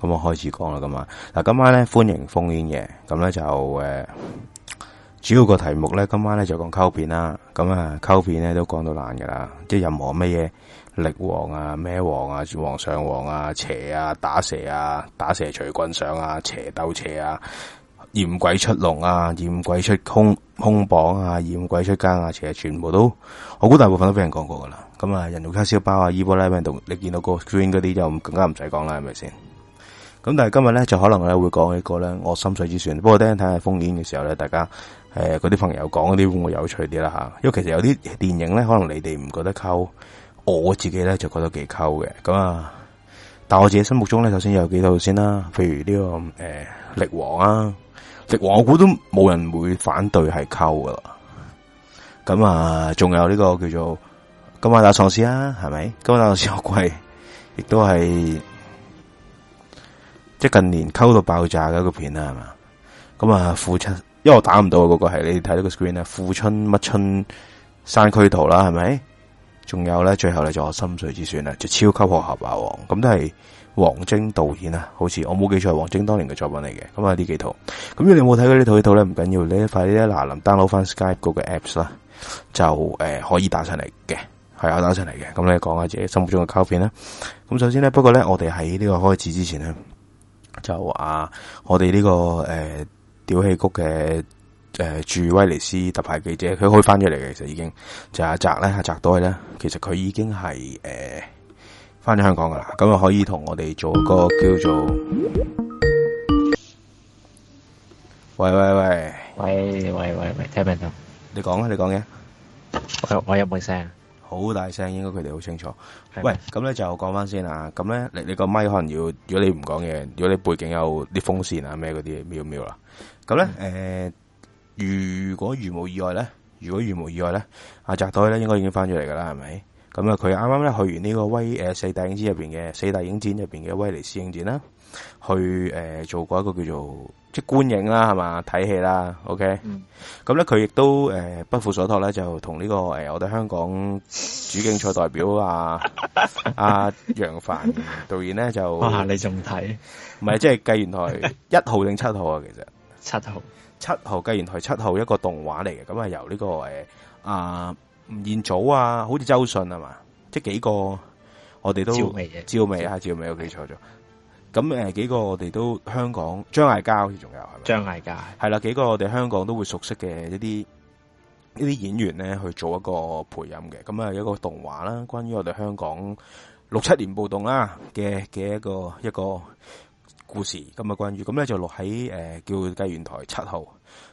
咁我開始講啦，咁啊嗱，今晚咧歡迎烽煙嘢，咁咧就誒、呃，主要個題目咧，今晚咧就講 cult 片啦。咁啊，cult 片咧都講到爛噶啦，即係任何乜嘢力王啊、咩王啊、王上王啊、邪啊、打蛇啊、打蛇除、啊、棍上啊、邪鬥邪啊、艷鬼出籠啊、艷鬼出空空榜啊、艷鬼出奸啊，其實全部都我估大部分都俾人講過噶啦。咁啊，人肉叉燒包啊、伊波拉病毒，你見到個 green 嗰啲就更加唔使講啦，係咪先？咁但係今日咧就可能咧會講一個咧我心水之選，不過等陣睇下封面嘅時候咧，大家誒嗰啲朋友講嗰啲會唔會有趣啲啦吓？因為其實有啲電影咧，可能你哋唔覺得溝，我自己咧就覺得幾溝嘅。咁啊，但我自己心目中咧，首先有幾套先啦，譬如呢、這個誒、呃《力王》啊，《力王》我估都冇人會反對係溝噶啦。咁啊，仲有呢個叫做今晚打喪屍啊，係咪？今晚打喪屍好貴，亦都係。即係近年溝到爆炸嘅一個片啦，係嘛？咁啊，富春，因為我打唔到嗰、那個係你睇到個 screen 啊，富春乜春山區圖啦，係咪？仲有咧，最後咧就心水之選啊，就超級學校霸王，咁都係王晶導演啊，好似我冇記錯，王晶當年嘅作品嚟嘅。咁啊，呢幾套，咁你有冇睇過呢套呢套咧？唔緊要，要，你快啲嗱，林 download 翻 Skype 嗰個 apps 啦，就誒可以打上嚟嘅，係啊打上嚟嘅。咁你講下自己心目中嘅溝片啦。咁首先咧，不過咧，我哋喺呢個開始之前咧。就話我哋呢、呢個誒屌、呃、氣谷嘅誒駐威尼斯特派記者，佢可以翻咗嚟嘅，其實已經就阿澤咧，阿澤多咧，其實佢已經係誒翻咗香港噶啦，咁啊可以同我哋做個叫做，喂喂喂，喂喂喂喂，聽唔聽到？你講啊，你講嘢。我我有冇聲？好大聲，應該佢哋好清楚。喂，咁咧就講翻先啊。咁咧，你你個咪可能要，如果你唔講嘢，如果你背景有啲風扇啊咩嗰啲，喵喵啦。咁咧，誒、嗯呃，如果如無意外咧，如果如無意外咧，阿澤隊咧應該已經翻咗嚟噶啦，係咪？咁啊，佢啱啱咧去完呢個威誒、呃、四大影展入邊嘅四大影展入邊嘅威尼斯影展啦，去誒、呃、做過一個叫做。即觀影啦，係嘛，睇戲啦，OK、嗯。咁咧佢亦都誒、呃、不負所託咧，就同呢、這個誒、呃、我哋香港主競賽代表啊阿楊凡導演咧就啊你仲睇？唔係即係繼園臺一號定七號啊？其實七號七號繼園臺七號一個動畫嚟嘅，咁係由呢、這個誒阿吳彥祖啊，好似周迅啊嘛，即幾個我哋都趙薇啊，趙薇我記錯咗。啊咁誒，幾個我哋都香港張艾嘉好似仲有係咪？張艾嘉係啦，幾個我哋香港都會熟悉嘅一啲一啲演員咧，去做一個配音嘅。咁啊，有一個動畫啦，關於我哋香港六七年暴動啦嘅嘅一個一個故事咁啊，關於咁咧就落喺誒叫《繼園臺七號》，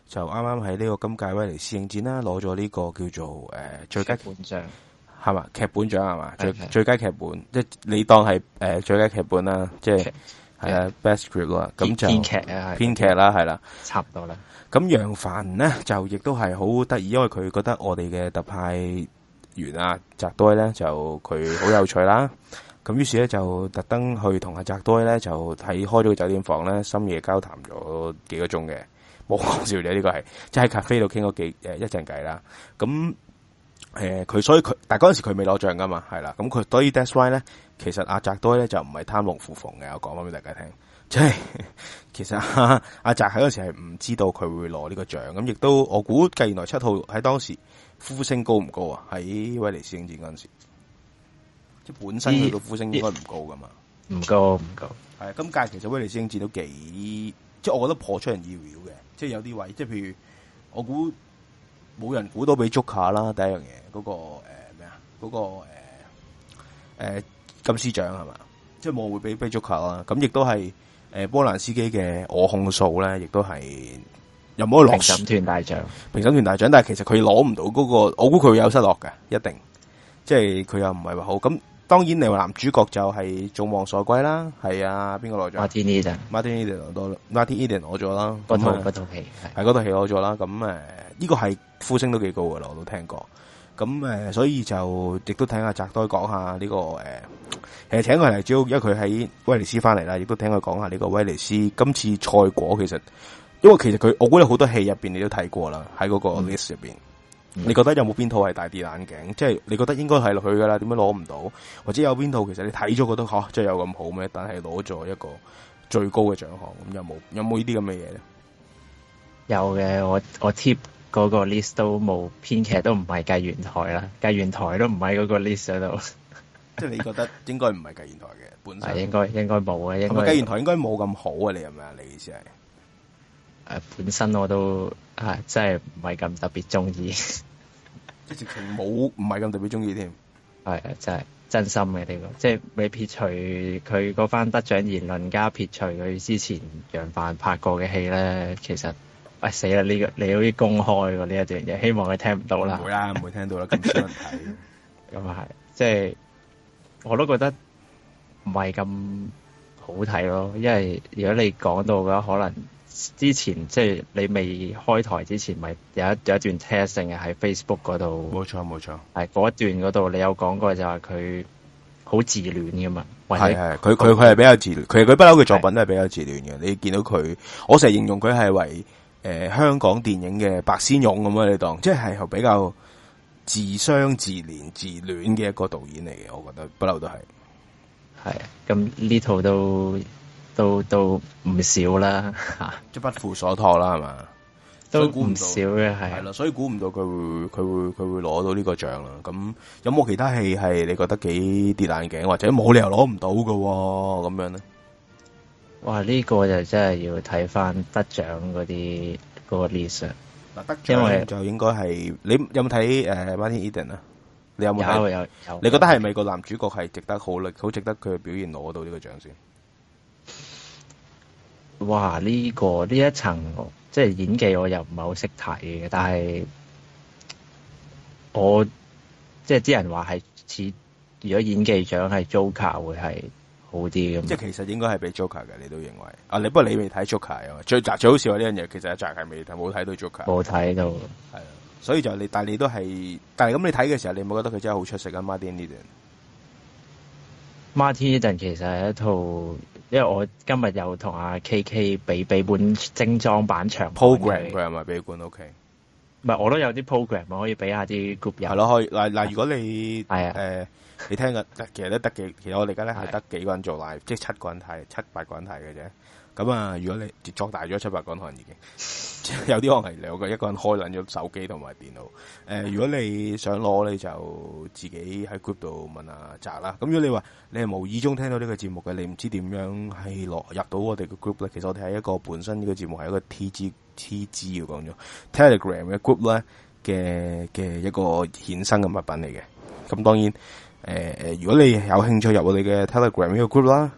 就啱啱喺呢個今屆威尼斯影展啦，攞咗呢個叫做誒、呃、最佳劇本。係嘛？劇本獎係嘛？最最佳劇本，即你當係誒、呃、最佳劇本啦，即係係啊，best script 啊，咁就編劇啊，編劇啦，係啦，差唔多啦。咁楊凡咧就亦都係好得意，因為佢覺得我哋嘅特派員啊，澤多咧就佢好有趣啦。咁 於是咧就特登去同阿澤多咧就喺開咗個酒店房咧深夜交談咗幾個鐘嘅，冇講笑嘅呢 個係，即喺咖啡度傾咗幾誒一陣偈啦。咁、呃。誒、呃，佢所以佢，但係嗰陣時佢未攞獎噶嘛，係啦，咁佢所以 that's why 咧，其實阿澤多咧就唔係貪龍附鳳嘅，我講翻俾大家聽，即、就、係、是、其實阿、嗯啊、阿澤喺嗰陣時係唔知道佢會攞呢個獎，咁亦都我估近年來七號喺當時呼聲高唔高啊？喺威尼斯影展嗰陣時，即係本身佢個呼聲應該唔高噶嘛，唔高唔高，係、嗯、啊，今屆其實威尼斯影展都幾，即係我覺得破出人意料嘅，即係有啲位，即係譬如我估。冇人估到俾 Joker 啦，第一樣嘢嗰個誒咩啊？嗰、呃那個誒誒、呃呃、金獅獎係嘛？即係冇會俾俾 Joker 啦。咁亦都係誒波蘭斯基嘅我控訴咧，亦都係又冇落評審團大獎。評審團大獎，但係其實佢攞唔到嗰、那個，我估佢會有失落嘅，一定。即係佢又唔係話好咁。當然，你話男主角就係眾望所歸啦，係啊，邊個攞咗？馬丁 Eden，馬丁 Eden 攞咗啦。不同嗰套戲係嗰套戲攞咗啦。咁誒，呢、呢個係、呢個、呼聲都幾高嘅喇，我都聽過。咁誒，所以就亦都睇下澤多講下呢、呢個誒，誒，請佢嚟，主要因為佢喺威尼斯翻嚟啦，亦都聽佢講下呢個威尼斯今次賽果。其實，因為其實佢我估得好多戲入邊你都睇過啦，喺嗰個 list 入邊。嗯你覺得有冇邊套係大跌眼鏡？即係你覺得應該係落去噶啦，點解攞唔到？或者有邊套其實你睇咗覺得吓真係有咁好咩？但係攞咗一個最高嘅獎項，咁有冇有冇呢啲咁嘅嘢咧？有嘅，我我貼嗰個 list 都冇，編劇都唔係繼園台啦，繼園台都唔喺嗰個 list 喺度。即 係 你覺得應該唔係繼園台嘅本身，應該應該冇嘅。咁啊，繼園台應該冇咁好啊？你係咪啊？你意思係？誒，本身我都。係真係唔係咁特別中意，即係直情冇唔係咁特別中意添。係啊，真係 真，真心嘅呢、這個，即係撇除佢嗰番得獎言論，加撇除佢之前楊凡拍過嘅戲咧，其實喂，死啦！呢、哎這個你好似公開喎呢一段嘢，希望佢聽唔到啦。唔 會啦，唔會聽到啦，咁少人睇。咁啊係，即係我都覺得唔係咁好睇咯，因為如果你講到嘅話，可能。之前即係你未開台之前，咪有一有一段 test 成嘅喺 Facebook 嗰度。冇錯冇錯，係嗰一段嗰度，你有講過就係佢好自戀嘅嘛？係係，佢佢佢係比較自戀，佢不嬲嘅作品都係比較自戀嘅。你見到佢，我成日形容佢係為誒、呃、香港電影嘅白先勇咁樣，你當即係係比較自傷自憐自戀嘅一個導演嚟嘅，我覺得不嬲都係。係，咁呢套都。都都唔少啦，即 係不負所託啦，係嘛？都估唔少嘅係，係咯，所以估唔到佢會佢會佢會攞到呢個獎啦。咁有冇其他戲係你覺得幾跌眼鏡，或者冇理由攞唔到嘅咁樣咧？哇！呢個就真係要睇翻得獎嗰啲嗰個歷史，因為就應該係你有冇睇誒《Martin Eden》啊？你有冇睇？有，有。你覺得係咪個男主角係值得好嘞？好值得佢表現攞到呢個獎先？哇！呢、呢個呢一層即係演技，我又唔係好識睇嘅。但係我即係啲人話係似，如果演技獎係 Joker 會係好啲嘅。即係其實應該係畀 Joker 嘅，你都認為？啊，你不過你未睇 Joker 啊？最最好笑呢樣嘢，其實阿扎係未睇，冇睇到 Joker，冇睇到。啊，所以就你但係你都係，但係咁你睇嘅時候，你冇覺得佢真係好出色啊？Martin Eden，Martin Eden, Eden 其實係一套。因為我今日又同阿 K K 俾俾本精裝版長 program，佢係咪俾本 O K？唔係，我都有啲 program 可以俾下啲 group 人。係咯，可以。嗱嗱，如果你係啊、 呃，你聽緊，其實得幾。其實我哋而家咧係得幾個人做，live 即係七個人睇，七八個人睇嘅啫。咁、嗯、啊！如果你接作大咗，七百可能已經 有啲可能係兩個，一個人開緊咗手機同埋電腦、呃。如果你想攞你就自己喺 group 度問阿澤啦。咁、嗯、如果你話你係無意中聽到呢個節目嘅，你唔知點樣係落入到我哋嘅 group 咧？其實我哋係一個本身呢個節目係一個 T G T G 要講咗、嗯、Telegram 嘅 group 咧嘅嘅一個衍生嘅物品嚟嘅。咁當然、呃呃、如果你有興趣入我哋嘅 Telegram 呢個 group 啦。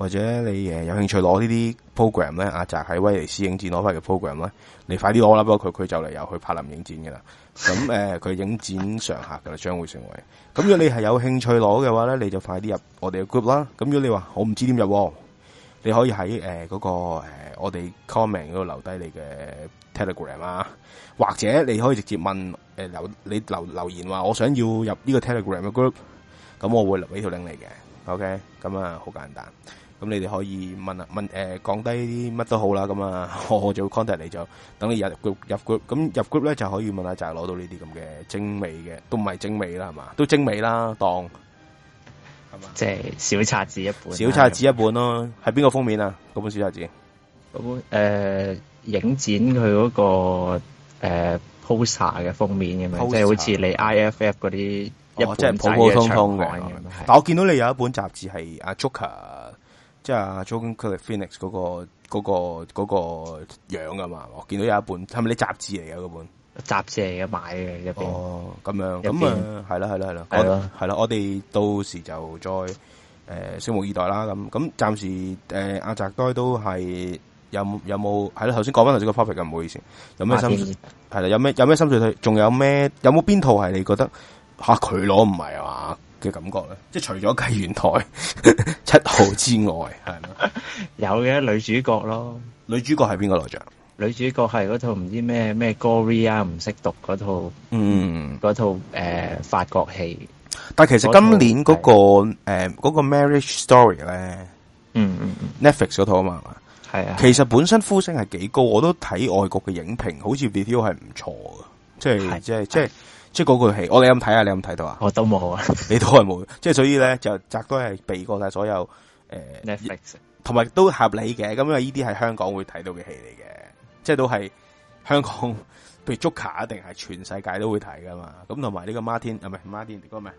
或者你誒有興趣攞呢啲 program 咧，啊，就喺威尼斯影展攞翻嘅 program 咧，你快啲攞啦，不過佢佢就嚟又去柏林影展嘅啦。咁誒，佢、呃、影展常客噶啦，將會成為。咁如果你係有興趣攞嘅話咧，你就快啲入我哋嘅 group 啦。咁如果你話我唔知點入，你可以喺誒嗰個誒、呃、我哋 comment 嗰度留低你嘅 telegram 啊，或者你可以直接問誒留、呃、你留留言話我想要入呢個 telegram 嘅 group，咁我會留俾條 link 你嘅。OK，咁啊好簡單。咁你哋可以問啊問誒講低啲乜都好啦咁啊，我我就會 contact 你就等你入 group 入 group 咁入 group 咧就可以問下就攞、係、到呢啲咁嘅精美嘅，都唔係精美啦，係嘛都精美啦，當即係、就是、小冊子一本小冊子一本咯，係邊個封面啊？嗰本小冊子嗰本誒、呃、影展佢嗰、嗰個、呃、poster 嘅封面咁樣、哦，即係好似你 IFF 嗰啲，即係普普通通嘅。但我見到你有一本雜誌係阿 Joker。即係、yeah, John Kelly Phoenix 嗰、那個嗰、那個、那個那個樣啊嘛，我見到有一本係咪啲雜誌嚟嘅嗰本？雜誌嚟嘅買嘅一個咁樣咁啊，係啦係啦係啦，係、嗯、啦，係、嗯、啦，我哋到時就再誒拭目以待啦。咁咁暫時誒、呃、阿澤哥都係有有冇係啦？頭先講翻頭先個 topic 啊，唔好意思，有咩心係啦？有咩有咩心水睇仲有咩有冇邊套係你覺得吓佢攞唔係啊？嘅感覺咧，即係除咗繼園臺七號之外，係 有嘅女主角咯，女主角係邊個來着女主角係嗰套唔知咩咩 g o r y 啊，唔識讀嗰套，嗯，嗰、嗯、套誒、呃、法國戲。但係其實今年嗰、那個誒嗰、呃那個 Marriage Story 咧，嗯嗯嗯，Netflix 嗰套啊嘛，係啊，其實本身呼聲係幾高，我都睇外國嘅影評，好似 detail 係唔錯嘅，即係即係即係。即係嗰個戲，我哋有冇睇下，你有冇睇到啊？我都冇啊， 你都係冇。即係所以咧，就集都係避過晒所有誒、呃、Netflix，同埋都合理嘅。咁因為呢啲係香港會睇到嘅戲嚟嘅，即係都係香港，譬如 Joker 一定係全世界都會睇噶嘛。咁同埋呢個 Martin，唔係 Martin，你講咩？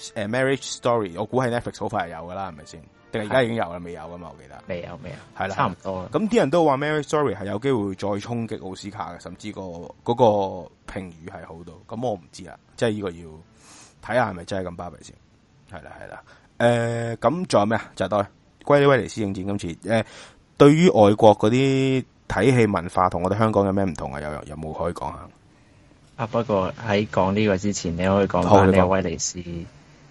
誒，Marriage Story，我估係 Netflix 好快係有噶啦，係咪先？定係而家已經有啦？未有噶嘛？我記得未有，未有，係啦，差唔多。咁啲人都話 Marriage Story 係有機會再衝擊奧斯卡嘅，甚至個嗰個評語係好到。咁我唔知啊，即係呢個要睇下係咪真係咁巴閉先。係啦，係啦。誒，咁、呃、仲有咩啊？就係、多歸啲威尼斯影展今次。誒、呃，對於外國嗰啲睇戲文化同我哋香港有咩唔同啊？有有冇可以講下？啊，不過喺講呢個之前，你可以講翻呢個威尼斯。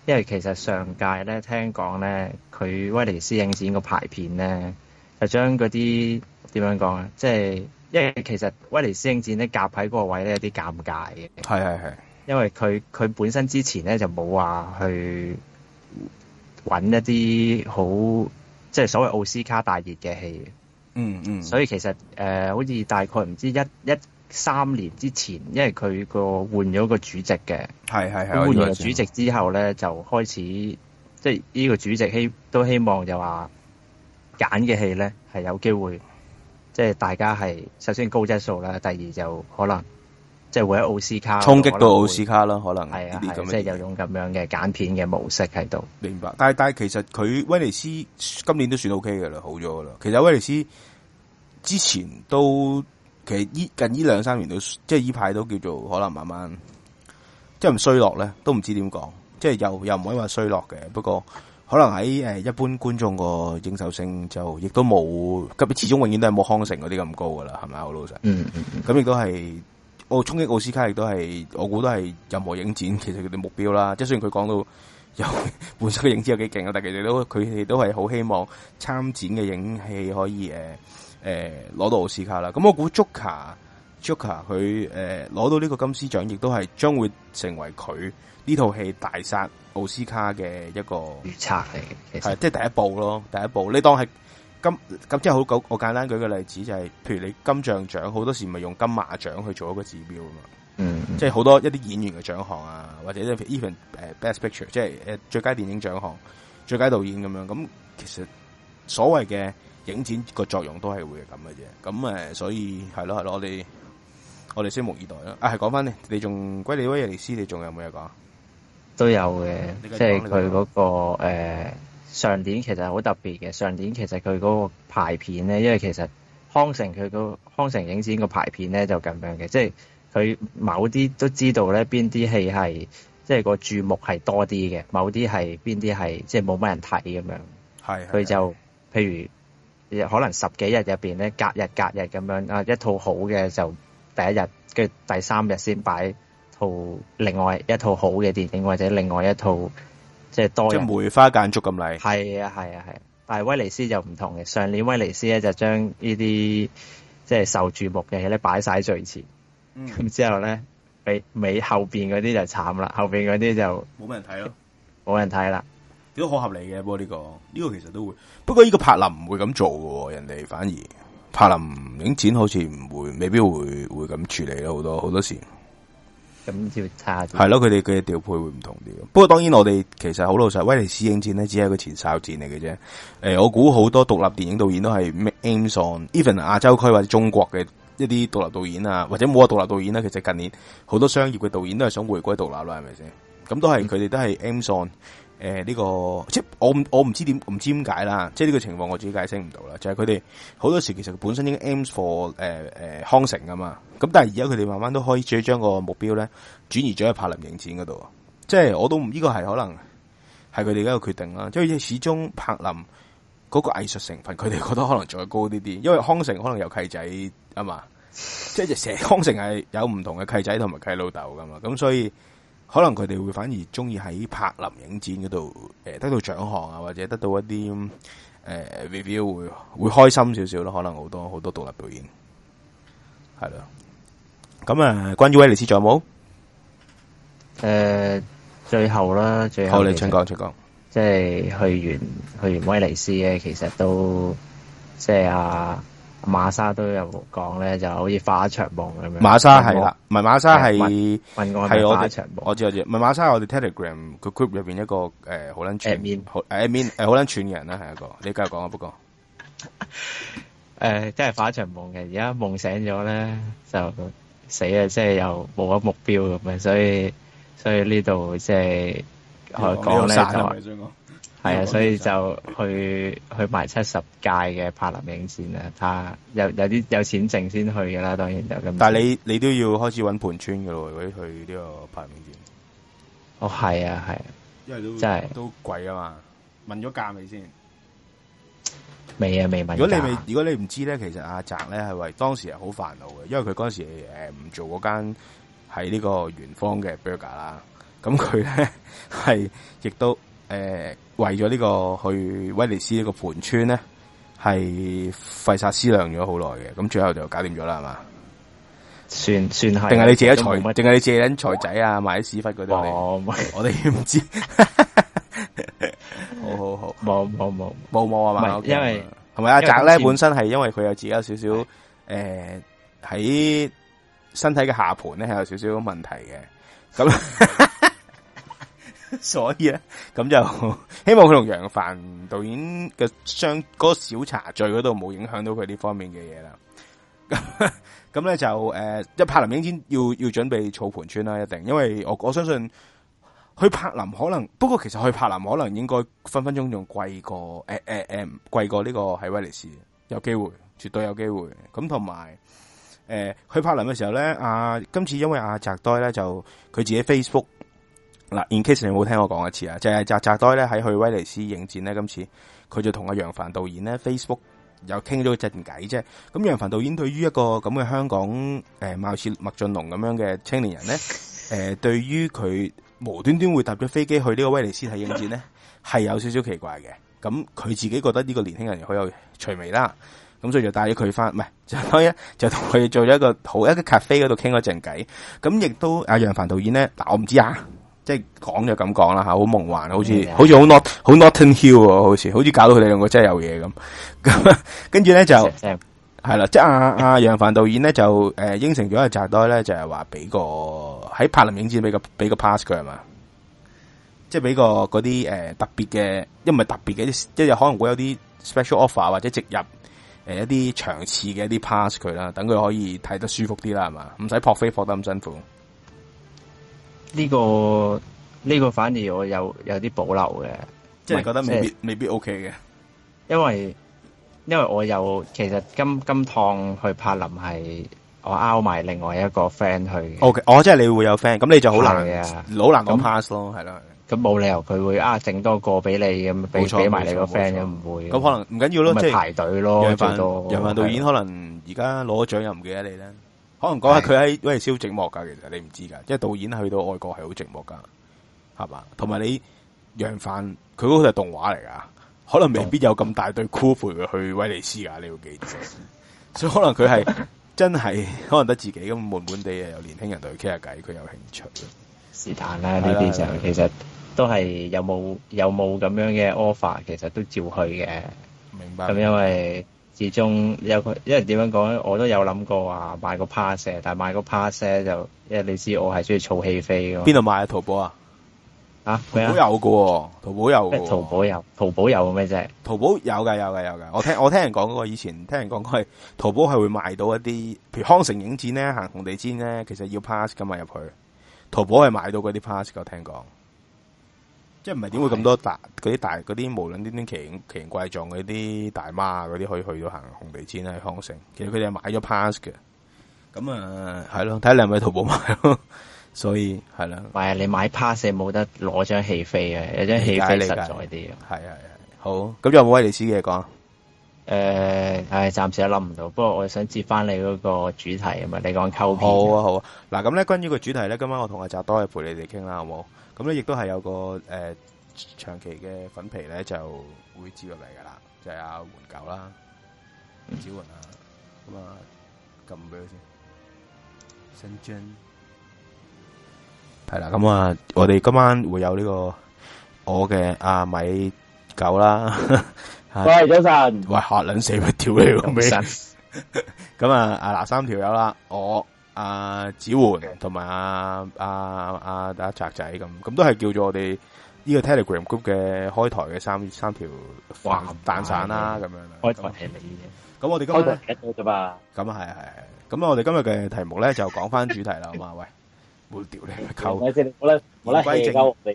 因為其實上屆咧聽講咧，佢威尼斯影展個排片咧，就將嗰啲點樣講啊？即係因為其實威尼斯影展咧夾喺嗰個位咧有啲尷尬嘅。係係係。因為佢佢本身之前咧就冇話去揾一啲好即係所謂奧斯卡大熱嘅戲。嗯嗯。所以其實誒、呃，好似大概唔知一一。一三年之前，因為佢個換咗個主席嘅，係係係，換完主席之後咧就開始，即係呢個主席希都希望就話揀嘅戲咧係有機會，即係大家係首先高質素啦，第二就可能即係會喺奧斯卡衝擊到奧斯卡咯，可能係啊是，即係有種咁樣嘅揀片嘅模式喺度。明白，但係但係其實佢威尼斯今年都算 OK 噶啦，好咗噶啦。其實威尼斯之前都。其實依近呢兩三年都，即係依排都叫做可能慢慢，即係唔衰落咧，都唔知點講。即係又又唔可以話衰落嘅，不過可能喺誒、呃、一般觀眾個認受性就亦都冇，特別始終永遠都係冇康城嗰啲咁高噶啦，係咪啊？好老實，咁、嗯、亦、嗯嗯、都係，奧衝擊奧斯卡亦都係，我估都係任何影展其實佢哋目標啦。即係雖然佢講到有本身嘅影子有幾勁啦，但其實都佢哋都係好希望參展嘅影戲可以誒。呃誒、呃，攞到奧斯卡啦！咁我估 Joker，Joker 佢誒攞、呃、到呢個金獅獎，亦都係將會成為佢呢套戲大殺奧斯卡嘅一個預測嚟嘅，係即係第一步咯，第一步你當係金咁即係好久，我簡單舉個例子就係、是，譬如你金像獎好多時咪用金馬獎去做一個指標啊嘛，嗯，嗯，即係好多一啲演員嘅獎項啊，或者 even 誒 Best Picture，即係最佳電影獎項、最佳導演咁樣，咁其實所謂嘅。影展個作用都係會係咁嘅啫，咁誒，所以係咯係咯，我哋我哋拭目以待啦。啊，係講翻咧，你仲歸你威尼斯，你仲有冇嘢講？都有嘅，即係佢嗰個誒、呃、上年其實好特別嘅上年其實佢嗰個排片咧，因為其實康城佢、個康城影展個排片咧就咁樣嘅，即係佢某啲都知道咧邊啲戲係即係個注目係多啲嘅，某啲係邊啲係即係冇乜人睇咁樣係，佢就譬如。可能十幾日入邊咧，隔日隔日咁樣，啊，一套好嘅就第一日，跟住第三日先擺套另外一套好嘅電影，或者另外一套即係多。即梅花間竹咁嚟。係啊係啊係、啊，但係威尼斯就唔同嘅。上年威尼斯咧就將呢啲即係受注目嘅嘢咧擺晒最前，咁、嗯、之後咧俾尾後邊嗰啲就慘啦，後邊嗰啲就冇乜人睇咯，冇人睇啦。都好合理嘅，波呢、呢個呢、呢個其實都會，不過呢個柏林唔會咁做嘅，人哋反而柏林影展好似唔會，未必會會咁處理咯，好多好多時咁就差係咯，佢哋嘅調配會唔同啲。不過當然我哋其實好老實，威尼斯影展咧只係個前哨戰嚟嘅啫。誒、呃，我估好多獨立電影導演都係 aims on even 亞洲區或者中國嘅一啲獨立導演啊，或者冇啊獨立導演咧、啊，其實近年好多商業嘅導演都係想回歸獨立啦、啊，係咪先？咁都係佢哋都係 aims on。誒、欸，呢、這個即係我唔我唔知點唔知點解啦，即係呢個情況我自己解釋唔到啦。就係佢哋好多時候其實本身應該 aims for 誒誒康城啊嘛，咁但係而家佢哋慢慢都可以將個目標咧轉移咗去柏林影展嗰度。即係我都唔呢、這個係可能係佢哋嘅一個決定啦。即係始終柏林嗰個藝術成分，佢哋覺得可能再高啲啲，因為康城可能有契仔啊 嘛，即係就康城係有唔同嘅契仔同埋契老豆噶嘛，咁所以。可能佢哋會反而中意喺柏林影展嗰度誒，得到獎項啊，或者得到一啲誒 review 會會開心少少咯。可能好多好多獨立表演係咯。咁啊，關於威尼斯仲有冇？誒、呃，最後啦，最後好、哦、你請講，請講。即係去完去完威尼斯咧，其實都即係啊。馬莎都有講咧，就好似化一場夢咁樣。馬莎係啦，唔係馬莎係，係我，有有我們，我知我知，唔係馬莎，我哋 Telegram 佢 group 裏邊一個誒好捻誒面，誒面誒好捻串嘅、呃呃、人啦，係 一個，你繼續講啊，不過，誒、呃，即係化一場夢嘅，而家夢醒咗咧就死啊，即係又冇咗目標咁樣，所以所以這裡、就是呃、呢度即係講係啊，所以就去去埋七十屆嘅柏林影展啦，睇有有啲有錢剩先去噶啦，當然就咁。但係你你都要開始揾盤村噶咯，如果去呢個柏林影展。哦，係啊，係啊，因為都真係都貴啊嘛，問咗價未先？未啊，未問。如果你未，如果你唔知咧，其實阿澤咧係為當時係好煩惱嘅，因為佢嗰時誒唔做嗰間喺呢個元芳嘅 burger 啦，咁佢咧係亦都。誒、呃，為咗呢個去威尼斯個盤呢個盤村咧，係費煞思量咗好耐嘅，咁最後就搞掂咗啦，係嘛？算算係，定係你借咗財，定係你借緊財仔啊？買屎忽嗰啲？我 我哋唔知。 好好好，冇冇冇冇冇啊嘛？因為係咪？阿澤咧，本身係因為佢有自己有少少誒，喺、呃、身體嘅下盤咧，係有少少問題嘅。咁。 所以咧，咁就希望佢同楊凡導演嘅相嗰小茶聚嗰度冇影響到佢呢方面嘅嘢啦。咁 咧就誒，入、呃、柏林影天要要準備草盤村啦，一定。因為我我相信去柏林可能，不過其實去柏林可能應該分分鐘仲貴過誒誒誒，貴、欸欸欸、過呢個喺威尼斯，有機會，絕對有機會。咁同埋誒，去柏林嘅時候咧，啊今次因為阿澤呆咧就佢自己 Facebook。嗱，in case 你有冇聽我講一次啊，就係扎扎呆咧喺去威尼斯影展咧，今次佢就同阿楊凡導演咧 Facebook 又傾咗一陣偈啫。咁楊凡導演對於一個咁嘅香港誒、呃，貌似麥浚龍咁樣嘅青年人咧，誒、呃，對於佢無端端會搭咗飛機去呢個威尼斯睇影展咧，係有少少奇怪嘅。咁佢自己覺得呢個年輕人好有趣味啦。咁所以就帶咗佢翻，唔、呃、係就當一就同佢做咗一個好一個 cafe 嗰度傾咗一陣偈。咁亦都阿楊凡導演咧，嗱我唔知啊。即係講就咁講啦吓，好夢幻，好似好似好 not 好 not n hill 喎，好似，嗯，好似，嗯，搞到佢哋兩個真係有嘢咁。跟住咧就係啦、嗯嗯，即係阿阿楊凡導演咧就誒、呃、應承咗阿扎多咧就係話俾個喺柏林影展俾個俾個 pass 佢係嘛，即係俾個嗰啲誒特別嘅，因唔係特別嘅，即係可能會有啲 special offer 或者直入誒一啲場次嘅一啲 pass 佢啦，等佢可以睇得舒服啲啦，係嘛，唔使撲飛撲得咁辛苦。呢、這個呢、這個反而我有有啲保留嘅，即係覺得未必未必 OK 嘅，因為因為我有其實今今趟去柏林係我 out 埋另外一個 friend 去 O、okay, K，哦，即係你會有 friend，咁、嗯、你就好難嘅，好難咁 pass 咯，係啦，咁冇理由佢會啊整多個俾你咁俾俾埋你個 friend 咁唔會咁可能唔緊要咯，即係，係排隊咯最多。有冇導演可能而家攞咗獎又唔記得你咧？可能講下佢喺威尼斯好寂寞噶，其實你唔知噶。即係導演去到外國係好寂寞噶，係嘛？同埋你揚凡，佢嗰似係動畫嚟噶，可能未必有咁大對 e 陪佢去威尼斯噶。你要記得， 所以可能佢係真係可能得自己咁悶悶地啊。有年輕人同佢傾下偈，佢有興趣。是但啦，呢啲就其實都係有冇有冇咁樣嘅 offer，其實都照去嘅。明白。咁因為。始終有佢，因為點樣講咧，我都有諗過話買個 pass，但係買個 pass 咧就，因為你知我係中意儲戲飛嘅。邊度買啊？淘寶啊？啊？淘寶有喎！淘寶有淘寶有，淘寶有咩啫？淘寶有㗎！有㗎！有㗎！我聽我聽人講過， 過，以前聽人講過淘寶係會賣到一啲，譬如康城影展咧、行紅地氈咧，其實要 pass 噶嘛入去。淘寶係買到嗰啲 pass 嘅，我聽講。即係唔係點會咁多大嗰啲大嗰啲無論呢啲奇形怪狀嗰啲大媽嗰啲可以去到行紅地氈喺康城？其實佢哋係買咗 pass 嘅。咁啊，係咯，睇下你係咪喺淘寶買咯。所以係啦，係啊，你買 pass 冇得攞張戲飛啊，有張戲飛你實在啲。啊。係係啊，好。咁有冇威尼斯嘅講？誒、呃，係、哎、暫時諗唔到。不過我想接翻你嗰個主題啊嘛，你講溝片。好啊好啊，嗱咁咧，關於個主題咧，今晚我同阿澤多去陪你哋傾啦，好冇？咁咧，亦都係有個誒長期嘅粉皮咧，就會招落嚟噶啦，就係阿援狗啦，招換啦，咁啊撳俾佢先。新疆係啦，咁啊，我哋今晚會有呢個我嘅阿米狗啦。喂，早晨，喂吓，卵死乜調料？咁啊，啊，三條友啦，我。阿子煥同埋阿阿阿阿澤仔咁，咁都係叫做我哋呢個 Telegram group 嘅開台嘅三三條飯蛋散啦，咁樣。開台係你嘅。咁我哋今日啫嘛。咁係係咁我哋今日嘅題目咧就講翻主題啦嘛。 喂，冇屌你。求正。我咧我咧。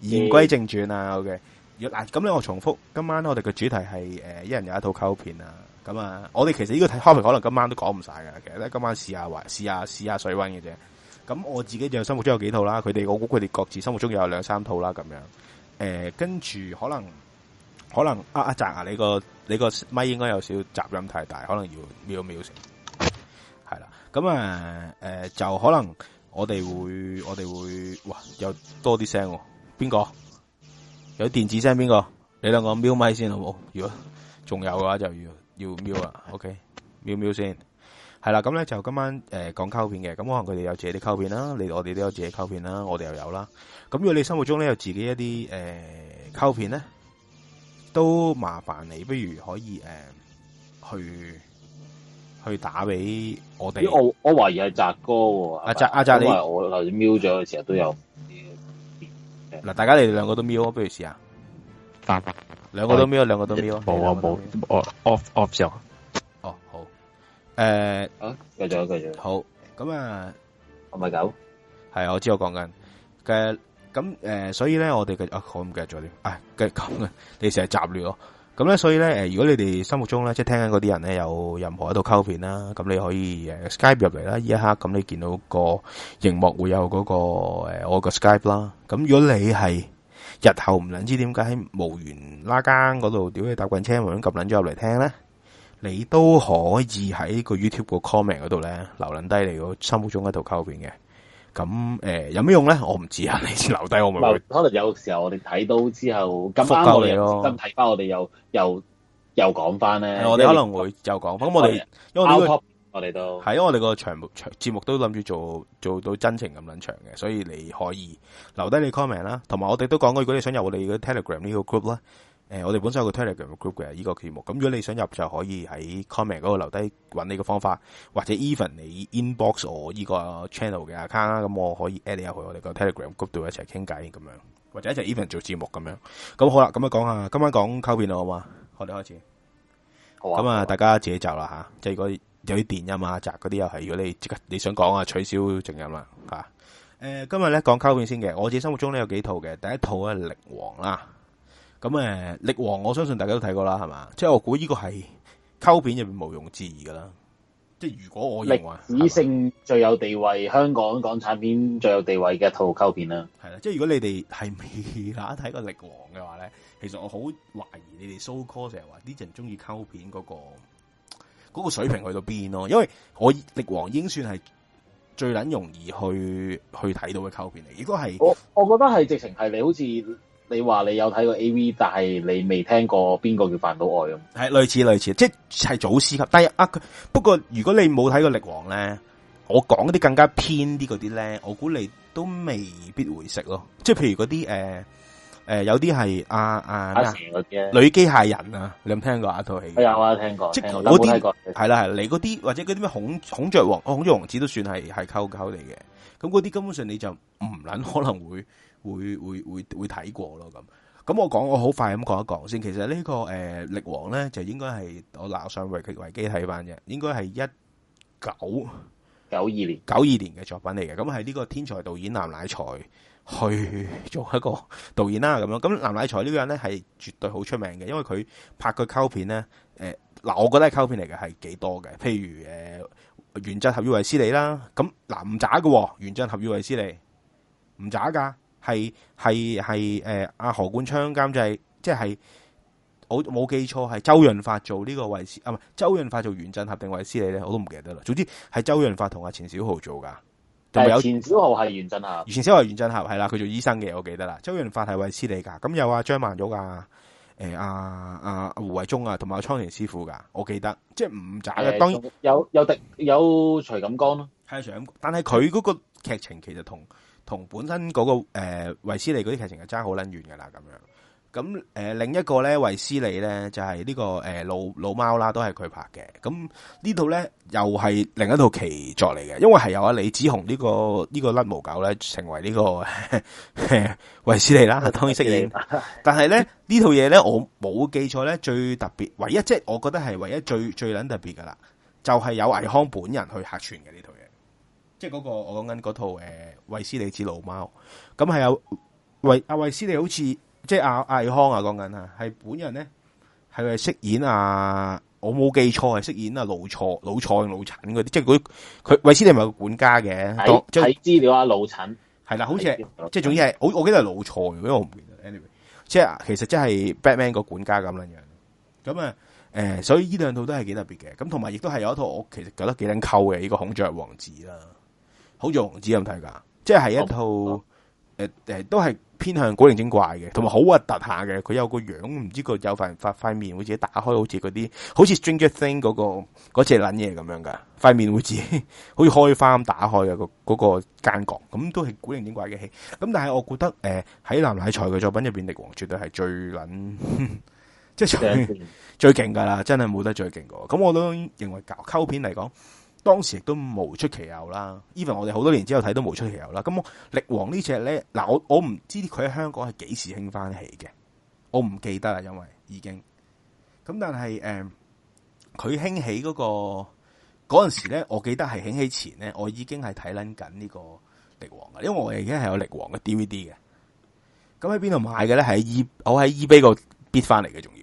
言歸正傳啊。O K。嗱，咁咧我重複，今晚呢我哋嘅主題係誒、呃、一人有一套 Cult 片啊。咁啊，我哋其實呢個開 c 可能今晚都講唔晒嘅，其實咧今晚試下或試下試下水温嘅啫。咁我自己就生活中有幾套啦，佢哋我估佢哋各自生活中有兩三套啦，咁樣。誒、呃，跟住可能可能啊阿澤啊，你個你個咪應該有少雜任太大，可能要瞄瞄成。係啦，咁啊誒、呃，就可能我哋會我哋會哇，有多啲聲。邊個有電子聲？邊個？你兩個瞄咪先好冇？如果仲有嘅話就要。要瞄啊，OK，瞄瞄先，係啦，咁咧就今晚誒講 cult 片嘅，咁可能佢哋有自己啲 cult 片啦，你我哋都有自己 cult 片啦，我哋又有啦，咁如果你生活中咧有自己一啲誒 cult 片咧，都麻煩你不如可以誒、呃、去去打俾我哋，我我懷疑係澤哥阿澤阿澤，因、啊、為、啊啊啊、我瞄咗嘅時候都有，嗱，大家你哋兩個都瞄啊，不如試下，兩個都瞄，兩個都瞄，冇啊，冇，off off 上，哦好，誒，啊，繼續啊，繼續，好，咁啊，我咪九，係啊，我知我講緊嘅，咁誒，所以咧，我哋嘅，好唔記得咗啲，啊，繼續講啊，你成日雜亂咯，咁咧，所以咧，誒，如果你哋心目中咧，即係聽緊嗰啲人咧，有任何一套 cult 片啦，咁你可以誒 Skype 入嚟啦，呢一刻咁你見到個熒幕會有嗰個誒我個 Skype 啦，咁如果你係。日後唔捻知點解喺無緣拉更嗰度屌你搭棍車，或咁撳捻咗入嚟聽咧，你都可以喺個 YouTube 個 comment 嗰度咧留捻低你個心目中喺度 cult 片嘅。咁誒、欸、有咩用咧？我唔知下我啊。你先留低我咪可能有時候我哋睇到之後，翻嚟咯，睇翻我哋又又又講翻咧。我可能會又講翻。咁我哋因為我哋都係，我哋個長目、節目都諗住做做到真情咁捻長嘅，所以你可以留低你 comment 啦，同埋我哋都講過，如果你想入我哋個 Telegram 呢個 group 啦誒，我哋本身有個 Telegram group 嘅依、這個節目，咁如果你想入就可以喺 comment 嗰度留低搵你嘅方法，或者 even 你 inbox 我依個 channel 嘅 account 啦，咁我可以 add 你入去我哋個 Telegram group 度一齊傾偈咁樣，或者一齊 even 做節目咁樣，咁好啦，咁啊講下今晚講溝片啦好嘛，我哋開始，好啊，咁啊，啊大家自己就啦吓，即係如果有啲電音啊，雜嗰啲又係，如果你即你想講啊，取消靜音啦、啊、吓。誒、嗯，今日咧講 Cult 片先嘅，我自己心目中咧有幾套嘅，第一套啊力王啦，咁誒力王，嗯、力王我相信大家都睇過啦，係嘛？即係我估呢個係 Cult 片入邊毋庸置疑噶啦。即係如果我認為歷史性最有地位、嗯，香港港產片最有地位嘅一套 Cult 片啦。係啦，即係如果你哋係未下睇過力王嘅話咧，其實我好懷疑你哋 so call 成日話啲人中意 Cult 片嗰、那個。嗰、那個水平去到邊咯？因為我力王已經算係最撚容易去去睇到嘅 cult 片嚟。如果係我，我覺得係直情係你好似你話你有睇過 AV，但係你未聽過邊個叫飯島愛咁。係類似類似，即係係祖師級。但係不過如果你冇睇過力王咧，我講啲更加偏啲嗰啲咧，我估你都未必會識咯。即係譬如嗰啲誒。呃誒、呃，有啲係阿阿女機械人啊，你有冇聽過啊套戲？有、嗯、啊，聽過，聽過，係啦係，你嗰啲或者嗰啲咩孔孔雀王、孔雀王子都算係係溝溝嚟嘅。咁嗰啲根本上你就唔捻可能會會會會會睇過咯咁。咁我講我好快咁講一講先。其實呢、這個誒、呃、力王咧就應該係我樓上維維基睇翻嘅，應該係一九。九二年，九二年嘅作品嚟嘅，咁係呢個天才導演藍乃才去做一個導演啦。咁樣，咁藍乃才呢個人咧係絕對好出名嘅，因為佢拍嘅 cult 片咧，誒，嗱，我覺得係 cult 片嚟嘅係幾多嘅，譬如誒，原振俠與衛斯理啦，咁嗱唔差嘅，原振俠與衛斯理唔差噶，係係係誒，阿何冠昌監製，即係。我冇記錯係周潤發做呢個衛斯啊，唔係周潤發做原振俠定衛斯理咧，我都唔記得啦。總之係周潤發同阿錢小豪做噶，同埋錢小豪係原振俠，錢小豪係原振俠係啦，佢做醫生嘅，我記得啦。周潤發係衛斯理噶，咁有阿張曼玉啊，誒阿阿胡慧中啊，同埋阿倉田師傅噶，我記得即係唔渣嘅。當然、嗯、有有狄有徐錦江咯，係徐錦，但係佢嗰個劇情其實同同本身嗰、那個誒維、呃、斯理嗰啲劇情係差好撚遠噶啦，咁樣。咁誒、呃，另一個咧，維斯利咧就係、是、呢、這個誒、呃、老老貓啦，都係佢拍嘅。咁呢套咧又係另一套奇作嚟嘅，因為係由阿、啊、李子雄呢、這個呢、這個甩毛狗咧，成為呢、這個維、呃、斯利啦，當然適應。但係咧呢套嘢咧，我冇記錯咧、就是，最特別唯一即係我覺得係唯一最最捻特別噶啦，就係、是、有倪匡本人去客串嘅呢套嘢，即係嗰個我講緊嗰套誒維、呃、斯利之老貓。咁係有維阿維斯利好似。即係、啊啊、阿艾康啊，講緊啊，係本人咧，係咪飾演啊？我冇記錯係飾演啊，老蔡，老蔡老陳嗰啲，即係佢佢韋斯利咪個管家嘅，睇資料啊，老陳係啦，好似、啊、即係總之係我我，我記得係老蔡，因為我唔記得，anyway，即係其實即係 Batman 個管家咁樣樣，咁啊誒，所以呢兩套都係幾特別嘅，咁同埋亦都係有一套我其實覺得幾撚 cult 嘅，呢、呢個孔雀王子啦，孔雀王子有冇睇噶？即係一套。嗯嗯嗯誒誒，都係偏向古靈精怪嘅，同埋好核突下嘅。佢有個樣，唔知有個有塊塊面會自己打開好，好似嗰啲好似《Stranger Things》嗰個嗰隻撚嘢咁樣噶。塊面會自己好似開花咁打開嘅嗰、嗰個奸角，咁都係古靈精怪嘅戲。咁但係我覺得誒，喺、呃、藍乃才嘅作品入邊，力王絕對係最撚，即係最最勁噶啦！真係冇得最勁噶。咁我都認為搞 cult 片嚟講。當時亦都無出其有啦。even 我哋好多年之後睇都無出其有啦。咁力王呢隻咧，嗱我我唔知佢喺香港係幾時興翻起嘅，我唔記得啦，因為已經咁。但係誒，佢、嗯、興起嗰、嗰個嗰時咧，我記得係興起前咧，我已經係睇撚緊呢個力王嘅，因為我已經係有力王嘅 D V D 嘅。咁喺邊度買嘅咧？喺 e 我喺 eBay 嗰個 bit 翻嚟嘅，仲要，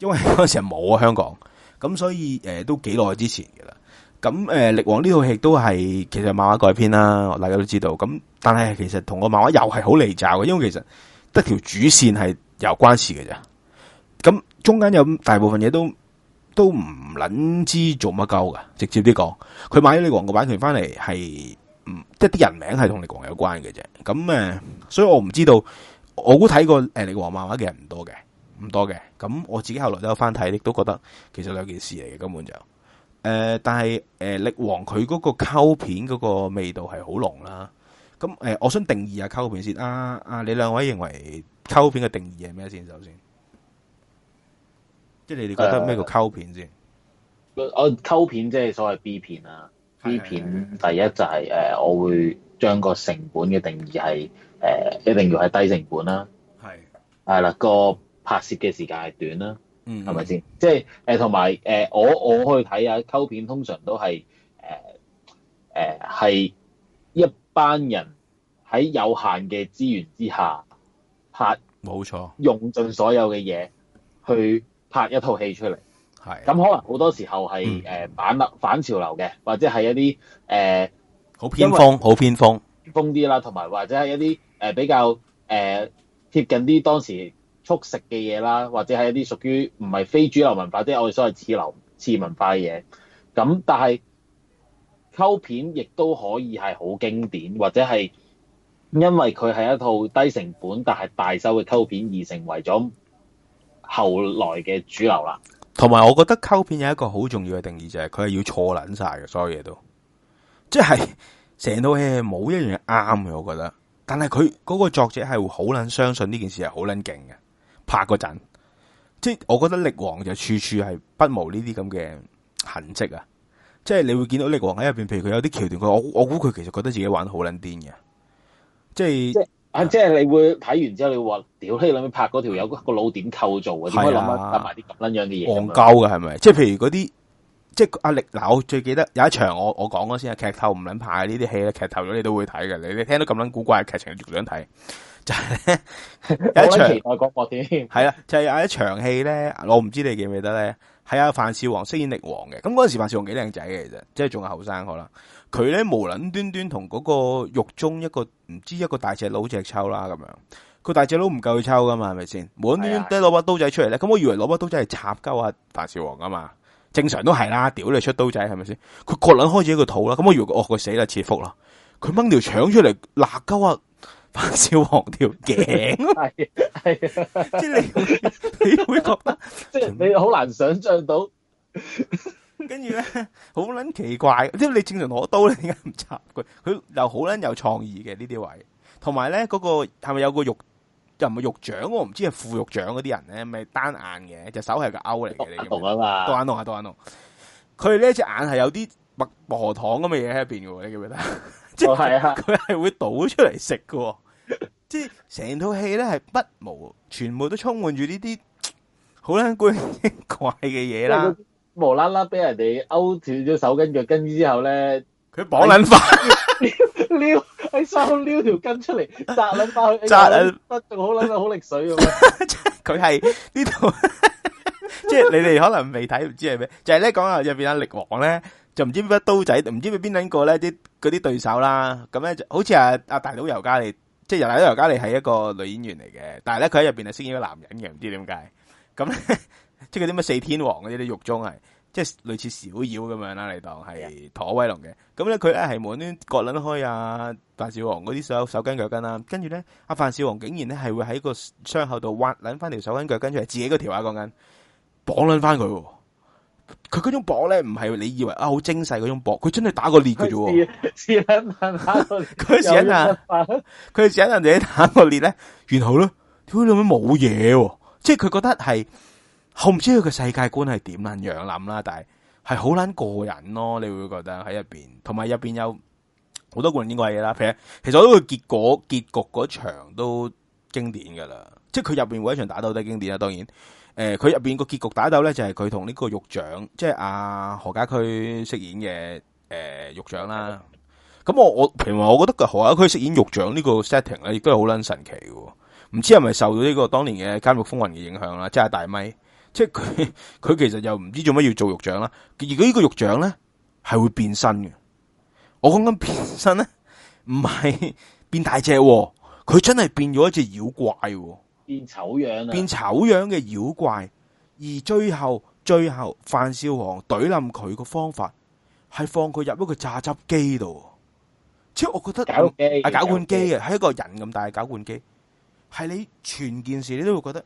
因為嗰陣時冇啊香港，咁所以誒、呃、都幾耐之前嘅啦。咁誒、呃，力王呢套戲都係其實漫畫改編啦，大家都知道。咁但係其實同個漫畫又係好離罩嘅，因為其實得條主線係有關事嘅啫。咁中間有大部分嘢都都唔撚知做乜鳩㗎，直接啲講。佢買咗力王個版權翻嚟係，嗯，即係啲人名係同力王有關嘅啫。咁誒，所以我唔知道，我估睇過誒、呃、力王漫畫嘅人唔多嘅，唔多嘅。咁我自己後來都有翻睇，亦都覺得其實兩件事嚟嘅，根本就。誒、呃，但係誒、呃，力王佢嗰個 Cult 片嗰個味道係好濃啦。咁誒、呃，我想定義一下 Cult 片先啊，啊，你兩位認為 Cult 片嘅定義係咩先？首先，即係你哋覺得咩叫 Cult 片先、哎？我 Cult 片即係所謂 B 片啊，B 片第一就係、是、誒、呃，我會將個成本嘅定義係誒、呃，一定要係低成本啦。係係啦，啊這個拍攝嘅時間係短啦。嗯，係咪先？即係誒，同埋誒，我我可以睇下，溝片通常都係誒誒，係、呃呃、一班人喺有限嘅資源之下拍，冇錯，用盡所有嘅嘢去拍一套戲出嚟。係咁，可能好多時候係誒反反潮流嘅，或者係一啲誒好偏鋒、好偏鋒，偏鋒啲啦，同埋或者係一啲誒比較誒貼、呃、近啲當時。速食嘅嘢啦，或者係一啲屬於唔係非主流文化，即係我哋所謂次流次文化嘅嘢。咁但係溝片亦都可以係好經典，或者係因為佢係一套低成本但係大收嘅溝片，而成為咗後來嘅主流啦。同埋我覺得溝片有一個好重要嘅定義就係佢係要錯撚晒嘅，所有嘢都，即係成套戲冇一樣啱嘅。我覺得，但係佢嗰個作者係會好撚相信呢件事係好撚勁嘅。拍嗰陣，即係我覺得力王就處處係不無呢啲咁嘅痕跡啊！即係你會見到力王喺入邊，譬如佢有啲橋段，佢我我估佢其實覺得自己玩得好撚癲嘅，即係、啊啊、即係，你會睇完之後，你話屌你裏邊拍嗰條友個、那個腦點構造，你應該諗下搭埋啲咁撚樣嘅嘢，戇鳩嘅係咪？即係譬如嗰啲，即係阿、啊、力嗱、啊，我最記得有一場我我講先係劇透唔撚拍呢啲戲咧，劇透咗你都會睇嘅，你你聽到咁撚古怪嘅劇情，你仲想睇？ 有一場，我講我點係啊，就係、是、有一場戲咧，我唔知你記唔記得咧，係阿樊少皇飾演力王嘅。咁嗰陣時，樊少皇幾靚仔嘅，其實即係仲係後生可啦。佢咧無卵端端同嗰個獄中一個唔知一個大隻佬隻抽啦，咁樣佢大隻佬唔夠抽噶嘛，係咪先？無卵端端得攞把刀仔出嚟咧，咁我以為攞把刀仔嚟插鳩阿樊少皇噶嘛，正常都係啦，屌你出刀仔係咪先？佢割卵開住個肚啦，咁我以為哦佢死啦，切腹啦，佢掹條腸出嚟，嗱鳩啊！發燒狂條頸咯，係係，即係你你會覺得，即係你好難想象到。跟住咧，好捻奇怪，即係你正常攞刀，你點解唔插佢？佢又好捻有創意嘅呢啲位，同埋咧嗰個係咪有個肉，又唔係肉掌？我唔知係副肉掌嗰啲人咧，咪單眼嘅，隻手係個勾嚟嘅，同啊嘛，多眼洞啊，多眼洞。佢呢隻眼係有啲白薄荷糖咁嘅嘢喺入邊嘅喎，你記唔記得？即係佢係會倒出嚟食嘅，即係成套戲咧係不毛，全部都充滿住呢啲好捻古怪嘅嘢啦。無啦啦俾人哋勾住咗手跟腳筋之後咧，佢綁捻翻，撩喺身撩條筋出嚟紮捻翻去，紮捻翻仲好捻到好力水咁。佢係呢套， 即係你哋可能未睇，唔知係咩，就係咧講下入邊阿力王咧。就唔知乜刀仔，唔知佢邊捻個咧啲嗰啲對手啦，咁咧就好似阿阿大佬尤加利，即係尤大尤加利係一個女演員嚟嘅，但係咧佢喺入邊係飾演一個男人嘅，唔知點解，咁咧即係啲乜四天王嗰啲肉中係，即係類似小妖咁樣啦，嚟當係陀威龍嘅，咁咧佢咧係無端割捻開阿范少王嗰啲手手筋腳筋啦，跟住咧阿范少王竟然咧係會喺個傷口度挖捻翻條手筋腳筋，跟住係自己條話講緊綁捻翻佢。佢嗰種搏咧，唔係你以為啊好精細嗰種搏，佢真係打過裂嘅啫。佢想問下佢想啊，佢想人哋打過裂咧，然後咧屌你媽冇嘢，即係佢覺得係，我唔知佢嘅世界觀係點樣諗啦，但係係好捻個人咯，你會覺得喺入邊，同埋入邊有好多個人啲鬼嘢啦。其實其實我都佢結果結局嗰場都經典噶啦，即係佢入邊每一場打鬥都係經典啊，當然。誒，佢入邊個結局打鬥咧，就係佢同呢個獄長，即係阿何家駒飾演嘅誒獄長啦。咁我我譬如話，我覺得個何家駒飾演獄長呢個 setting 咧，亦都係好撚神奇嘅。唔知係咪受到呢個當年嘅《監獄風雲》嘅影響啦？即係大咪，即係佢佢其實又唔知做乜要做獄長啦。而嗰呢個獄長咧，係會變身嘅。我講緊變身咧，唔係變大隻啊，佢真係變咗一隻妖怪啊。變醜樣變醜樣嘅妖怪，而最後最後，樊少皇懟冧佢嘅方法係放佢入一個榨汁機度，即係我覺得攪機啊攪罐機啊，係一個人咁大嘅攪罐機，係你全件事你都會覺得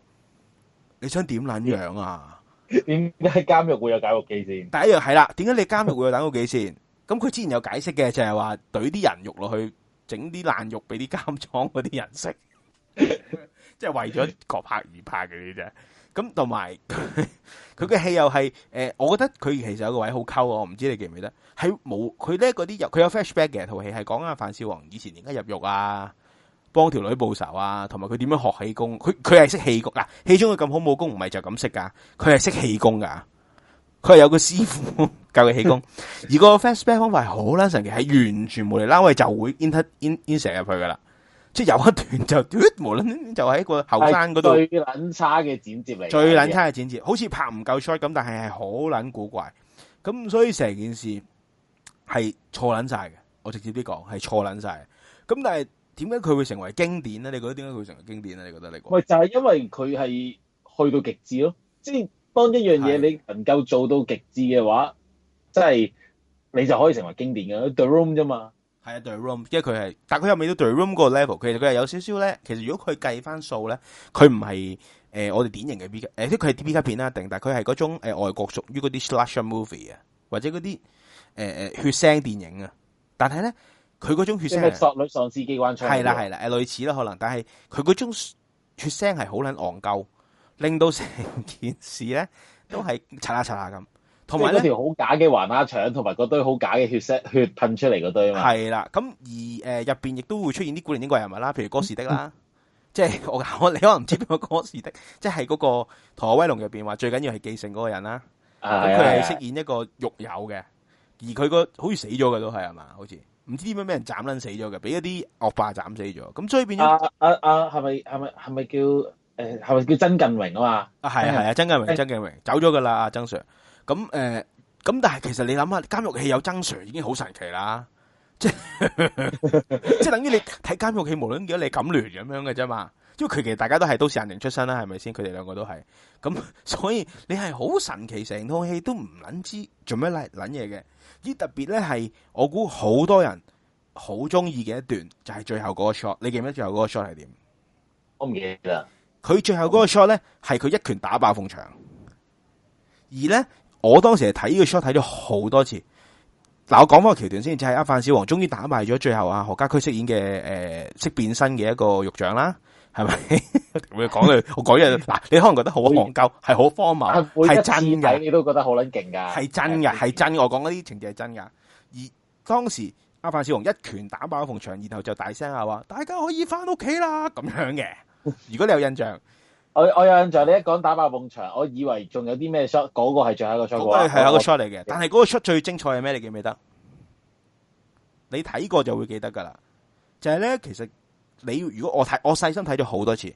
你想點捻樣啊？點解監獄會有絞肉機先？第一樣係啦，點解你監獄會有絞肉機先？咁 佢之前有解釋嘅，就係話懟啲人肉落去，整啲爛肉俾啲監倉嗰啲人食。 即係為咗角拍而拍嘅啲啫，咁同埋佢嘅戲又係誒，我覺得佢其實有個位好溝啊！我唔知你記唔記得，係冇佢咧嗰啲入佢有 flashback 嘅套戲，係講阿范少皇以前點解入獄啊，幫條女報仇啊，同埋佢點樣學氣功，佢佢係識氣功啊，戲中佢咁好武功唔係就咁識噶，佢係識氣功噶，佢係有個師傅教佢氣功，而個 flashback 方法係好撚神奇，係完全冇嚟啦，我就會 i n t e r inter in, in 入去噶啦。即係有一段就，無論就喺個後生嗰度，最撚差嘅剪接嚟，最撚差嘅剪接，好似拍唔夠出咁，但係係好撚古怪。咁所以成件事係錯撚晒嘅，我直接啲講係錯撚晒咁，但係點解佢會成為經典咧？你覺得點解佢會成為經典咧？你覺得你講？喂，就係因為佢係去到極致咯，即係當一樣嘢你能夠做到極致嘅話，的即係你就可以成為經典嘅。The Room 啫嘛。係啊，The Room，因為佢係，但係佢又未到 The Room 嗰個 level。其實佢係有少少咧。其實如果佢計翻數咧，佢唔係誒我哋典型嘅 B 級，誒即係佢係啲 B 級片啦，定但係佢係嗰種、呃、外國屬於嗰啲 slasher movie 啊，或者嗰啲誒誒血腥電影啊。但係咧，佢嗰種血腥係索女喪屍機關槍，係啦係啦，誒類似啦可能，但係佢嗰種血腥係好撚戇鳩，令到成件事咧 都係嚓啦嚓啦咁。同埋嗰條好假嘅橫拉腸，同埋嗰堆好假嘅血色血噴出嚟嗰堆啊嘛！係啦，咁而誒入邊亦都會出現啲古靈精怪人物啦，譬如哥士的啦， 即係我你可能唔知邊個哥士 個的，即係嗰個《陀威龍》入邊話最緊要係繼承嗰個人啦。咁佢係飾演一個獄友嘅，而佢個好似死咗嘅都係啊嘛，好似唔知點解俾人斬捻死咗嘅，俾一啲惡霸斬死咗。咁所以變咗啊，啊，阿係咪係咪係咪叫誒係咪叫曾近榮啊嘛？啊係啊係啊，曾近榮曾近榮走咗噶啦，阿曾 sir。咁、嗯、誒、咁、嗯、但係其實你諗下，監獄戲有增常已經好神奇啦，即係 即係等於你睇監獄戲，無論點解你咁亂咁樣嘅啫嘛。因為佢其實大家都係都係演員出身啦，係咪先？佢哋兩個都係，咁、嗯、所以你係好神奇，成套戲都唔捻知做咩捻捻嘢嘅。呢特別咧係，我估好多人好中意嘅一段，就係、是、最後嗰個 shot。你記唔記得最後嗰個 shot 係點？我唔記得。佢最後嗰個 shot 咧，係佢一拳打爆鳳牆，而咧。我當時係睇呢個 short 睇咗好多次，嗱我講翻個橋段先，就係、是、阿樊少皇終於打敗咗最後啊何家駒飾演嘅誒識變身嘅一個獄長啦，係咪？ 我講佢，我講嘢嗱，你可能覺得好戇鳩，係 好荒謬，係真嘅，你都覺得好撚勁㗎，係真嘅，係真，真，我講嗰啲情節係真㗎。而當時阿樊少皇一拳打爆一幅牆，然後就大聲啊話：大家可以翻屋企啦咁樣嘅。如果你有印象。我我有印象，你一講打爆埲牆，我以為仲有啲咩 shot，嗰個係最後一個 shot，係、那個、一個 shot 嚟嘅。但係嗰個 shot 最精彩係咩？你記唔記得？你睇過就會記得噶啦。就係、是、咧，其實你如果我睇，我細心睇咗好多次，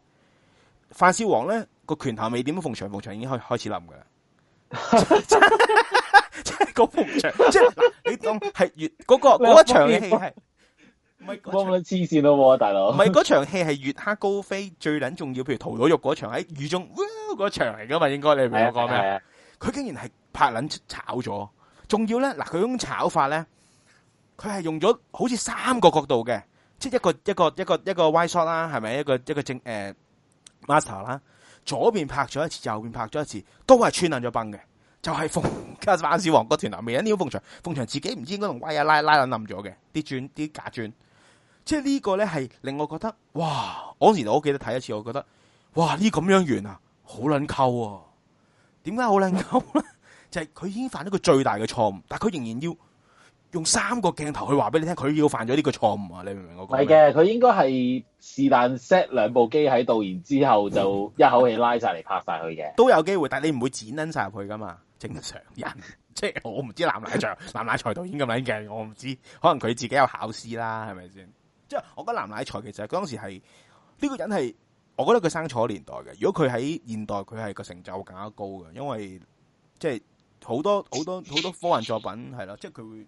樊少皇咧個拳頭未點牆，埲牆埲牆已經開開始冧噶啦。即係個埲牆，即係你當係越個一 場嘅戲係。唔係咁樣黐線咯，大佬！唔係嗰場戲係《月黑高飛》最捻重要，譬如屠刀肉嗰場喺雨中嗰場嚟噶嘛？應該你俾我講咩？佢、啊啊、竟然係拍捻炒咗，仲要咧嗱，佢種炒法咧，佢係用咗好似三個角度嘅，即係一個一個一個一個 wide shot 啦，係咪？一個一個正誒、呃、master 啦，左邊拍咗一次，右邊拍咗一次，都係穿捻咗崩嘅，就係封嘉斯王小王嗰條男一人屌封牆，封牆自己唔知應該同威啊拉拉捻冧咗嘅，啲磚啲假磚。即係呢個咧，係令我覺得，哇！我以前我記得睇一次，我覺得，哇！呢咁樣完啊，好撚扣啊！點解好撚扣咧？ 就係佢已經犯咗個最大嘅錯誤，但佢仍然要用三個鏡頭去話俾你聽，佢要犯咗呢個錯誤啊！你明唔明我講？係嘅，佢應該係是但 set 兩部機喺度，然後之後就一口氣拉晒嚟拍晒佢嘅， 都有機會，但係你唔會剪捻晒入去噶嘛？正常人，即 係我唔知南奶長南 奶才導演咁捻勁，我唔知，可能佢自己有考試啦，係咪先？即、就、係、是、我覺得藍乃才，其實佢當時係呢、這個人係，我覺得佢生錯年代嘅。如果佢喺現代，佢係個成就更加高嘅，因為即係好多好多好多科幻作品係啦。即係佢會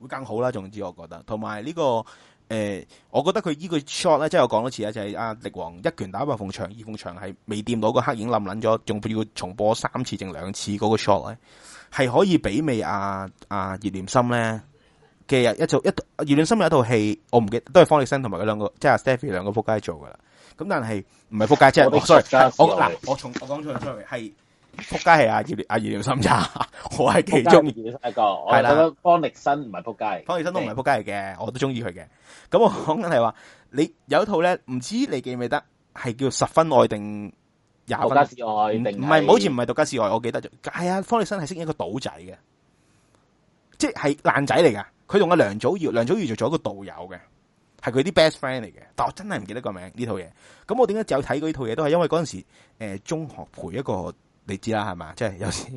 會更好啦。總之我覺得，同埋呢個誒、呃，我覺得佢呢個 shot 咧，即係我講多次啦，就係阿力王一拳打爆鳳長，二鳳長係未掂到個黑影冧捻咗，仲要重播三次定兩次嗰個 shot 咧，係可以媲美阿阿葉念琛咧。嘅一一套一葉念琛有一套戲，我唔記得都係方力申同埋佢兩個即係 Stephy 兩個仆街做噶啦。咁但係唔係仆街，即係唔係。我嗱，我從我講出嚟係仆街係阿葉阿葉念琛咋？我係幾中意一個。係啦，方力申唔係仆街，方力申都唔係仆街嚟嘅，我都中意佢嘅。咁我講緊係話，你有一套咧，唔知你記唔記得，係叫十分愛定有獨家試愛定唔係？好似唔係獨家試愛，我記得就係啊。方力申係飾演一個賭仔嘅，即係爛仔嚟噶。佢同阿梁祖堯、梁祖堯就做一個導遊嘅，係佢啲 best friend 嚟嘅。但我真係唔記得個名呢套嘢。咁我點解就睇過呢套嘢？都係因為陣時誒誒、呃、中學陪一個。你知啦，係嘛？即係有時，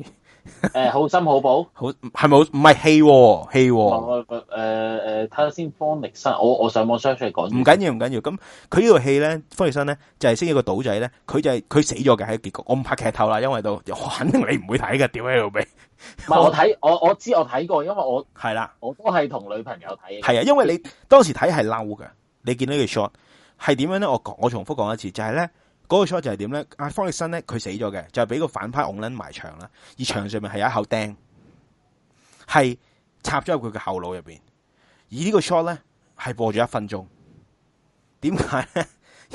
誒、呃，好心好報，好係冇，唔係戲，戲。誒誒、哦，睇下、哦呃呃、先。方力申，我我上網 search 嚟講。唔緊要，唔緊要。咁佢呢套戲咧，方力申咧就係、是、先一個賭仔咧，佢就係、是、佢死咗嘅喺結局。我唔怕劇透啦，因為到肯定你唔會睇嘅，屌喺度俾。唔係我睇，我我，我，我知我睇過，因為我係啦，我都係同女朋友睇。係啊，因為你當時睇係嬲嘅，你見到個呢個 shot 係點樣咧？我講，我重複講一次，就係、是、咧。嗰、那個 s h o t 就係點咧？阿方力申咧，佢死咗嘅，就係、是、俾個反派㧬捻埋牆啦。而牆上面係有一口釘，係插咗入佢嘅後腦入邊。而呢個 s h o t 咧係播咗一分鐘。點解咧？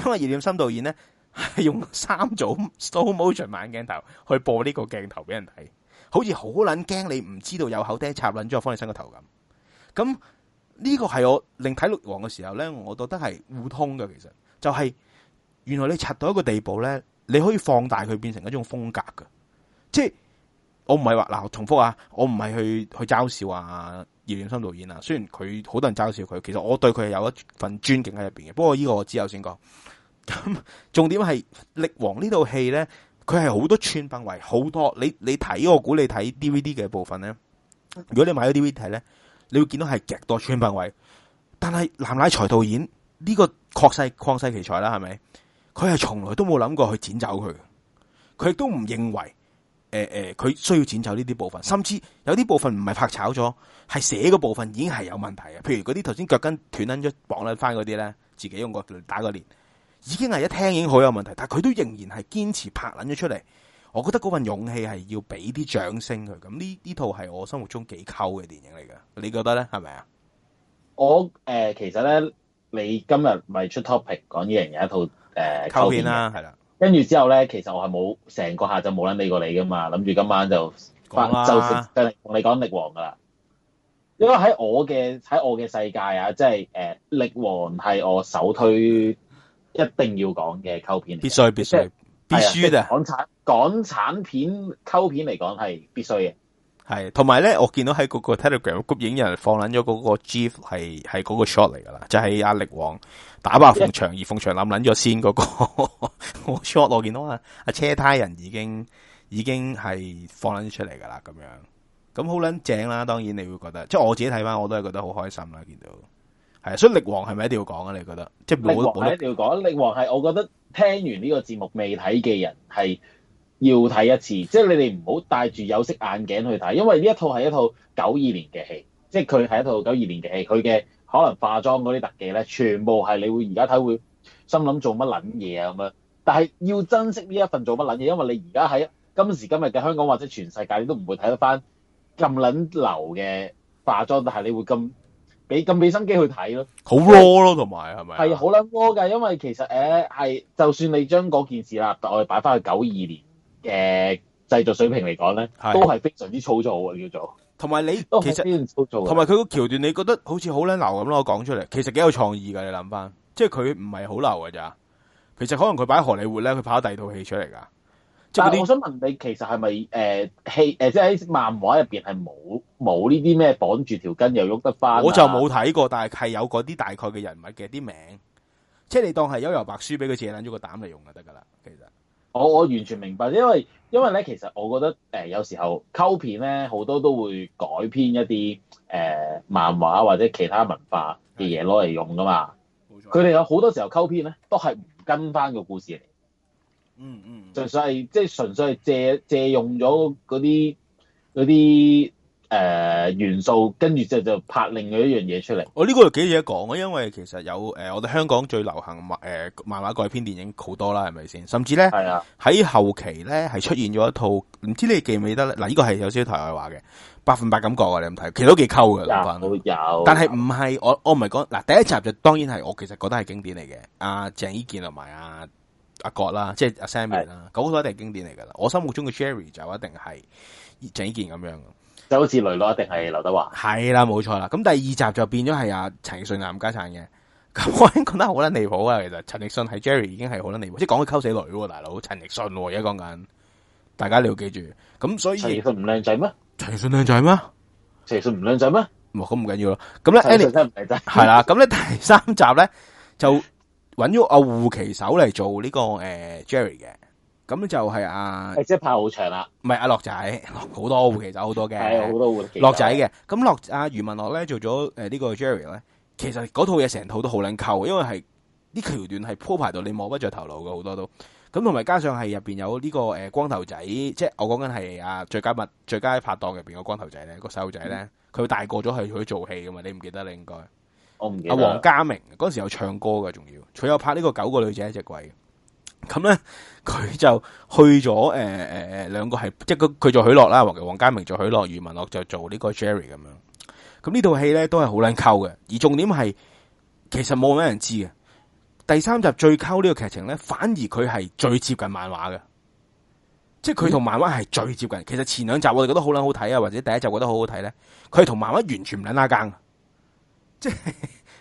因為葉念琛導演咧係用三組 slow motion 慢鏡頭去播呢個鏡頭俾人睇，好似好捻驚你唔知道有口釘插捻咗方力申個頭咁。咁呢個係我令睇力王嘅時候咧，我覺得係互通嘅。其實就係、是。原來你拆到一個地步咧，你可以放大佢變成一種風格㗎。即係我唔係話嗱重複啊，我唔係去去嘲笑啊葉念琛導演啊，雖然佢好多人嘲笑佢，其實我對佢係有一份尊敬喺入邊嘅。不過呢個我之後先講。咁、嗯、重點係力王戲呢套戲咧，佢係好多穿崩位，好多你你睇我估你睇 D V D 嘅部分咧，如果你買咗 D V D 睇咧，你會見到係極多穿崩位。但係藍乃才導演呢、這個確係曠世奇才啦，係咪？佢係從來都冇諗過去剪走佢，佢亦都唔認為，誒、呃、誒，佢、呃、需要剪走呢啲部分，甚至有啲部分唔係拍炒咗，係寫個部分已經係有問題嘅。譬如嗰啲頭先腳筋斷甩咗、綁甩翻嗰啲咧，自己用個打個練，已經係一聽已經好有問題，但係佢都仍然係堅持拍撚咗出嚟。我覺得嗰份勇氣係要俾啲掌聲佢。咁呢呢套係我心目中幾 Cult 嘅電影嚟嘅，你覺得咧？係咪啊？我誒、呃，其實咧，你今日咪出 topic 講呢樣嘢一套。.誒、呃、溝片啦、啊，係啦，跟住之後咧，其實我係冇成個下晝冇撚理過你噶嘛，諗、嗯、住今晚就講啦，同、啊、你講力王噶啦，因為喺我嘅喺我嘅世界啊，即係誒力王係我首推，一定要講嘅溝片，必須必須必須嘅、就是、港產港產片溝片嚟講係必須嘅。係，同埋咧，我見到喺嗰個 Telegram group 影人放撚咗嗰個 GIF 係係係嗰個 shot 嚟噶啦，就係、是、阿、啊、力王打爆鳳翔而鳳翔冧捻咗先嗰、那個 shot， 我見到啊，阿、啊、車胎人已經已經係放撚咗出嚟噶啦，咁樣咁好捻正啦，當然你會覺得，即係我自己睇翻我都係覺得好開心啦，見到係，所以力王係咪一定要講啊、嗯？你覺得？即係力王係一定要講，力王係我覺得聽完呢個節目未睇嘅人係。要睇一次，即係你哋唔好戴住有色眼鏡去睇，因為呢一套係一套九二年嘅戲，即係佢係一套九二年嘅戲，佢嘅可能化妝嗰啲特技咧，全部係你會而家睇會心諗做乜撚嘢啊，咁樣，但係要珍惜呢一份做乜撚嘢，因為你而家喺今時今日嘅香港或者全世界，你都唔會睇得翻咁撚流嘅化妝，但係你會咁俾咁俾心機去睇咯，好 low 咯，同埋係咪啊？係好撚 low 噶，因為其實誒係，就算你將嗰件事啦，我哋擺翻去九二年。嘅製作水平嚟講咧，都係非常之粗糙嘅叫做。同埋你，其實同埋佢個橋段，你覺得好似好靚流咁咯？我講出嚟，其實幾有創意噶。你諗翻，即係佢唔係好流嘅咋？其實可能佢擺荷里活咧，佢拍第二套戲出嚟噶。但我想問你，其實係咪誒戲誒，即係漫畫入邊係冇冇呢啲咩綁住條筋又喐得翻啊？我就冇睇過，但係係有嗰啲大概嘅人物嘅啲名。即係你當係幽遊白書俾佢借捻咗個膽嚟用就得噶啦，其實。我我完全明白，因為因為咧，其實我覺得誒、呃、有時候 Cult 片咧好多都會改編一啲誒、呃、漫畫或者其他文化嘅嘢攞嚟用㗎嘛。冇錯，佢哋有好多時候 Cult 片咧都係唔跟返個故事嚟。嗯嗯，嗯，就係、純粹係即係純粹係借借用咗嗰啲嗰啲誒、呃，元素跟住就就拍另外一樣嘢出嚟。我、哦、呢、這個又幾嘢講啊，因為其實有誒、呃，我哋香港最流行、呃、漫誒漫畫改編電影好多啦，係咪先？甚至咧，係啊，喺後期咧係出現咗一套，唔知你記唔記得咧？嗱、呃，呢、這個係有少少台外話嘅，百分百感覺啊！你咁睇，其實都幾溝嘅。有，但係唔係我我唔係講嗱，第一集就當然係我其實覺得係經典嚟嘅。阿、啊、鄭伊健同埋阿阿葛啦，即係阿 Sammy 啦，咁好多一定係經典嚟噶啦。我心目中嘅 Jerry 就一定係鄭伊健咁樣。就好似雷洛，一定係劉德華？係啦，冇錯啦。咁第二集就變咗係阿陳奕迅、林家產嘅。咁我已經覺得好得離譜啊！其實陳奕迅係 Jerry 已經係好得離即係講佢溝死女喎，大佬陳奕迅而家講緊。大家你要記住，咁所以陳奕迅唔靚仔咩？陳奕迅靚仔咩？陳奕迅唔靚仔咩？咁唔緊要咯。咁咧，陳奕迅唔靚仔係啦。咁咧第三集咧就揾咗阿護旗手嚟做呢個誒 Jerry 嘅。咁就係阿、啊，即係拍好長啦、啊。唔係阿樂仔，好多其實手好多嘅。係好多樂仔嘅，咁樂阿余文樂咧做咗誒呢個 Jerry 咧，其實嗰、 啊、呃、這個、套嘢，成套都好撚扣，因為係啲橋段係鋪排到你摸不着頭腦嘅好多都。咁同埋加上係入邊有呢、這個誒、呃、光頭仔，即、就、係、是、我講緊係最佳物最佳拍檔入邊個光頭仔咧，個細路仔咧，佢、嗯、大個咗係佢做戲㗎嘛，你唔記得你應該。我唔記得。阿、啊、黃家明嗰時有唱歌嘅，仲要，佢有拍呢個九個女仔一隻鬼。咁咧，佢就去咗誒誒誒，兩、呃呃、個係即係佢佢做許樂啦，黃家明做許樂，余文樂就做呢個 Jerry 咁樣。咁、嗯、呢套戲咧都係好捻溝嘅，而重點係其實冇咩人知嘅。第三集最溝呢個劇情咧，反而佢係最接近漫畫嘅，即係佢同漫畫係最接近。嗯、其實前兩集我哋覺得好捻好睇啊，或者第一集覺得好好睇咧，佢同漫畫完全唔捻拉更。即係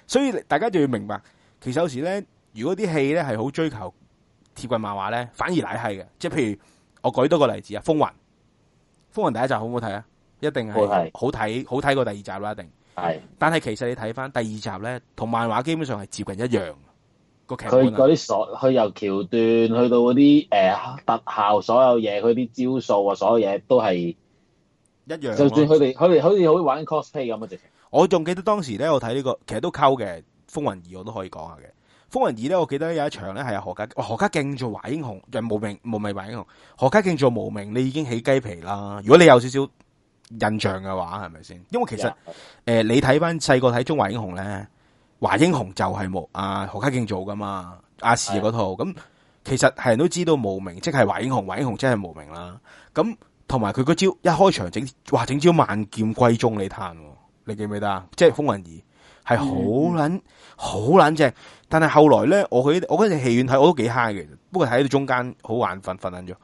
所以大家就要明白，其實有時咧，如果啲戲咧係好追求。貼近漫畫咧，反而乃係嘅，即係譬如我舉多個例子啊，《風雲》《風雲》第一集好唔好睇啊？一定係好睇，好睇過第二集啦，一定係。但係其實你睇翻第二集咧，同漫畫基本上係接近一樣個劇本。佢嗰啲所，佢由橋段去到嗰啲誒特效，所有嘢，佢啲招數啊，所有嘢都係一樣。就算佢哋，佢哋好似好似玩 cosplay 咁啊！直情我仲記得當時咧，我睇呢、這個其實都溝嘅《風雲二》，我都可以講下嘅。風雲二咧，我記得有一場咧係阿何家，哇何家勁做華英雄，就無名無名華英雄，何家勁做無名，你已經起雞皮啦！如果你有少少印象嘅話，係咪先？因為其實誒、yeah. 呃，你睇翻細個睇中華英雄咧，華英雄就係無啊何家勁做噶嘛，亞視嗰套，咁、yeah. 嗯、其實係人都知道無名，即係華英雄，華英雄真係無名啦。咁同埋佢嗰招一開場整，哇整招萬劍歸宗你嘆，你記唔記得啊？即係風雲二。係好撚，好撚正，但係後來咧，我去我嗰陣戲院睇，我都幾嗨嘅。不過睇到中間好眼瞓，瞓撚咗。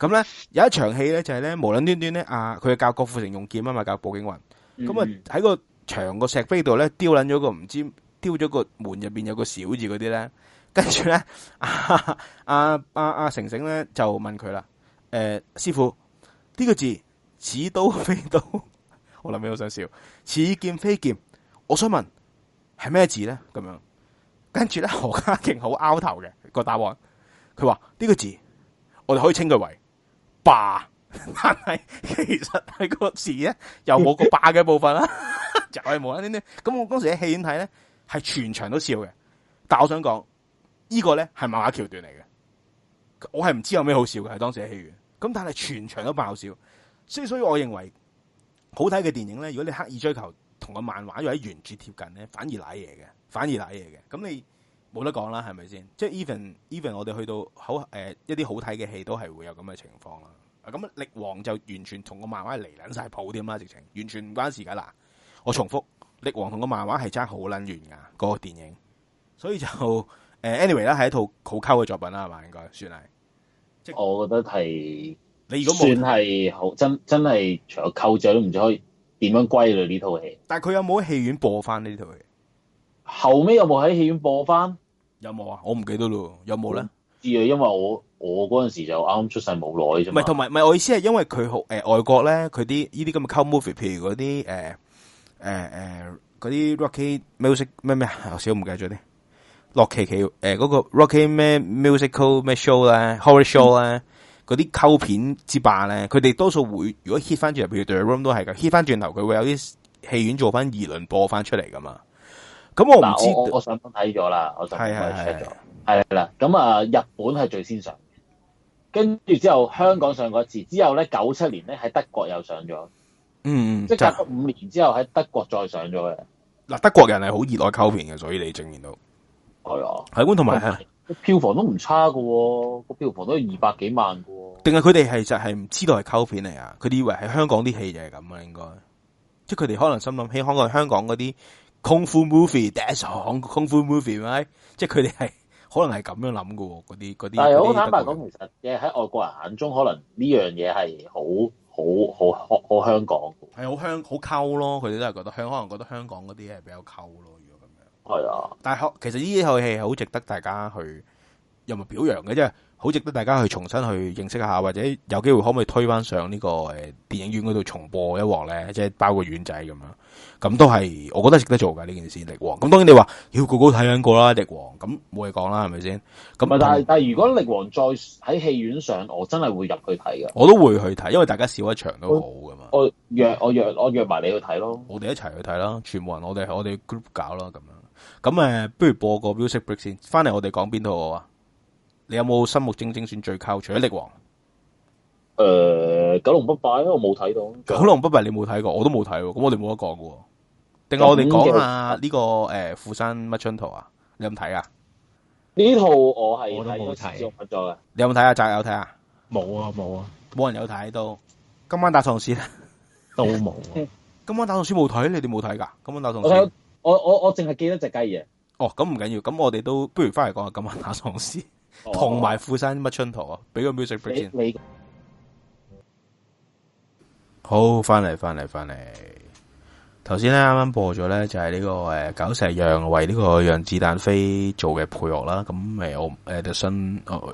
咁咧有一場戲咧就係、是、咧無撚端端咧，阿、啊、佢教郭富城用劍啊嘛，教步驚雲。咁啊喺個牆個石碑度咧丟撚咗個唔知丟咗個門入邊有個小字嗰啲咧，跟住咧啊啊阿成成咧就問佢啦，誒、呃、師傅呢、這個字似刀飛刀，非刀 我諗起好想笑。似劍非劍，我想問。係咩字咧？咁樣，跟住咧，何家勁好拗頭嘅個答案，佢話呢個字，我哋可以稱佢為霸。但係其實係個字咧，又冇個霸嘅部分啦，就係冇。啦啲啲。咁我當時喺戲院睇咧，係全場都笑嘅。但係我想講，這個、呢個咧係漫畫橋段嚟嘅，我係唔知有咩好笑嘅，係當時喺戲院。咁但係全場都爆笑，所以所以我認為好睇嘅電影咧，如果你刻意追求。同個漫畫又喺原著貼近咧，反而瀨嘢嘅，反而瀨嘢嘅。咁你冇得講啦，係咪先？即係 even even 我哋去到好誒、呃、一啲好睇嘅戲，都係會有咁嘅情況啦。咁力王就完全同個漫畫離捻晒譜添啦，直情完全唔關事噶啦。我重複，力王同個漫畫係差好捻遠噶，嗰個電影。所以就誒 anyway 啦，係一套好溝嘅作品啦，係嘛？應該算係。即係我覺得係，你如果冇算係好真真係，除咗溝仲都唔可點樣歸類呢套戲？但係佢有冇喺戲院播翻呢套戲？後尾有冇喺戲院播翻？有冇啊？我唔記得咯，有冇咧？知啊，因為我我嗰陣時就啱啱出世冇耐啫。唔係，同埋唔係，我意思係因為佢好誒，外國咧佢啲呢啲咁嘅 cult movie 譬如嗰啲誒誒誒嗰啲 rocky music 咩咩啊，少唔記咗啲。洛琪琪，誒、呃、嗰、嗰個 rocky 咩 musical 咩 show 咧 horror show 咧。嗯嗰啲 Cult 片之霸咧，佢哋多數會，如果 hit 翻轉，譬如 The Room 都係嘅 hit 翻轉頭，佢會有啲戲院做翻二輪播翻出嚟噶嘛。咁我唔，知道，我上網睇咗啦，我上網去 check 係啦。咁啊，日本係最先上嘅，跟住之後香港上過一次，之後咧九七年咧喺德國又上咗，嗯，即係隔五年之後喺德國再上咗嘅。嗱，德國人係好熱愛 Cult 片嘅，所以你證明到係啊。係咁，同埋。嗯票房都唔差噶，個票房都係二百幾萬噶。定係佢哋其實係唔知道係溝片嚟啊？佢哋以為係香港啲戲就係咁啊，應該即係佢哋可能心諗起，香港香港嗰啲功夫 movie，a 得爽功夫 movie 咪，right?？即係佢哋係可能係咁樣諗噶，嗰啲嗰啲。但係好坦白講，其實嘅喺外國人眼中，可能呢樣嘢係好好好好香港嘅。係好香好溝咯，佢哋都係覺得香，可能覺得香港嗰啲係比較溝咯。係啊，但係其實呢套戲好值得大家去，又唔係表揚嘅啫，好值得大家去重新去認識一下，或者有機會可唔可以推返上呢個誒電影院嗰度重播一鑊咧，即係包括院仔咁樣，咁都係，我覺得值得做嘅呢件事。力王咁，當然你話，要個個睇緊個啦，力王咁冇嘢講啦，係咪先？咁啊，但係但係如果力王再喺戲院上，我真係會入去睇嘅。我都會去睇，因為大家少一場都好噶嘛。我約我約我約埋你去睇咯，我哋一齊去睇啦，全部人我哋我哋 group 搞啦，咁樣。咁誒，不如播個 music break 先。翻嚟我哋講邊套好啊？你有冇心目正正選最 cult？除咗力王，誒、呃，九龍不敗，我冇睇到。九龍不敗你冇睇過，我都冇睇。咁我哋冇得講嘅。定係我哋講下呢個誒富、嗯啊這個呃、山乜春圖啊？你有冇睇啊？呢套我係我都冇睇，睇咗你有冇睇啊？集有睇啊？冇啊，冇啊，冇人有睇到。今晚打喪屍呢？ 都冇有、啊。 今晚打喪屍冇睇，你哋冇睇噶？今晚打喪屍。我我我淨係記得隻雞啊！哦，咁唔緊要，咁我哋都不如翻嚟講下今晚打喪屍，哦，同埋富春乜春圖啊！俾個 music break 先。好，翻嚟，翻嚟，翻嚟。頭先咧，啱啱播咗咧，就係、是、呢、這個誒久、呃、石讓為呢、這個讓子彈飛做嘅配樂啦。咁咪我誒，迪、呃、森、哦呃，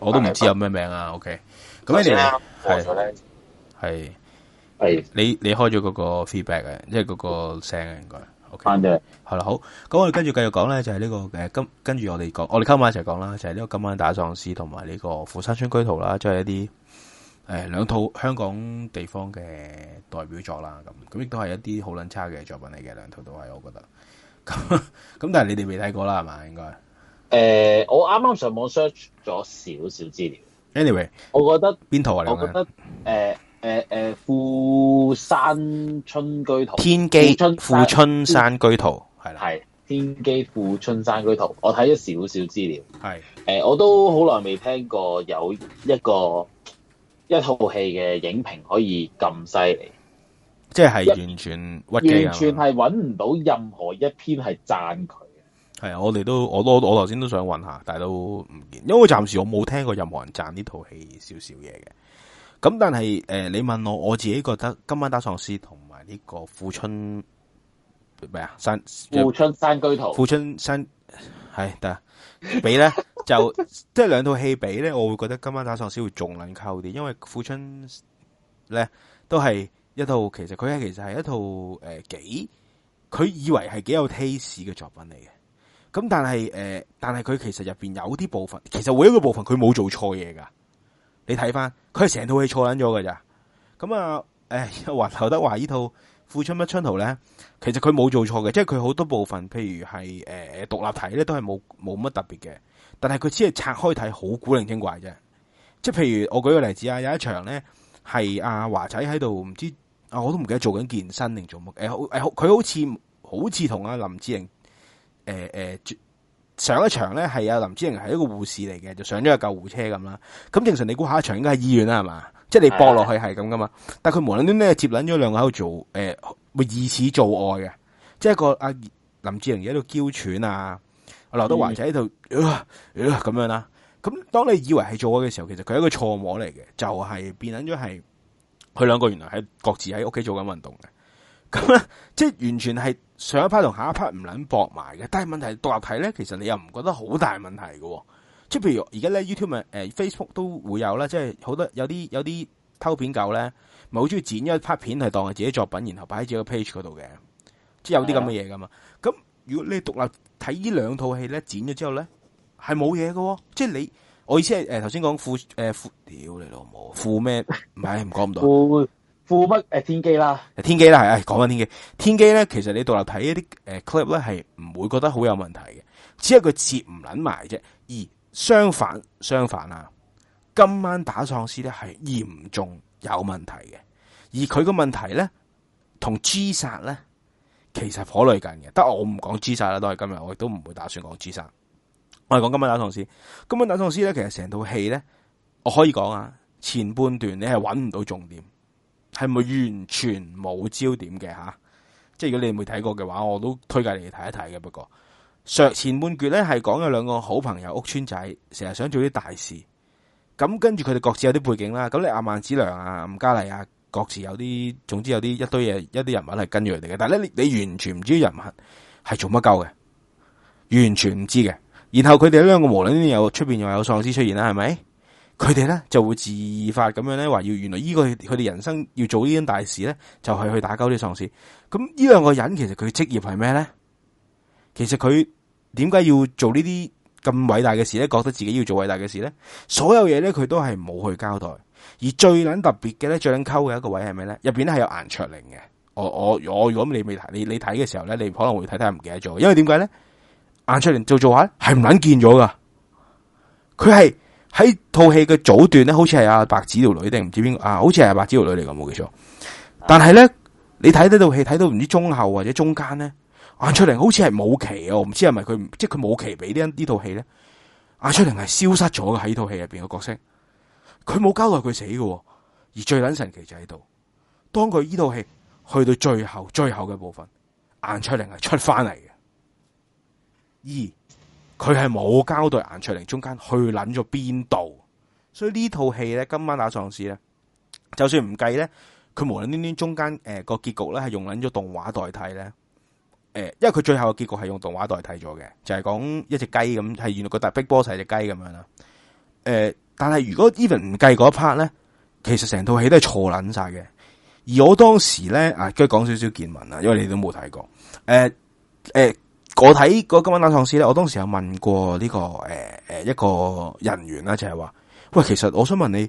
我我都唔知有咩名啊。OK，咁你哋係係係你你開咗嗰個 feedback 嘅，即係嗰個聲應該。係、okay. 啦，好，咁我哋跟住繼續講咧，就係、是、呢、這個誒，今跟住我哋講，我哋今晚一齊講啦，就係、是、呢、這個今晚打喪屍同埋呢個富春山居圖啦，即係、就是、一啲誒兩套香港地方嘅代表作啦，咁咁亦都係一啲好撚差嘅作品嚟嘅，兩套都係，我覺得。咁但係你哋未睇過啦，係嘛？應該誒，我啱啱上網 search 咗少少資料。Anyway，我覺得邊套啊？你覺得？我覺得誒？呃誒、啊、誒，啊《富山春居圖》天機富春山居圖係啦，係《天機富春山居圖》居圖居圖，我睇咗少少資料，係誒、啊，我都好耐未聽過有一個一套戲嘅影評可以咁犀利，即係完全屈機，完全係搵唔到任何一篇係讚佢嘅。係啊，我哋都我都我我頭先都想搵下，但係都唔見，因為暫時我冇聽過任何人讚呢套戲少少嘢嘅。小小咁但係誒、呃，你問我我自己覺得今晚打喪屍同埋呢個《富春》咩啊？山《富春山居圖》《富春山》係得，比咧 就即係兩套戲比咧，我會覺得今晚打喪屍會仲能溝啲，因為《富春呢》咧都係一套其實佢其實係一套誒、呃、幾，佢以為係幾有 taste 嘅作品嚟嘅。咁但係誒，但係佢、呃、其實入邊有啲部分，其實會有一個部分佢冇做錯嘢噶。你睇翻，佢係成套戲錯捻咗㗎咋？咁啊，誒、哎，話劉德華呢套《富春乜春圖》咧，其實佢冇做錯嘅，即係佢好多部分，譬如係誒獨立睇咧，都係冇冇乜特別嘅。但係佢只係拆開睇，好古靈精怪啫。即係譬如我舉個例子啊，有一場咧係阿華仔喺度，唔知我都唔記得做緊健身定做乜？誒、呃，誒、呃，佢好似好似同阿林志穎誒誒。呃呃上一場咧係有林志玲係一個護士嚟嘅，就上咗個救護車咁啦。咁正常你估下一場應該係醫院啦，係嘛？即、就、係、是、你駁落去係咁噶嘛。但佢無啦都咩接撚咗兩個喺度做誒、呃，以此做愛嘅。即係個阿、啊、林志玲喺度嬌喘啊，劉德華仔喺度咁樣啦、啊。咁當你以為係做愛嘅時候，其實佢係一個錯摸嚟嘅，就係、是、變撚咗係佢兩個原來喺各自喺屋企做緊運動嘅。即 係完全係上一 part 同下一 part 唔捻搏埋嘅。但係問題獨立睇咧，其實你又唔覺得好大問題嘅。即係譬如而家咧，YouTube 誒、呃、Facebook 都會有啦，即係好多有啲有啲偷片狗咧，咪好中意剪一 part 片嚟當係自己作品，然後擺喺自己個 page 嗰度嘅。即係有啲咁嘅嘢噶嘛。咁如果你獨立睇呢兩套戲咧，剪咗之後咧係冇嘢嘅。即係你我意思係誒頭先講富屌你老母富咩？唔係唔講唔到.。 富北，誒天機啦，天機啦，係講翻天機。天機咧，其實你獨立睇一啲誒、呃、clip 咧，係唔會覺得好有問題嘅，只係佢接唔捻埋啫。而相反相反啊，今晚打喪屍咧係嚴重有問題嘅。而佢個問題咧，同 G 殺咧，其實可類近嘅。得我唔講 G 殺啦，都係今日，我亦都唔會打算講 G 殺。我係講今晚打喪屍。今晚打喪屍咧，其實成套戲咧，我可以講啊，前半段你係揾唔到重點。係咪完全冇焦點嘅吓？即係如果你冇睇過嘅話，我都推介你睇一睇嘅。不過上前半橛咧係講有兩個好朋友屋村仔，成日想做啲大事。咁跟住佢哋各自有啲背景啦。咁你阿萬子良啊、吳家麗啊，各自有啲，總之有啲一堆嘢，一啲人物係跟住佢哋嘅。但係你你完全唔知人物係做乜鳩嘅，完全唔知嘅。然後佢哋兩個無論有出邊又有喪屍出現啦，係咪？佢哋咧就會自發咁樣咧話要原來呢、呢個佢哋人生要做呢件大事咧，就係、是、去打鳩啲喪屍。咁呢兩個人其實佢職業係咩咧？其實佢點解要做呢啲咁偉大嘅事咧？覺得自己要做偉大嘅事咧？所有嘢咧佢都係冇去交代。而最捻特別嘅咧，最捻溝嘅一個位係咩咧？入邊咧係有顏卓靈嘅。我我我如果你未睇你你睇嘅時候咧，你可能會睇睇唔記得咗。因為點解咧？顏卓靈做做下係唔捻見咗噶，佢係。喺套戲嘅早段咧，好似係阿白隻條女定唔知邊啊，好似係阿白隻條女嚟嘅冇記錯。但係咧，你睇呢套戲睇到唔知中後或者中間咧，顏卓靈好似係冇期啊！我唔知係咪佢即係佢冇期俾呢呢套戲咧。顏卓靈係消失咗嘅喺呢套戲入邊嘅角色，佢冇交代佢死嘅。而最捻神奇就喺度，當佢呢套戲去到最後最後嘅部分，顏卓靈係出翻嚟嘅二。佢係冇交代顏卓靈，中間去諗咗邊度，所以呢套戲咧，今晚打喪屍咧，就算唔計咧，佢無厘頭啲中間誒個結局咧係用諗咗動畫代替咧，誒，因為佢最後嘅結局係用動畫代替咗嘅，就係、是、講一隻雞咁，係原來個大逼波曬隻雞咁樣啦。誒，但係如果 even 唔計嗰 part 咧，其實成套戲都係錯諗晒嘅。而我當時咧啊，跟住講少少見聞啦，因為你都冇睇過，誒、啊，誒、啊。我睇個《今晚打喪屍》咧，我當時有問過呢、這個誒誒、欸、一個人員啦，就係、是、話喂，其實我想問你，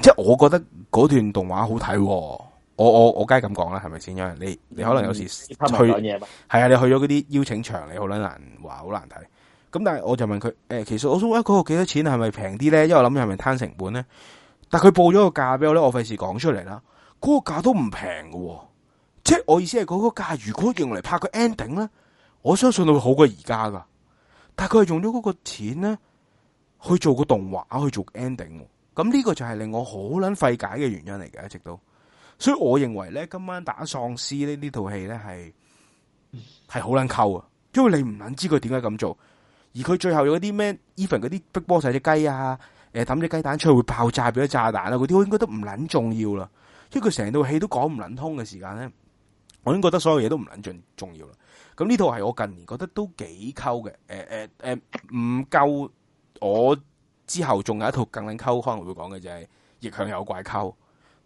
即係我覺得嗰段動畫好睇、哦，我我我梗係咁講啦，係咪先？因為你你可能有時去係啊，你去咗嗰啲邀請場，你好捻難話，好難睇。咁但係我就問佢誒、欸，其實我想問嗰個幾多錢係咪平啲咧？因為我諗係咪攤成本咧？但係佢報咗個價俾我咧，我費事講出嚟啦。嗰、那個價都唔平嘅，即係我意思係嗰個價，如果用嚟拍佢 ending 咧。我相信佢會好過而家噶，但係佢係用咗嗰個錢咧，去做個動畫去做 ending，咁呢個就係令我好捻費解嘅原因嚟嘅，一直都。所以我認為咧，今晚打喪屍呢呢套戲咧係係好捻溝啊，因為你唔捻知佢點解咁做，而佢最後有啲咩 even 嗰啲逼波晒隻雞啊，誒抌隻雞蛋出去會爆炸，給炸，俾咗炸彈啊，嗰啲應該都唔捻重要啦，因為佢成套戲都講唔捻通嘅時間咧。我已經覺得所有嘢都唔捻盡重要啦。咁呢套係我近年覺得都幾溝嘅，誒誒誒，唔、呃、夠、呃、我之後仲有一套更捻溝，可能會講嘅就係逆向有怪溝。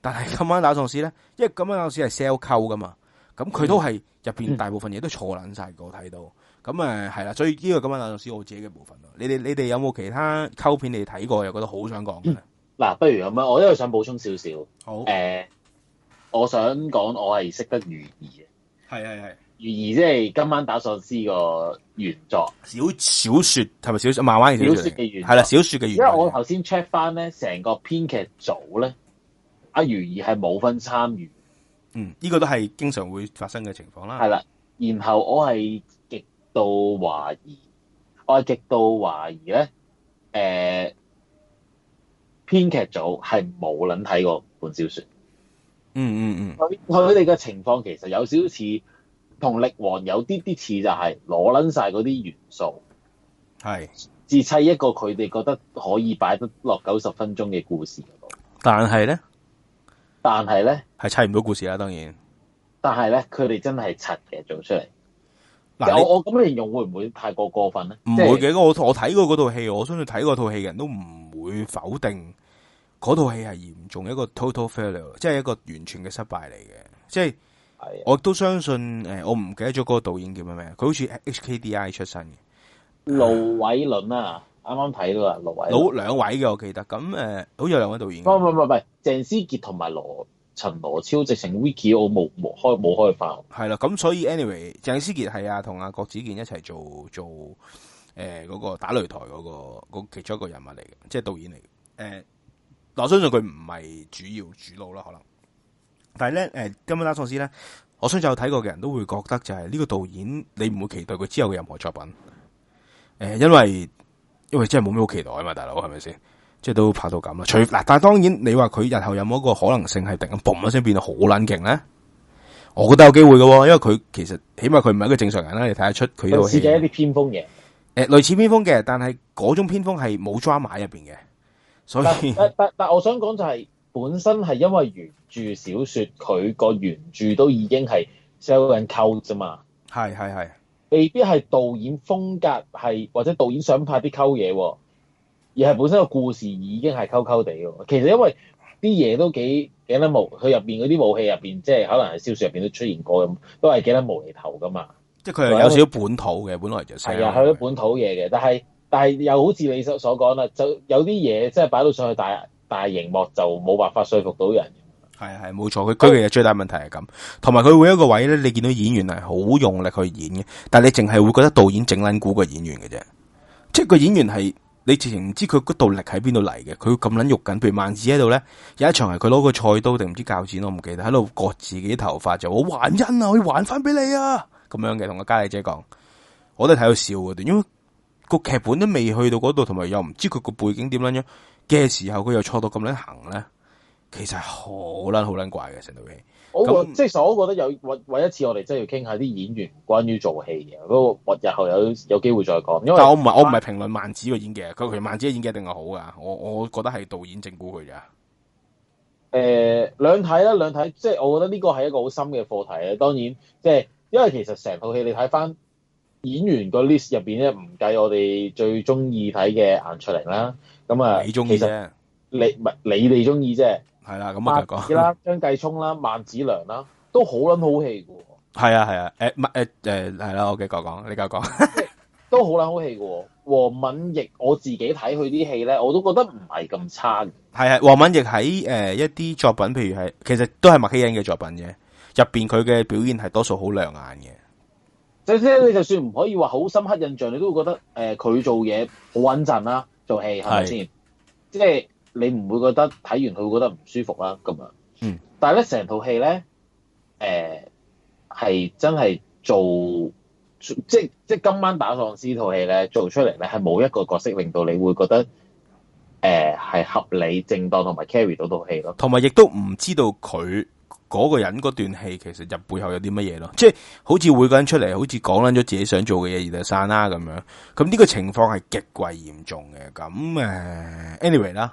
但係今晚打喪屍咧，因為今晚打喪屍係 sell 溝噶嘛，咁佢都係入邊大部分嘢都錯捻晒過。我睇到。咁誒係啦，所以呢個今晚打喪屍我自己嘅部分咯。你哋你哋有冇其他溝片你哋睇過又覺得好想講嘅？嗱、啊，不如咁樣，我因為想補充少少，好誒。我想講，我係識得余儀嘅，係係係余儀即係今晚打喪屍個原作小小說，係咪小、小說？漫畫小說嘅原係啦，小說嘅原。因為我頭先 check 翻咧，成個編劇組咧，阿余儀係冇份參與。嗯，呢、這個都係經常會發生嘅情況啦。係啦，然後我係極度懷疑，我係極度懷疑咧，誒、呃，編劇組係冇捻睇過本小說。嗯嗯嗯他，佢佢哋嘅情況其實有少似同力王有啲啲似，就係攞捻晒嗰啲元素，係自砌一個佢哋覺得可以擺得落九十分鐘嘅故事。但係咧，但係咧，係砌唔到故事啦，當然。但係咧，佢哋真係砌嘅，做出嚟。嗱，我咁嘅形容會唔會太過過分咧？唔會嘅，就係，我我睇過嗰套戲，我相信睇嗰套戲嘅人都唔會否定。嗰套戲係嚴重一個 total failure，即係一個完全嘅失敗嚟嘅。即係、哎，我都相信誒，我唔記得咗嗰個導演叫咩名，佢好似 HKDI 出身嘅盧偉倫啊，啱啱睇到啊，盧偉倫兩,兩位嘅，我記得咁誒、呃，好有兩位導演，唔唔唔鄭鄭思傑同埋羅陳羅超，直情 Viki 我冇冇開冇開發係啦。咁所以 anyway，鄭思傑係啊，同阿郭子健一齊做做誒嗰、呃嗰個打擂台嗰、嗰個嗰個其中一個人物嚟嘅，即係導演嚟誒。呃我相信佢唔係主要主腦啦，可能但是。但係咧，誒，《今晚打喪屍》咧，我相信有睇過嘅人都會覺得就係呢個導演，你唔會期待佢之後嘅任何作品。誒、欸，因為因為真係冇咩好期待啊嘛，大佬係咪先？即係、就是、都拍到咁啦。除嗱，但係當然，你話佢日後有冇一個可能性係突然嘣一聲變到好冷勁咧？我覺得有機會噶，因為佢其實起碼佢唔係一個正常人啦，你睇得出佢都似咗一啲偏鋒嘅，誒，類似偏鋒嘅、欸，但係嗰種偏鋒係冇抓馬入邊嘅。所以但但但但我想講就係本身係因為原著小說佢個原著都已經係 sell 緊溝啫嘛，係係係，未必係導演風格係或者導演想拍啲溝嘢，而係本身個故事已經係溝溝地嘅。其實因為啲嘢都幾幾得無，佢入邊嗰啲武器入邊，即係可能喺小說入邊都出現過咁，都係幾得無厘頭噶嘛。即係佢係有少少本土嘅，本來就係啊，佢啲本土嘢嘅，但係。但係又好似你所所講啦，就有啲嘢真係擺到上去大大熒幕就冇辦法説服到人。係係冇錯，佢佢其實最大問題係咁，同埋佢會一個位咧，你見到演員係好用力去演嘅，但係你淨係會覺得導演整撚估個演員嘅啫。即係個演員係你直情唔知佢嗰道動力喺邊度嚟嘅，佢咁撚肉緊。譬如萬子喺度咧，有一場係佢攞個菜刀定唔知鉸剪，我唔記得喺度割自己頭髮就好還恩啊，我要還翻俾你啊咁樣嘅，同個家麗姐講，我都係睇到笑嘅段。因為個劇本都未去到嗰度，同埋又唔知佢個背景點樣樣嘅時候，佢又錯到咁樣行咧，其實好撚好撚怪嘅成套戲。即係，所以我覺得有為一次，我哋真係要傾下啲演員關於做戲嘅嗰個，我日後有有機會再講。但係我唔係，我唔係評論萬子個演技。佢其實萬子嘅演技一定係好噶。我我覺得係導演整蠱佢咋。誒、呃，兩睇啦，兩睇。即係我覺得呢個係一個好深嘅課題啊。當然，即係因為其實成套戲你睇翻。演員個 list 入邊咧，唔計我哋最中意睇嘅顏卓靈啦，咁啊，你中意啫，你係你哋中意啫，係啦，咁啊，講啦，張繼聰啦，萬梓良啦，都好捻好戲嘅，係啊係啊，誒唔誒誒係啦，OK，講講，你教講， 都好捻好戲嘅，王敏奕，我自己睇佢啲戲咧，我都覺得唔係咁差嘅，係啊，王敏奕喺誒一啲作品，譬如係，其實都係麥曦茵嘅作品啫，入邊佢嘅表現係多數好亮眼嘅。即、就、係、是、你就算唔可以話好深刻印象，你都會覺得誒佢、呃、做嘢好穩陣啦，做戲係咪先？即係你唔會覺得睇完佢會覺得唔舒服啦、啊、咁樣。嗯。但係咧成套戲咧，誒係、呃、真係做即係即係今晚打喪屍套戲咧，做出嚟咧係冇一個角色令到你會覺得誒係、呃、合理、正當同埋 carry 到套戲咯。同埋亦都唔知道佢。嗰、那個人嗰段戲其實入背後有啲乜嘢咯，即係好似每個人出嚟，好似講緊咗自己想做嘅嘢而就散啦、啊、咁樣。咁呢個情況係極為嚴重嘅。咁誒、呃、anyway 啦，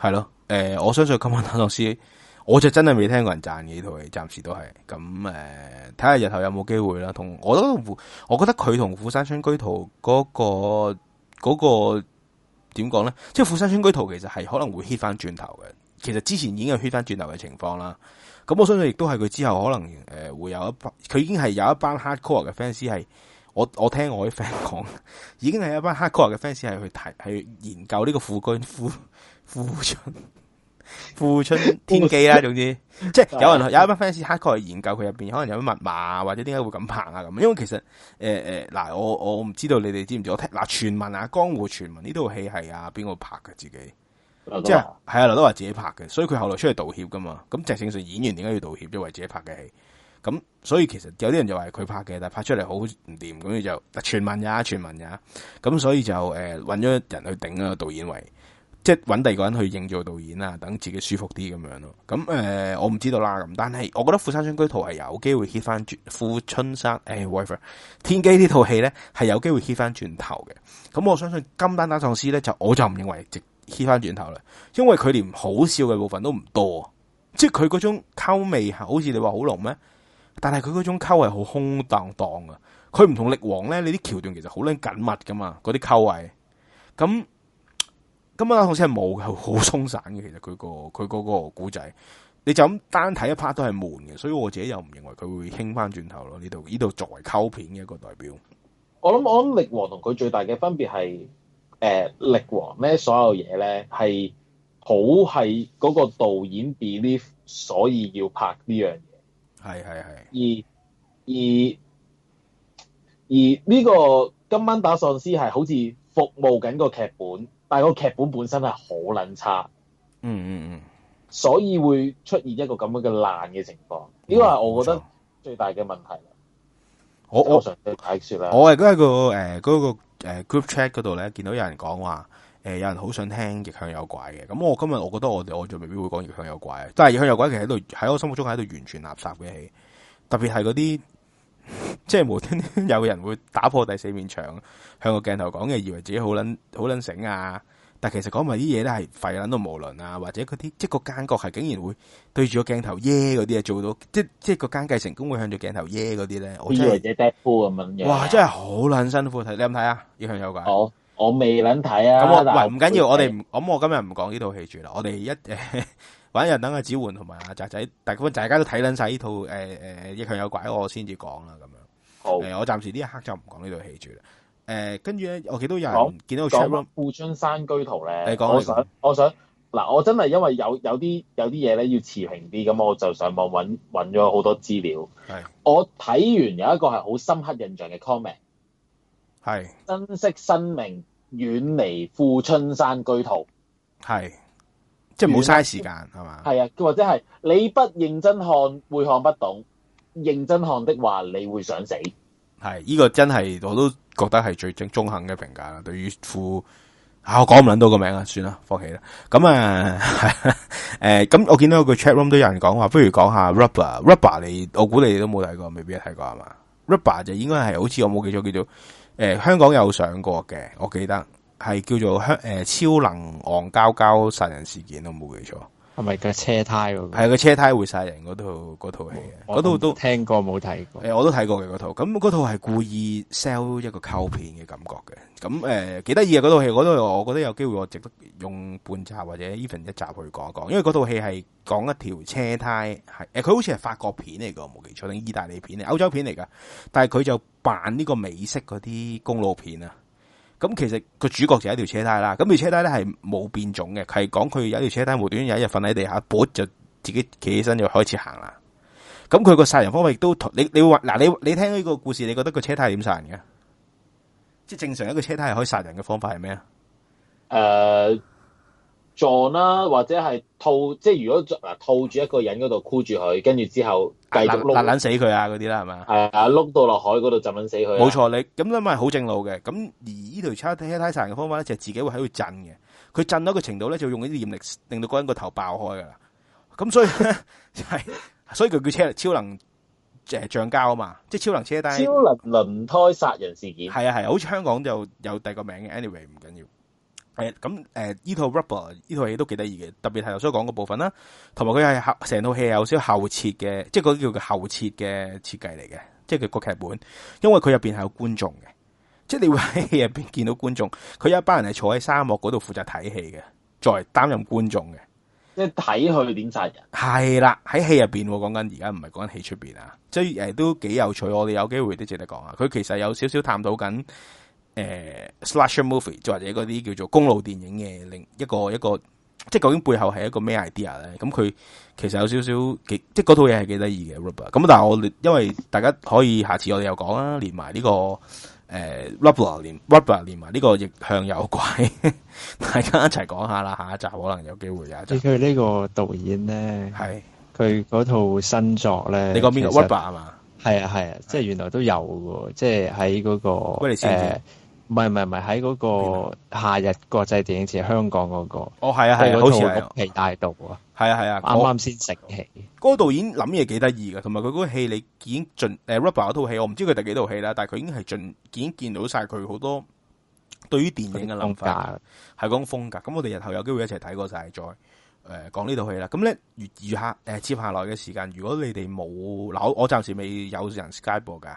係咯誒，我相信今晚唐老師我就真係未聽過人讚嘅，呢套暫時都係咁誒。睇下、呃、日後有冇機會啦。同我都，我覺得佢同富春山居圖嗰、那個嗰、那個點講咧，即係富春山居圖其實係可能會 hit 翻轉頭嘅。其實之前已經有 hit 翻轉頭嘅情況啦。咁我相信亦都係佢之後可能，誒、呃，會有一班佢已經係有一班 hardcore 嘅 fans 係，我我聽我啲 friend 講，已經係一班 hardcore 嘅 fans 係去睇去研究呢個《富居富富春》《富春天機》啦。 總之， 即係有人有一班 fans hardcore 去研究佢入邊，可能有啲密碼或者點解會咁拍啊，咁。因為其實，誒、呃、誒，嗱、呃，我我唔知道你哋知唔知？我聽嗱傳聞啊，《江湖傳聞》呢套戲係啊，邊個拍嘅自己？即係係啊，劉德華自己拍嘅，所以佢後來出嚟道歉噶嘛。咁直情算演員點解要道歉，因為自己拍嘅戲。咁所以其實有啲人就話佢拍嘅，但係拍出嚟好唔掂，咁就傳聞㗎，傳聞㗎。咁、啊、所以就誒，揾咗、呃、人去頂啊導演位，即係揾第二個人去認做導演啦，等自己舒服啲咁樣咯。咁誒、呃，我唔知道啦。咁但係，我覺得《富山春居圖》係有機會 hit 翻富春山》誒、欸、，WiFi《天機》呢套戲咧係有機會 hit 翻轉頭嘅。咁我相信《今晚打喪屍》咧就我就唔認為起翻轉頭啦，因為佢連好笑嘅部分都唔多，即係佢嗰種溝味好似你話好濃咩？但係佢嗰種溝係好空蕩蕩啊。佢唔同力王咧，你啲橋段其實好撚緊密噶嘛，嗰啲溝位。咁咁啊，好似係冇嘅，好鬆散嘅。其實佢、嗰個佢個古仔，你就咁單睇一 part 都係悶嘅，所以我自己又唔認為佢會興翻轉頭咯。呢度呢度作為溝片嘅一個代表，我諗我諗力王同佢最大嘅分別係。誒、呃、力王咩所有嘢咧係好係嗰個導演 believe，所以要拍呢樣嘢。係係係。而而而呢、呢個今晚打喪屍係好似服務緊個劇本，但係個劇本本身係好撚差。嗯嗯嗯。所以會出現一個咁樣嘅爛嘅情況，呢、嗯呢個係我覺得最大嘅問題。我、嗯、我上次睇說啦，我係嗰個嗰個。呃嗰個誒，Group Chat 嗰度咧，見到有人講話，誒，有人好想聽《逆向誘拐》嘅，咁我今日我覺得我哋我仲未必會講《逆向誘拐》，但係《逆向誘拐》其實喺度喺我心目中喺度完全垃圾嘅戲，特別係嗰啲即係無端端有人會打破第四面牆，向個鏡頭講嘅，以為自己好捻好捻醒啊！但其實講埋啲嘢咧係廢撚到無倫呀，或者嗰啲即個奸角係竟然會對住個鏡頭耶嗰啲啊，做到即即個奸計成功會向住鏡頭耶嗰啲呢。我以為隻 Deadpool 咁樣。嘩，真係好撚辛苦睇，你有冇睇呀？一向有鬼》？我未撚睇呀。咁我喂，唔緊要，我哋咁我，我今日唔講呢套戲住啦。我哋一誒玩人等阿子桓同埋阿仔仔，大部分大家都睇撚曬呢套誒誒《一、呃呃、向有鬼》，我先至講啦咁樣。我暫時呢一刻就唔講呢套戲住啦。誒、呃，跟住咧，我記得有人見到有人講講到《富春山居圖》咧，我想我想嗱，我真係因為有有啲有啲嘢咧要持平啲，咁我就上網揾咗好多資料。係，我睇完有一個係好深刻印象嘅 comment，係珍惜生命，遠離《富春山居圖》。係，即係冇嘥時間係嘛？係啊，或者係你不認真看會看不懂，認真看的話你會想死。係呢、這個真係我都覺得係最正中肯嘅評價啦。對於富，啊，我講唔捻到個名啊，算啦，放棄啦。咁啊，誒、 啊，咁我見到有個 chat room 都有人講話，不如講下 Rubber Rubber 你，我估你都冇睇過，未必睇過係嘛？Rubber 就是應該係好似我冇記錯，叫做誒、呃、香港有上過嘅。我記得係叫做香誒超能昂膠膠殺，殺人事件咯，冇記錯。係咪個車胎、那個？係個車胎會晒人嗰套嗰套戲啊！嗰套都聽過冇睇過。誒，我都睇過嘅嗰套。咁嗰套係故意 sell 一個溝片嘅感覺嘅。咁誒，幾得意啊！嗰套戲，嗰套我覺得有機會我值得用半集或者 even 一集去講一講。因為嗰套戲係講一條車胎係誒，佢、呃、好似係法國片嚟㗎，冇記錯，定意大利片啊，歐洲片嚟㗎。但係佢就扮呢個美式嗰啲公路片啊。咁其實個主角就係一條車胎啦，咁條車胎咧係冇變種嘅，係講佢有一條車胎無端端有一日瞓喺地下，卜，就自己企起身就開始行啦。咁佢個殺人方法亦都同你，你話，嗱你你，聽呢個故事，你覺得個車胎係點殺人嘅？即係正常一個車胎係可以殺人嘅方法係咩啊？誒、呃，撞啦，啊，或者係套，即係如果嗱套住一個人嗰度箍住佢，跟住之後。繼續甩撚死佢啊，嗰啲啦係嘛？係啊，碌到落海嗰度浸捻死佢、啊。冇錯，你咁咧咪好正路嘅。咁而呢條叉車胎殺人嘅方法咧，就自己會喺度震嘅。佢震到個程度咧，就用呢啲壓力令到嗰一個人個頭爆開噶啦。咁所以咧，係 所以佢叫車超能誒橡膠啊嘛，即、呃、係超能車胎。超能輪胎殺人事件。係啊係，好似香港就有第二個名嘅，anyway 唔緊要。誒、嗯、咁、嗯、誒，呢套《Rubber》呢套戲都幾得意嘅，特別係頭先講嗰部分啦，同埋佢係成套戲有少少後設嘅，即係啲叫佢後設嘅設計嚟嘅，即係佢個劇本，因為佢入邊係有觀眾嘅，即係你會喺戲入邊見到觀眾，佢有一班人係坐喺沙漠嗰度負責睇戲嘅，再嚟擔任觀眾嘅，即係睇佢點殺人。係啦，喺戲入邊講緊，而家唔係講緊戲出邊啊，即係誒都幾有趣，我哋有機會都值得講啊。佢其實有少少探討緊。誒、欸、，slash movie，或者嗰啲叫做公路電影嘅另一個一個，即係究竟背後係一個咩 idea 咧？咁、嗯、佢其實有少少幾，即係嗰套嘢係幾得意嘅 rubber。咁但係我因為大家可以下次我哋又講啦，連埋呢、這個誒、欸、rubber 連 rubber 連埋呢個逆向有鬼，大家一齊講下啦。下一集可能有機會啊。即係佢呢個導演咧，係佢嗰套新作咧。你講邊個 rubber 係咪啊？嘛，係啊係啊，即係、啊、原來都有嘅，即係喺嗰個唔係唔係唔係，喺嗰個夏日國際電影節香港嗰、那個哦係啊係嗰套戲皮帶毒啊係、那個、啊係啊啱啱先食起嗰、那個導演諗嘢幾得意嘅，同埋佢嗰個戲你已經盡誒、呃、Rubber 嗰套戲，我唔知佢第幾套戲啦，但係佢已經係盡已經見到晒佢好多對於電影嘅諗法係講風格。咁我哋日後有機會一齊睇過晒再誒講呢套戲啦。咁咧餘下誒、呃、接下嚟嘅時間，如果你哋冇嗱我暫時未有人 Skype 播噶。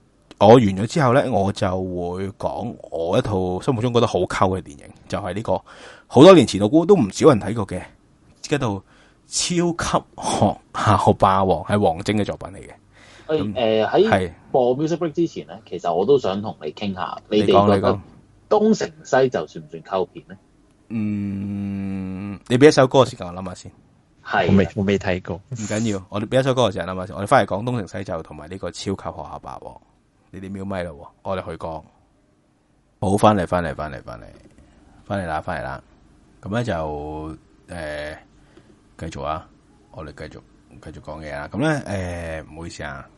我完咗之後咧，我就會講我一套心目中覺得好溝嘅電影，就係呢個好多年前我估都唔少人睇過嘅，一套超級學校霸王係王晶嘅作品嚟嘅。誒喺播 music break 之前咧，其實我都想同你傾下，你哋你講東成西就算唔算溝片咧？嗯，你俾一首歌嘅時間我諗下先。係我未我未睇過，唔緊要，我哋俾一首歌嘅時間諗下先。我哋翻嚟講東成西就同埋呢個超級學校霸王。 你哋秒咪咯，我哋去講好翻嚟，翻嚟，翻嚟，翻嚟，翻嚟啦，翻嚟啦。咁咧就誒繼、呃、續啊，我哋繼續繼續講嘢啦。咁咧誒，唔、呃、好意思啊，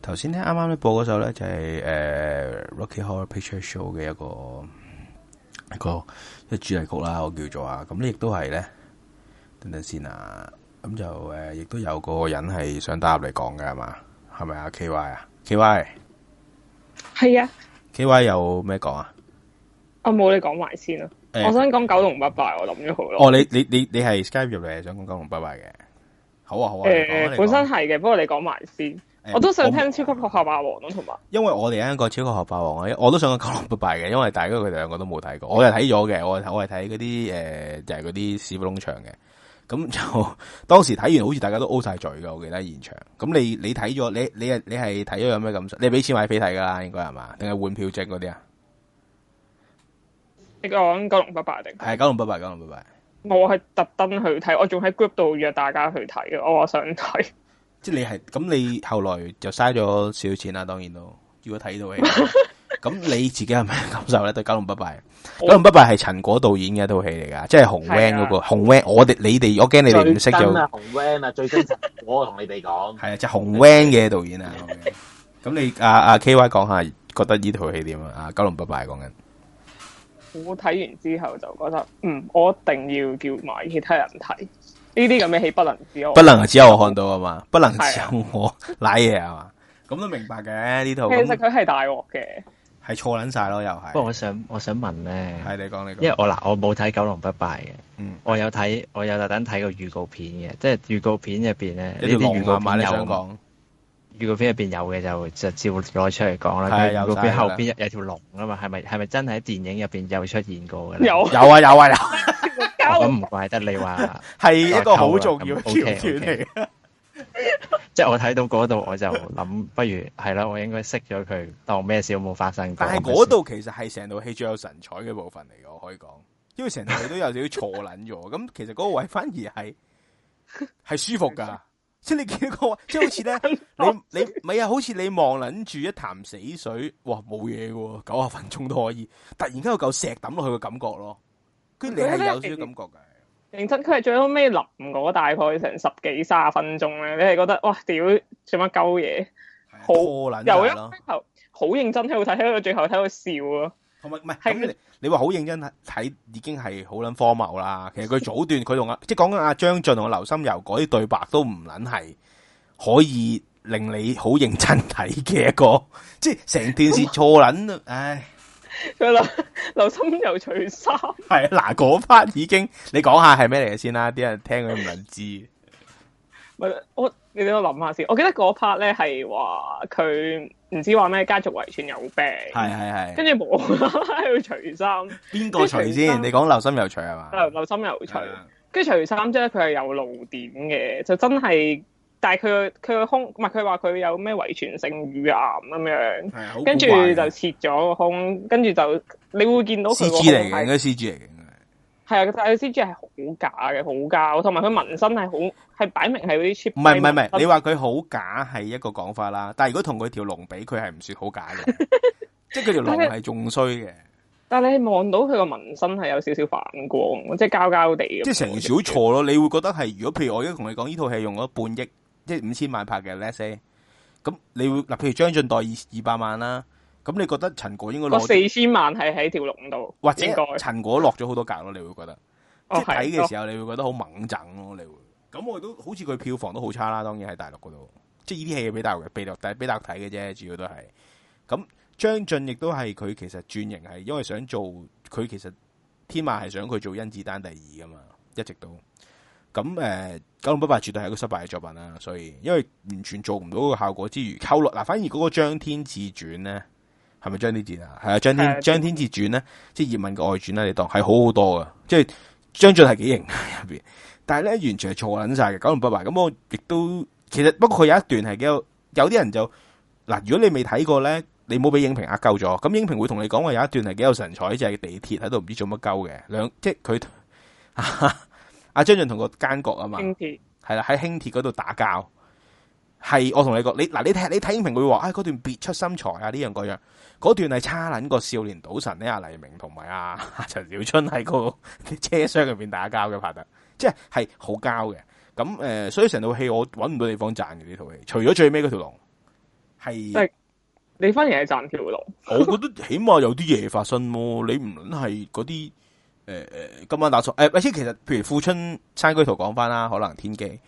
頭先咧啱啱咧播嗰首咧就係、是、誒、呃、Rocky Horror Picture Show 嘅一個一個一個主題曲啦，我叫做啊。咁咧亦都係咧，等等先啊。咁就誒，亦、呃、都有個人係想打入嚟講嘅，係嘛、啊？係咪啊？K Y 啊？K Y。KY。係啊，K Y 有咩講啊？我冇你講埋先啦，欸，我想講九龍不敗，我諗咗好耐。哦，你你你你係 sky 入嚟想講九龍不敗嘅？好啊好啊。誒，欸，本身係嘅，不過你講埋先，欸，我都想聽超級學校霸王咯，同埋。因為我哋有一個超級學校霸王，我都想講九龍不敗嘅，因為大家佢哋兩個都冇睇過，我又睇咗嘅，我我係睇嗰啲誒，就係嗰啲屎窟窿場嘅。咁就當時睇完好似大家都 O 晒嘴噶，我記得現場。咁你你睇咗你你你係睇咗有咩感受？你俾錢買飛睇噶啦，應該係嘛？定係換票證嗰啲啊？你講九龍不敗定係九龍不敗，九龍不敗。我係特登去睇，我仲喺 group 度約大家去睇，我話想睇。即係你係咁，你後來就嘥咗少少錢啦。當然咯，如果睇到戲。 咁你自己係咪感受咧？對《九龍不敗》，《九龍不敗》係陳果導演嘅一套戲嚟噶，即係紅 van 嗰個紅 van。我哋你哋，我驚你哋唔識就紅 van 啊，最識陳。我同你哋講，係啊，即係紅 van 嘅導演啊。咁你阿阿 K Y 講下，覺得呢套戲點啊？《九龍不敗》講緊，我睇完之後就覺得，嗯，我一定要叫埋其他人睇呢啲咁嘅戲，不能只有不能只有我看到啊嘛，不能只有我瀨嘢啊嘛，咁都明白嘅呢套。其實佢係大鑊嘅。係錯捻晒咯，又係。不過我想、嗯、我想問咧，係你講你說，因為我嗱我冇睇《九龍不敗》嘅、嗯，我有睇我有特登睇過預告片嘅，即係預告片入邊咧，呢啲預告，片你預告片有。預告片入邊有嘅就就照攞出嚟講啦。預告片後邊有條龍啊嘛，係咪係咪真係喺電影入邊又出現過嘅咧？有啊有啊有啊 有啊。咁唔、啊、 怪得你話係一個好重要片段嚟嘅。 即係我睇到嗰度，我就諗，不如係啦，我應該熄咗佢當咩事都冇發生過。但係嗰度其實係成套戲最有神采嘅部分嚟嘅，我可以講，因為成套戲都有少少錯捻。咗咁 其實嗰個位反而係係舒服噶， 即係你見到、嗰個，即係好似咧， 你你唔係啊？好似你望捻住一潭死水，哇，冇嘢嘅，九十分鐘都可以。突然間有嚿石抌落去嘅感覺咯，跟你係有少少感覺嘅。認真佢係最後尾淋我大概成十幾卅分鐘咧，你係覺得哇屌，做乜鳩嘢好？由一頭好認真睇，到睇到最後睇到笑咯。同埋唔係，你話好認真睇已經係好撚荒謬啦。其實佢早段佢同阿即係講緊阿張晉同劉心悠嗰啲對白都唔撚係可以令你好認真睇嘅一個，即係成段事錯捻嘅， 唉。.佢流流心又除衫， 係嗱，嗰 part 已經，你講下係咩嚟嘅先啦？啲人聽佢唔能知。係 我，你等我諗下先。我記得嗰 part 咧係話佢唔知話咩家族遺傳有病，係係係，跟住冇啦啦要除衫。邊個除先？你講流心又除係嘛？流心又除，跟住除衫啫。佢係有露點嘅，就真係。但係佢佢個胸唔係佢話佢有咩遺傳性乳癌咁樣，係跟住就切咗個胸，跟住就你會見到佢。C G 嚟嘅，應該 C G 嚟嘅，係啊，但係 C G 係好假嘅，好假的，同埋佢紋身係好係擺明係嗰啲 cheap。唔係唔係唔係，你話佢好假係一個講法啦，但係如果同佢條龍比，佢係唔算好假嘅， 即係佢條龍係仲衰嘅。但係你望到佢個紋身係有少少反光，即係膠膠地的，即係成少錯咯。你會覺得係如果譬如我而家同你講呢套戲用咗半億。即係五千萬拍嘅，let's say，咁你會嗱，譬如張晉代二二百萬啦，咁你覺得陳果應該落，個四千萬係喺條龍度，或者陳果落咗好多格咯，你會覺得、哦、即係睇嘅時候、哦、你會覺得好猛整咯，你會咁我都好似佢票房都好差啦，當然喺大陸嗰度，即係呢啲戲係俾大陸俾大陸但係睇嘅啫，主要都係咁張晉亦都係佢其實轉型係因為想做佢其實天馬係想佢做甄子丹第二噶嘛，一直都。咁誒，九龍不敗絕對係一個失敗嘅作品啦，所以因為完全做唔到個效果之餘，溝落嗱，反而嗰個張天志傳咧，係咪張天志啊係啊，張天張天志傳咧，即係葉問嘅外傳啦，你當係好好多㗎，即係張晉係幾型入邊，但係咧完全係錯捻晒嘅九龍不敗。咁我亦都其實，不過佢有一段係幾有，有啲人就嗱，如果你未睇過咧，你冇俾影評呃鳩咗，咁影評會同你講話有一段係幾有神采，就係、是、地鐵喺度唔知做乜鳩嘅兩，即係佢。啊阿張晉同個奸角啊嘛，係啦喺輕鐵嗰度打交，係我同你講，你嗱你睇你睇影評佢話，嗰、哎、段別出心裁啊呢樣嗰樣，嗰段係差撚個少年賭神咧，阿、啊、黎明同埋阿陳小春喺、那個車廂入邊打交嘅拍得，即係係好交嘅，咁誒、呃，所以成套戲我搵唔到地方讚嘅呢套戲，除咗最尾嗰條龍係，你反而係讚條龍， 我覺得起碼有啲嘢發生喎，你唔論係嗰啲。誒誒，今晚打錯誒，唔係先，其實譬如富春山居圖講翻啦，可能天機，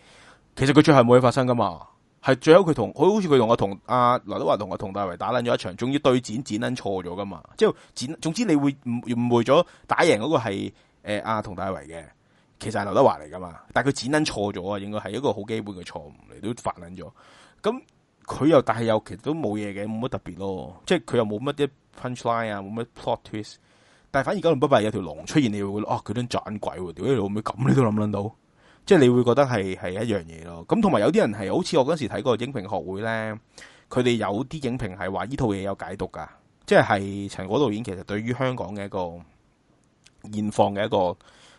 其實佢最後冇嘢發生噶嘛，係最後佢同，好似佢同我同阿劉德華同阿佟大為打捻咗一場，仲要對剪剪捻錯咗噶嘛，即係剪，總之你會誤會咗打贏嗰個係誒阿佟大為嘅，其實係劉德華嚟噶嘛，但係佢剪捻錯咗啊，應該係一個好基本嘅錯誤嚟，發都發捻咗，咁佢又但係又其實都冇嘢嘅，冇乜特別咯，即係佢又冇乜啲 punchline 啊，冇乜 plot twist。但係反而《九龍不敗》有條龍出現，你會覺得啊，佢啲撞鬼喎！屌你老母，咁你都諗唔諗到？即係你會覺得係係一樣嘢咯。咁同埋有啲人係好似我嗰時睇過影評學會咧，佢哋有啲影評係話依套嘢有解讀噶，即係陳果導演其實對於香港嘅一個現況嘅一個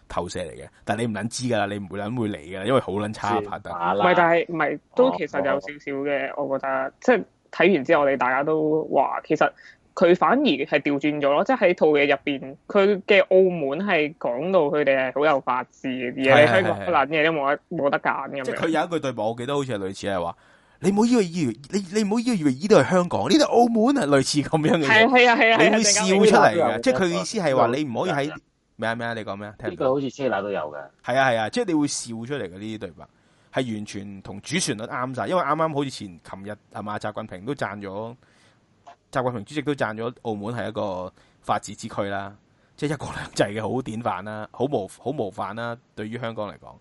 投射嚟嘅。但係你唔撚知噶啦，你唔會撚會嚟噶，因為好撚差拍得。唔係，啊，但係唔係都其實有少少嘅，我覺得即係睇完之後，我哋大家都話其實。佢反而係調轉咗咯，即係喺套嘢入邊，佢嘅澳門係講到佢哋係好有法治嘅啲嘢，喺香港嘅都冇得冇得揀嘅。即係佢有一句對白，我記得好似係類似係話：你唔好以為以為你你唔好以為以為呢度係香港，呢度澳門係類似咁樣嘅嘢。係係啊係啊，你會笑出嚟嘅。即係佢嘅意思係話你唔可以喺咩啊咩啊？你講咩啊？呢句、這個、好似車娜都有嘅。係啊係啊，即係你會笑出嚟嘅呢啲對白，係完全同主旋律啱晒，因為啱啱好似前琴日阿馬習近平都讚咗。習近平主席都讚咗澳門係一個法治之區啦，即係一國兩制嘅好典範啦，好模好模範啦，對於香港嚟講，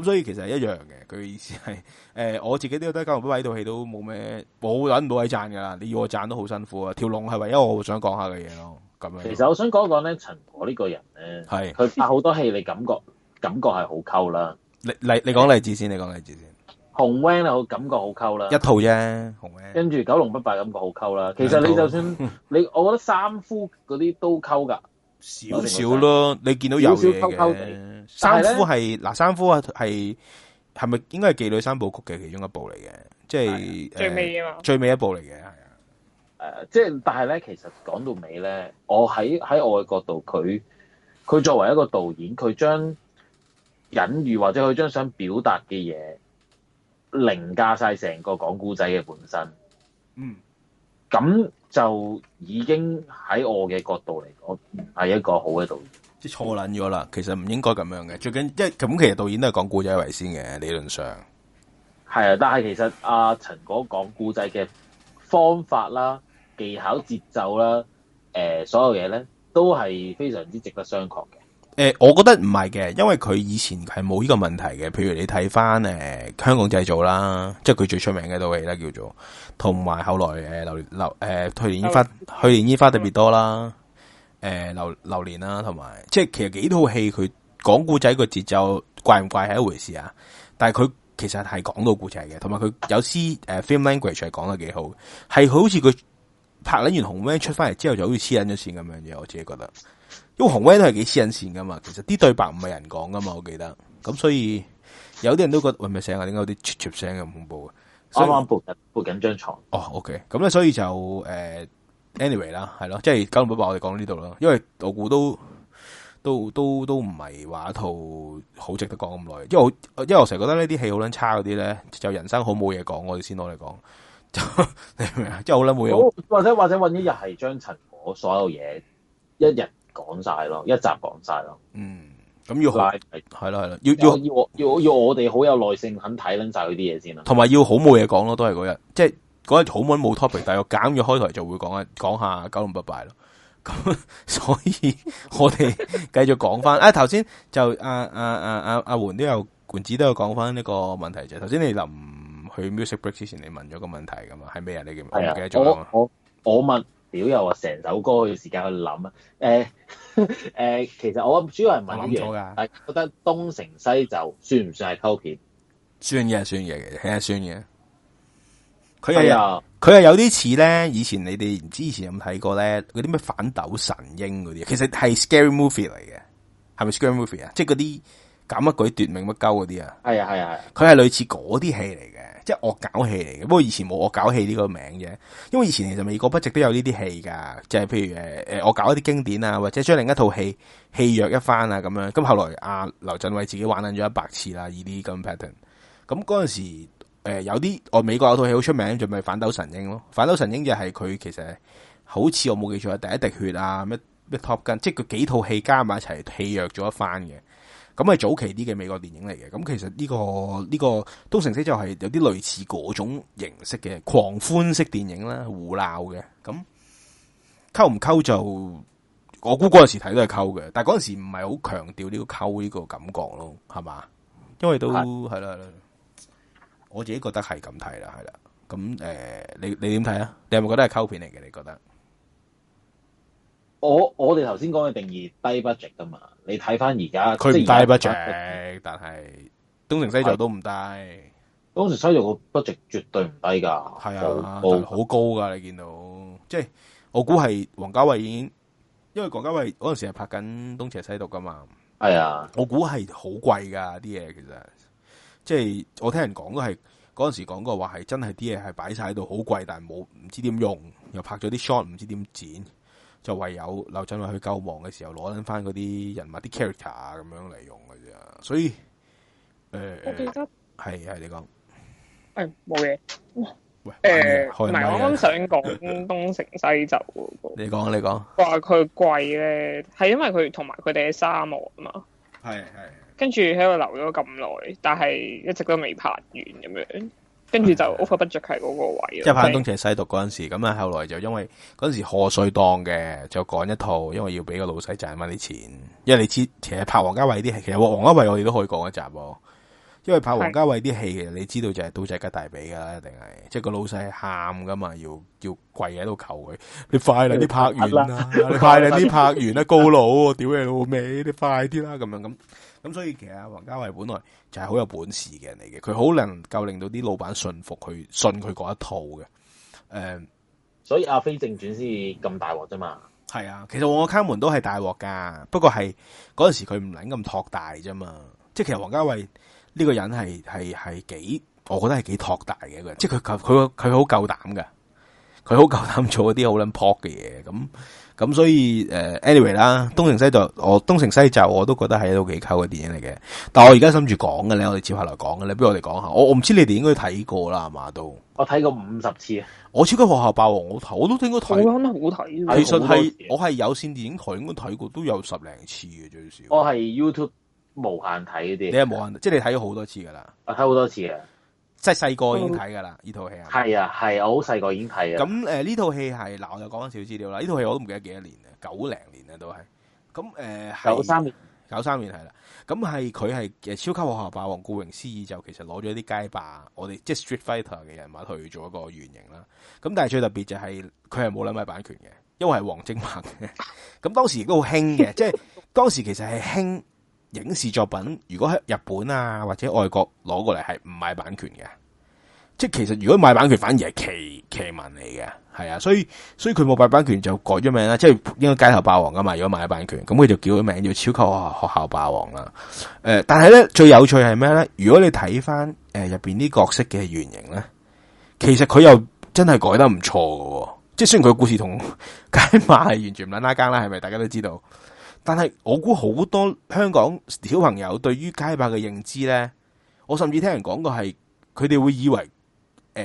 咁所以其實係一樣嘅。佢意思係，誒，我自己都得交唔到呢套戲，都冇咩冇人到位讚噶啦。你要我讚都好辛苦啊，條龍係唯一我想講下嘅嘢咯，咁樣。其實我想講講咧，陳婆呢個人咧，係佢拍好多戲，你感覺感覺係好溝啦。 你，你，你講例子先，你講例子先。紅 van 啊，我感覺好溝啦。一套啫，紅 van。跟住九龍不敗，感覺好溝啦。其實你就算 你，我覺得三夫嗰啲都溝㗎，少少咯。你見到有嘢溝三夫係嗱，三夫係係咪應該係妓女三部曲嘅其中一部嚟嘅，就是呃呃？即係最尾啊嘛，最尾一部嚟嘅係啊，誒，即係但係咧，其實講到尾咧，我喺喺我嘅角度，佢佢作為一個導演，佢將隱喻或者佢將想表達嘅嘢。凌駕晒成個講故仔嘅本身，嗯，咁就已經喺我嘅角度嚟講係一個好嘅導演，即係錯捻咗啦。其實唔應該咁樣嘅，最緊即係咁其實導演都係講故仔為先嘅，理論上係啊。但係其實阿陳果講故仔嘅方法啦、技巧、節奏啦、誒、呃，所有嘢咧都係非常之值得商榷嘅。誒、呃，我覺得唔係嘅，因為佢以前係冇呢個問題嘅。譬如你睇翻誒香港製造啦，即係佢最出名嘅套戲啦，叫做同埋後來誒榴榴誒去年煙花去年煙花特別多啦，誒榴榴蓮啦，同埋即係其實幾套戲佢講古仔個節奏怪唔怪係一回事啊？但係佢其實係講到古仔嘅，同埋佢有啲誒、呃、film language 係講得幾好，係好似佢拍緊完紅 van，出翻嚟之後，就好似黐緊咗線咁樣嘢。我自己覺得。因為紅威都係幾私人線噶嘛，其實啲對白唔係人講噶嘛，我記得，咁所以有啲人都覺得喂，咪醒啊，點解有啲 cheap cheap 聲咁恐怖嘅？我望緊鋪緊張床。哦，OK，咁咧，所以就誒，anyway 啦，係咯，即係九龍不敗我哋講到呢度咯，因為我估都都都都唔係話一套好值得講咁耐，因為我因為我成日覺得呢啲戲好撚差嗰啲咧，就人生好冇嘢講，我哋先攞嚟講，即係好撚冇嘢，或者或者揾一日係將陳果所有嘢一日。講晒咯，一集講晒咯。嗯，咁要係係係啦，要要要要要我哋好有耐性肯睇捻晒佢啲嘢先啦。同埋要好冇嘢講咯，都係嗰日，即係嗰日好冇冇 topic，但係我減咗開台就會講啊，講下九龍不敗咯。咁 所以我哋繼續講翻、 啊啊。啊，頭先就阿阿阿阿阿媛都有，管子都有講翻呢個問題啫。頭先你臨去 music break 之前，你問咗個問題㗎嘛？係咩啊？你記唔記得、這個、我我，我問。錶又話成首歌嘅時間去諗啊，誒、哎、誒，其實我主要係問嘢，係覺得東成西就算唔算係 Cult 片？算嘅算，係算嘅，睇下算嘅。佢又佢又有啲似咧，以前你哋唔知以前有冇睇過咧？嗰啲咩反斗神鷹嗰啲，其實係 scary movie 嚟嘅，係咪 scary movie 啊？即係嗰啲搞乜鬼奪命乜鳩嗰啲啊？係啊係啊係，佢係類似嗰啲戲嚟嘅。即係惡搞戲嚟嘅，不過以前冇惡搞戲呢個名嘅，因為以前其實美國不直都有呢啲戲噶，即係譬如誒誒，我搞一啲經典啊，或者將另一套戲戲虐一番啊咁樣，咁後來阿劉鎮偉自己玩捻咗一百次啦，呢啲咁 pattern，咁嗰陣時誒有啲我美國有套戲好出名，就咪《反斗神鷹》咯，《反斗神鷹》就係佢其實好似我冇記錯，第一滴血啊，咩咩 Top Gun，即係佢幾套戲加埋一齊戲虐咗一番嘅。咁係早期啲嘅美國電影嚟嘅，咁其實呢個呢個都成色就係有啲類似嗰種形式嘅狂歡式電影啦，胡鬧嘅，咁溝唔溝就我估嗰陣時睇都係溝嘅，但係嗰陣時唔係好強調呢個溝呢個感覺咯，係嘛？因為都係啦，我自己覺得係咁睇啦，係啦，咁誒、呃，你你點睇啊？你係咪覺得係溝片嚟嘅？你覺得？我我哋頭先講嘅定義低 budget 噶嘛，你睇翻而家佢唔低 budget，但係東成西就都唔低。東成西就個 budget 絕對唔低噶，係啊，好高噶，你見到，即係我估係王家衛已經，因為王家衛嗰陣時係拍緊東邪西毒噶嘛，係啊，我估係好貴噶啲嘢。其實即係我聽人講都係嗰陣時講過話係真係啲嘢係擺晒喺度好貴，但係冇唔知點用，又拍咗啲 shot 唔知點剪。就唯有劉鎮偉去救亡嘅時候攞緊翻嗰啲人物啲 character 啊咁樣嚟用嘅啫，所以誒、呃，我記得係係你講，誒冇嘢，誒唔係我啱想講東成西就、那個、 你講你講，話佢貴咧，係因為佢同埋佢哋喺沙漠啊嘛，係係，跟住喺度留咗咁耐，但係一直都未拍完咁樣。跟住就 over budget 係嗰個位置、嗯嗯嗯。即係拍東邪西毒嗰陣時候，咁、嗯、啊後來就因為嗰陣、嗯、時賀歲檔嘅，就趕一套，因為要俾個老細賺翻啲錢。因為你知，其實拍王家衛啲戲，其實王家衛我哋都可以講一集。因為拍王家衛啲戲嘅，其實你知道就係刀仔加大髀噶啦，一定係即係個老細喊噶嘛，要要跪喺度求佢。你快啲，拍完啦！你快啲， 快拍完啦！高佬，屌你老味，你快啲啦！咁樣咁。咁所以其實啊，王家衛本來就係好有本事嘅人嚟嘅，佢好能夠令到啲老闆信服，佢信佢嗰一套嘅、嗯。所以阿飛正傳先至咁大鑊啫嘛。係啊，其實旺角卡門都係大鑊噶，不過係嗰陣時佢唔諗咁托大啫嘛。即係其實王家衛呢個人係係係幾，我覺得係幾托大嘅一個人，即係佢佢佢好夠膽噶，佢好夠，夠膽做嗰啲好撚撲嘅嘢咁。咁所以誒，anyway 啦，東成西就，我東成西就，我都覺得係一部幾 cult 嘅電影嚟嘅。但係我而家諗住講嘅咧，我哋接下嚟講嘅咧，不如我哋講下。我我唔知你哋應該睇過啦，係嘛都。我睇過五十次啊！我超級學校霸王，我我都應該睇。我好睇。其實係我係有線電影台應該睇過，都有十零次嘅最少。我係 YouTube 無限睇嘅。你係無限，即係你睇咗好多次噶啦。我睇好多次啊！即係細個已經睇噶啦，呢套戲係啊係，我好細個已經睇啊。咁誒呢套戲係嗱，我又講少資料啦。呢套戲我都唔記得幾多年啦，九零年啦都係。咁、呃、誒，九三年，九三年係啦。咁係佢係超級學校霸王，顧名思義就其實攞咗啲街霸，我哋即係 Street Fighter 嘅人物去做一個原型啦。咁但係最特別就係佢係冇諗起版權嘅，因為係王晶拍嘅。咁當時都好興嘅， 即係當時其實係興。影視作品如果喺日本啊或者外國攞過嚟，係唔買版權嘅。即係其實如果買版權反而係奇奇聞嚟嘅，係啊，所以所以佢冇買版權就改咗名啦，即係應該街頭霸王噶嘛，如果買版權咁佢就叫咗名叫超級學校霸王啦，誒、呃，但係咧最有趣係咩咧？如果你睇翻誒入邊啲角色嘅原型咧，其實佢又真係改得唔錯嘅，即係雖然佢故事同街漫係完全唔撚拉更啦，係咪大家都知道？但係我估好多香港小朋友對於街霸嘅認知咧，我甚至聽人講過係佢哋會以為誒誤、呃、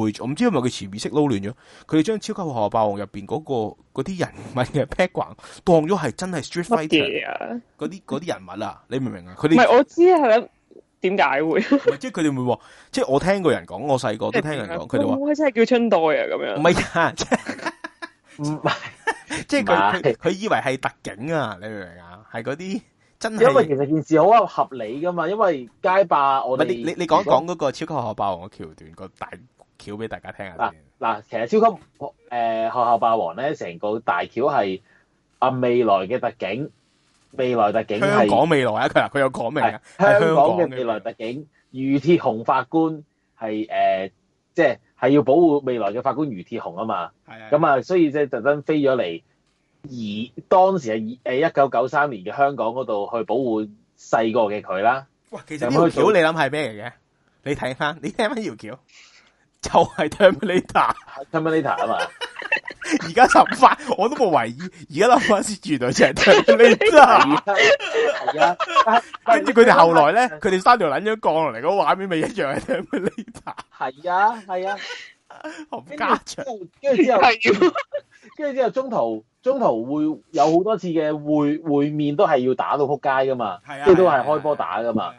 會，我唔知係咪佢潛意識撈亂咗，佢哋將《超級學校霸王》入面嗰、嗰個嗰啲人物嘅 packing 當咗係真係 street fighter 嗰啲啲人物啊，你明唔明啊？佢哋唔係我知係點解會， 即係佢哋會，即係我聽過人講，我細個都聽人講，佢哋話真係叫春代啊咁樣。唔係 唔係，即係佢佢以為係特警啊，你明唔明啊？係嗰啲真係，因為其實件事好合理噶嘛，因為街霸我你你你講講嗰個超級學校霸王嘅橋段，個大橋俾大家聽下。嗱、啊啊、其實超級誒學校霸王咧，成個大橋係啊未來嘅特警，未來特警係香港未來啊佢佢有講明啊，香港嘅未來特警，御鐵紅法官係誒、呃、即係。係要保護未來嘅法官余鐵雄啊嘛，係啊、嗯，咁啊，所以即係特登飛咗嚟，而當時係誒一九九三年嘅香港嗰度去保護細個嘅佢啦。哇，其實呢條橋你諗係咩嚟嘅？你睇翻，你聽翻條橋？就係 Terminator，Terminator 啊嘛。而家十發我都冇懷疑，而家諗翻原來真係 Terminator 係啊，跟住佢哋後來咧，佢 哋三條撚咗降落嚟，個畫面咪一樣係 Terminator .係啊，係啊，何家祥跟住之後，跟住之後中途中途會有好多次嘅會會面，都係要打到撲街噶嘛。係啊，即、啊、都係開波打噶嘛。咁、啊啊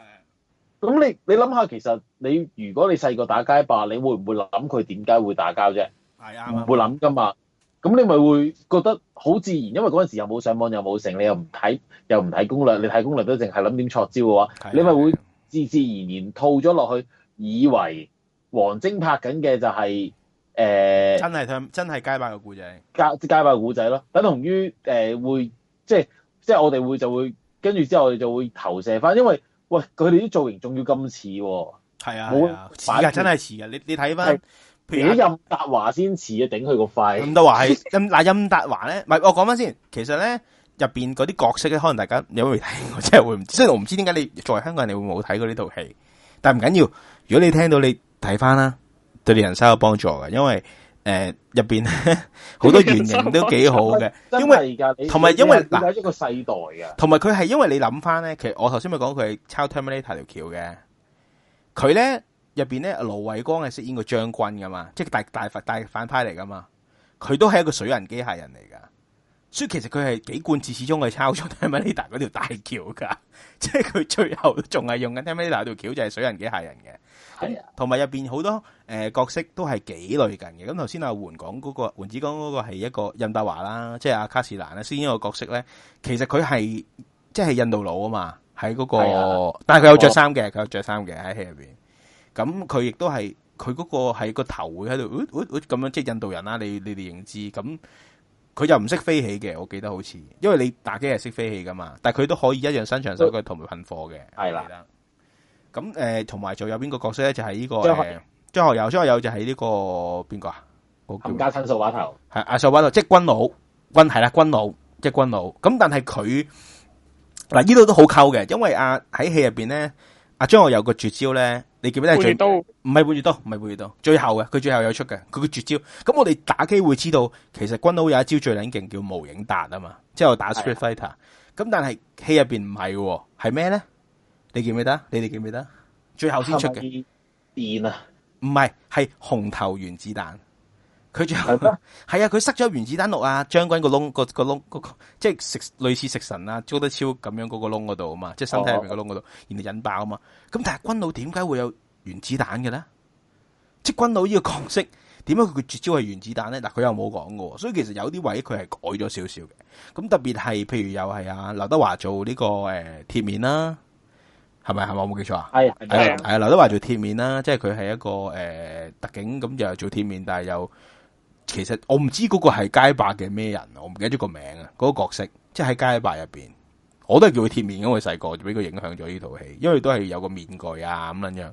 啊、你你諗下，其實你如果你細個打街霸，你會唔會諗佢點解會打交啫？係啊，唔會諗噶嘛。咁你咪會覺得好自然，因為嗰陣時又冇上網，又冇成，你又唔睇又唔睇攻略，你睇攻略都淨係諗點錯招嘅話，啊、你咪會自自然然套咗落去，以為。王晶拍緊嘅就係、是、誒、欸，真係真真係街霸嘅故仔，街街霸嘅故仔咯，等同於誒、呃、會即係即係我哋會就會跟住之後我哋就會投射翻，因為喂佢哋啲造型仲要咁似喎、哦，係啊，啊，似嘅真係似嘅，你你睇翻，譬，譬比如啲任達華先似啊，頂佢個肺。任達華係任嗱任達華咧，唔 係我講翻先，其實咧入邊嗰啲角色咧，可能大家如果未睇，我真係會雖然我唔知點解你作為香港人你會冇睇過呢套戲，但唔緊要，如果你聽到你。睇翻啦，對你人生有幫助嘅，因為誒入邊咧好多原型都幾好嘅。因為同埋因為嗱一個世代嘅，同埋佢係因為你諗翻咧，其實我頭先咪講佢係抄 Terminator 條橋嘅，佢咧入邊咧盧偉光係飾演個將軍噶嘛，即係大大反大反派嚟噶嘛，佢都係一個水人機械人嚟噶，所以其實佢係幾貫至始終係抄咗 Terminator 嗰條大橋噶，即係佢最後仲係用緊 Terminator 條橋就係、是、水人機械人嘅。同埋入邊好多誒、呃、角色都係幾類近嘅。咁頭先阿媛講嗰個，媛子講嗰個係一個任達華啦，即係阿卡士蘭啦，先一個角色咧。其實佢係即係印度佬啊嘛，喺嗰、那個，啊、但係佢有着衫嘅，佢有着衫嘅喺戲入邊。咁佢亦都係，佢嗰個係個頭會喺度，咁、哦、樣、哦哦、即係印度人啦、啊。你你哋認知，咁佢又唔識飛起嘅。我記得好似，因為你打機係識飛起噶嘛，但係佢都可以一樣伸長手腳同埋噴火嘅。係啦、啊。咁誒，同埋仲有邊個角色咧？就係、是、呢個張學友。張學友就係呢個邊個啊？冚家親掃把頭，係阿掃把頭，即軍佬，軍係啦，軍佬即軍佬。咁但係佢嗱呢度都好溝嘅，因為啊喺戲入邊咧，阿張學友個絕招咧，你記唔記得係最刀？唔係半月刀，唔係半，半月刀。最後嘅，佢最後有出嘅，佢個絕招。咁我哋打機會知道，其實軍佬有一招最撚勁，叫無影彈啊嘛，即係我打 Street Fighter。咁但係戲入邊唔係，係咩咧？你記唔記得？你哋記唔記得？最後先出嘅變啊，唔係係紅頭原子彈，佢最後係啊，佢 塞咗原子彈落啊，將軍個窿個個窿個即係食類似食神啦，朱德超咁樣嗰個窿嗰度啊嘛，即係身體入邊個窿嗰度，然後引爆啊嘛。咁但係軍佬點解會有原子彈嘅咧？即係軍佬呢個角色，點解佢絕招係原子彈咧？嗱，佢又冇講過，所以其實有啲位佢係改咗少少嘅。咁特別係譬如又係啊劉德華做呢個誒貼面啦。係咪，係咪我冇記錯啊！係，係劉德華做鐵面啦，即係佢係一個誒、呃、特警咁就做鐵面，但係又其實我唔知嗰個係街霸嘅咩人，我唔記得咗個名啊！嗰、嗰個角色即係喺街霸入邊，我都係叫佢鐵面，因為細個就俾佢影響咗呢套戲，因為都係有個面具啊咁樣樣。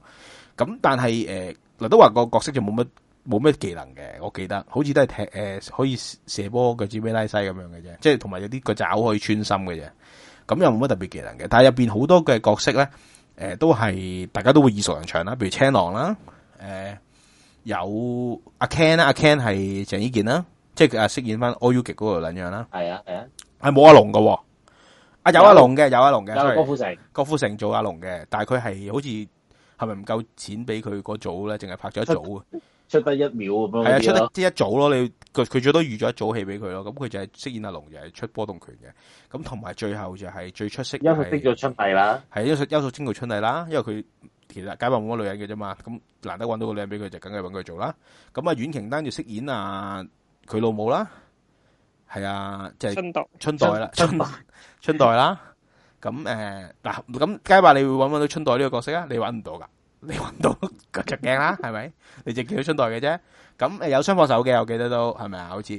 咁但係誒劉德華個角色就冇乜冇乜技能嘅，我記得好似都係踢誒、呃、可以射波腳趾咩拉西咁樣嘅啫，即係同埋有啲個爪可以穿心嘅啫。咁又冇乜特別技能嘅，但係入邊好多嘅角色咧，誒、呃、都係大家都會耳熟能詳啦，譬如青狼啦，誒、呃、有阿 Ken 啦，阿 Ken 係鄭伊健啦，即係佢啊，飾演翻 o U 極嗰度林樣啦，係啊係啊，係冇阿龍喎。阿有阿龍嘅有阿龍嘅，郭富城，郭富城做阿龍嘅，但係佢係好似係咪唔夠錢俾佢嗰組咧，淨係拍咗一組啊。 出得一秒咁、啊、樣，係啊，出得即一早咯、就是。你佢佢最多預咗一早戲俾佢咯。咁佢就係飾演阿龍，就係、是、出波動拳嘅。咁同埋最後就係、是、最出色，因佢識咗春麗啦。係邱淑邱淑貞春麗啦，因為佢其實街霸冇乜女人嘅啫嘛。咁難得搵到個女人俾佢，就梗係搵佢做啦。咁啊，苑瓊丹就飾演啊佢老母啦。係啊，就是、春代春，春代啦，春，春代啦。咁誒嗱，咁、呃、街霸你會搵到春代呢個角色啊？你搵唔到噶。 你揾到吉吉鏡啦，係咪？你淨係叫春麗嘅啫。咁誒有雙膊手嘅，我記得都係咪啊？好似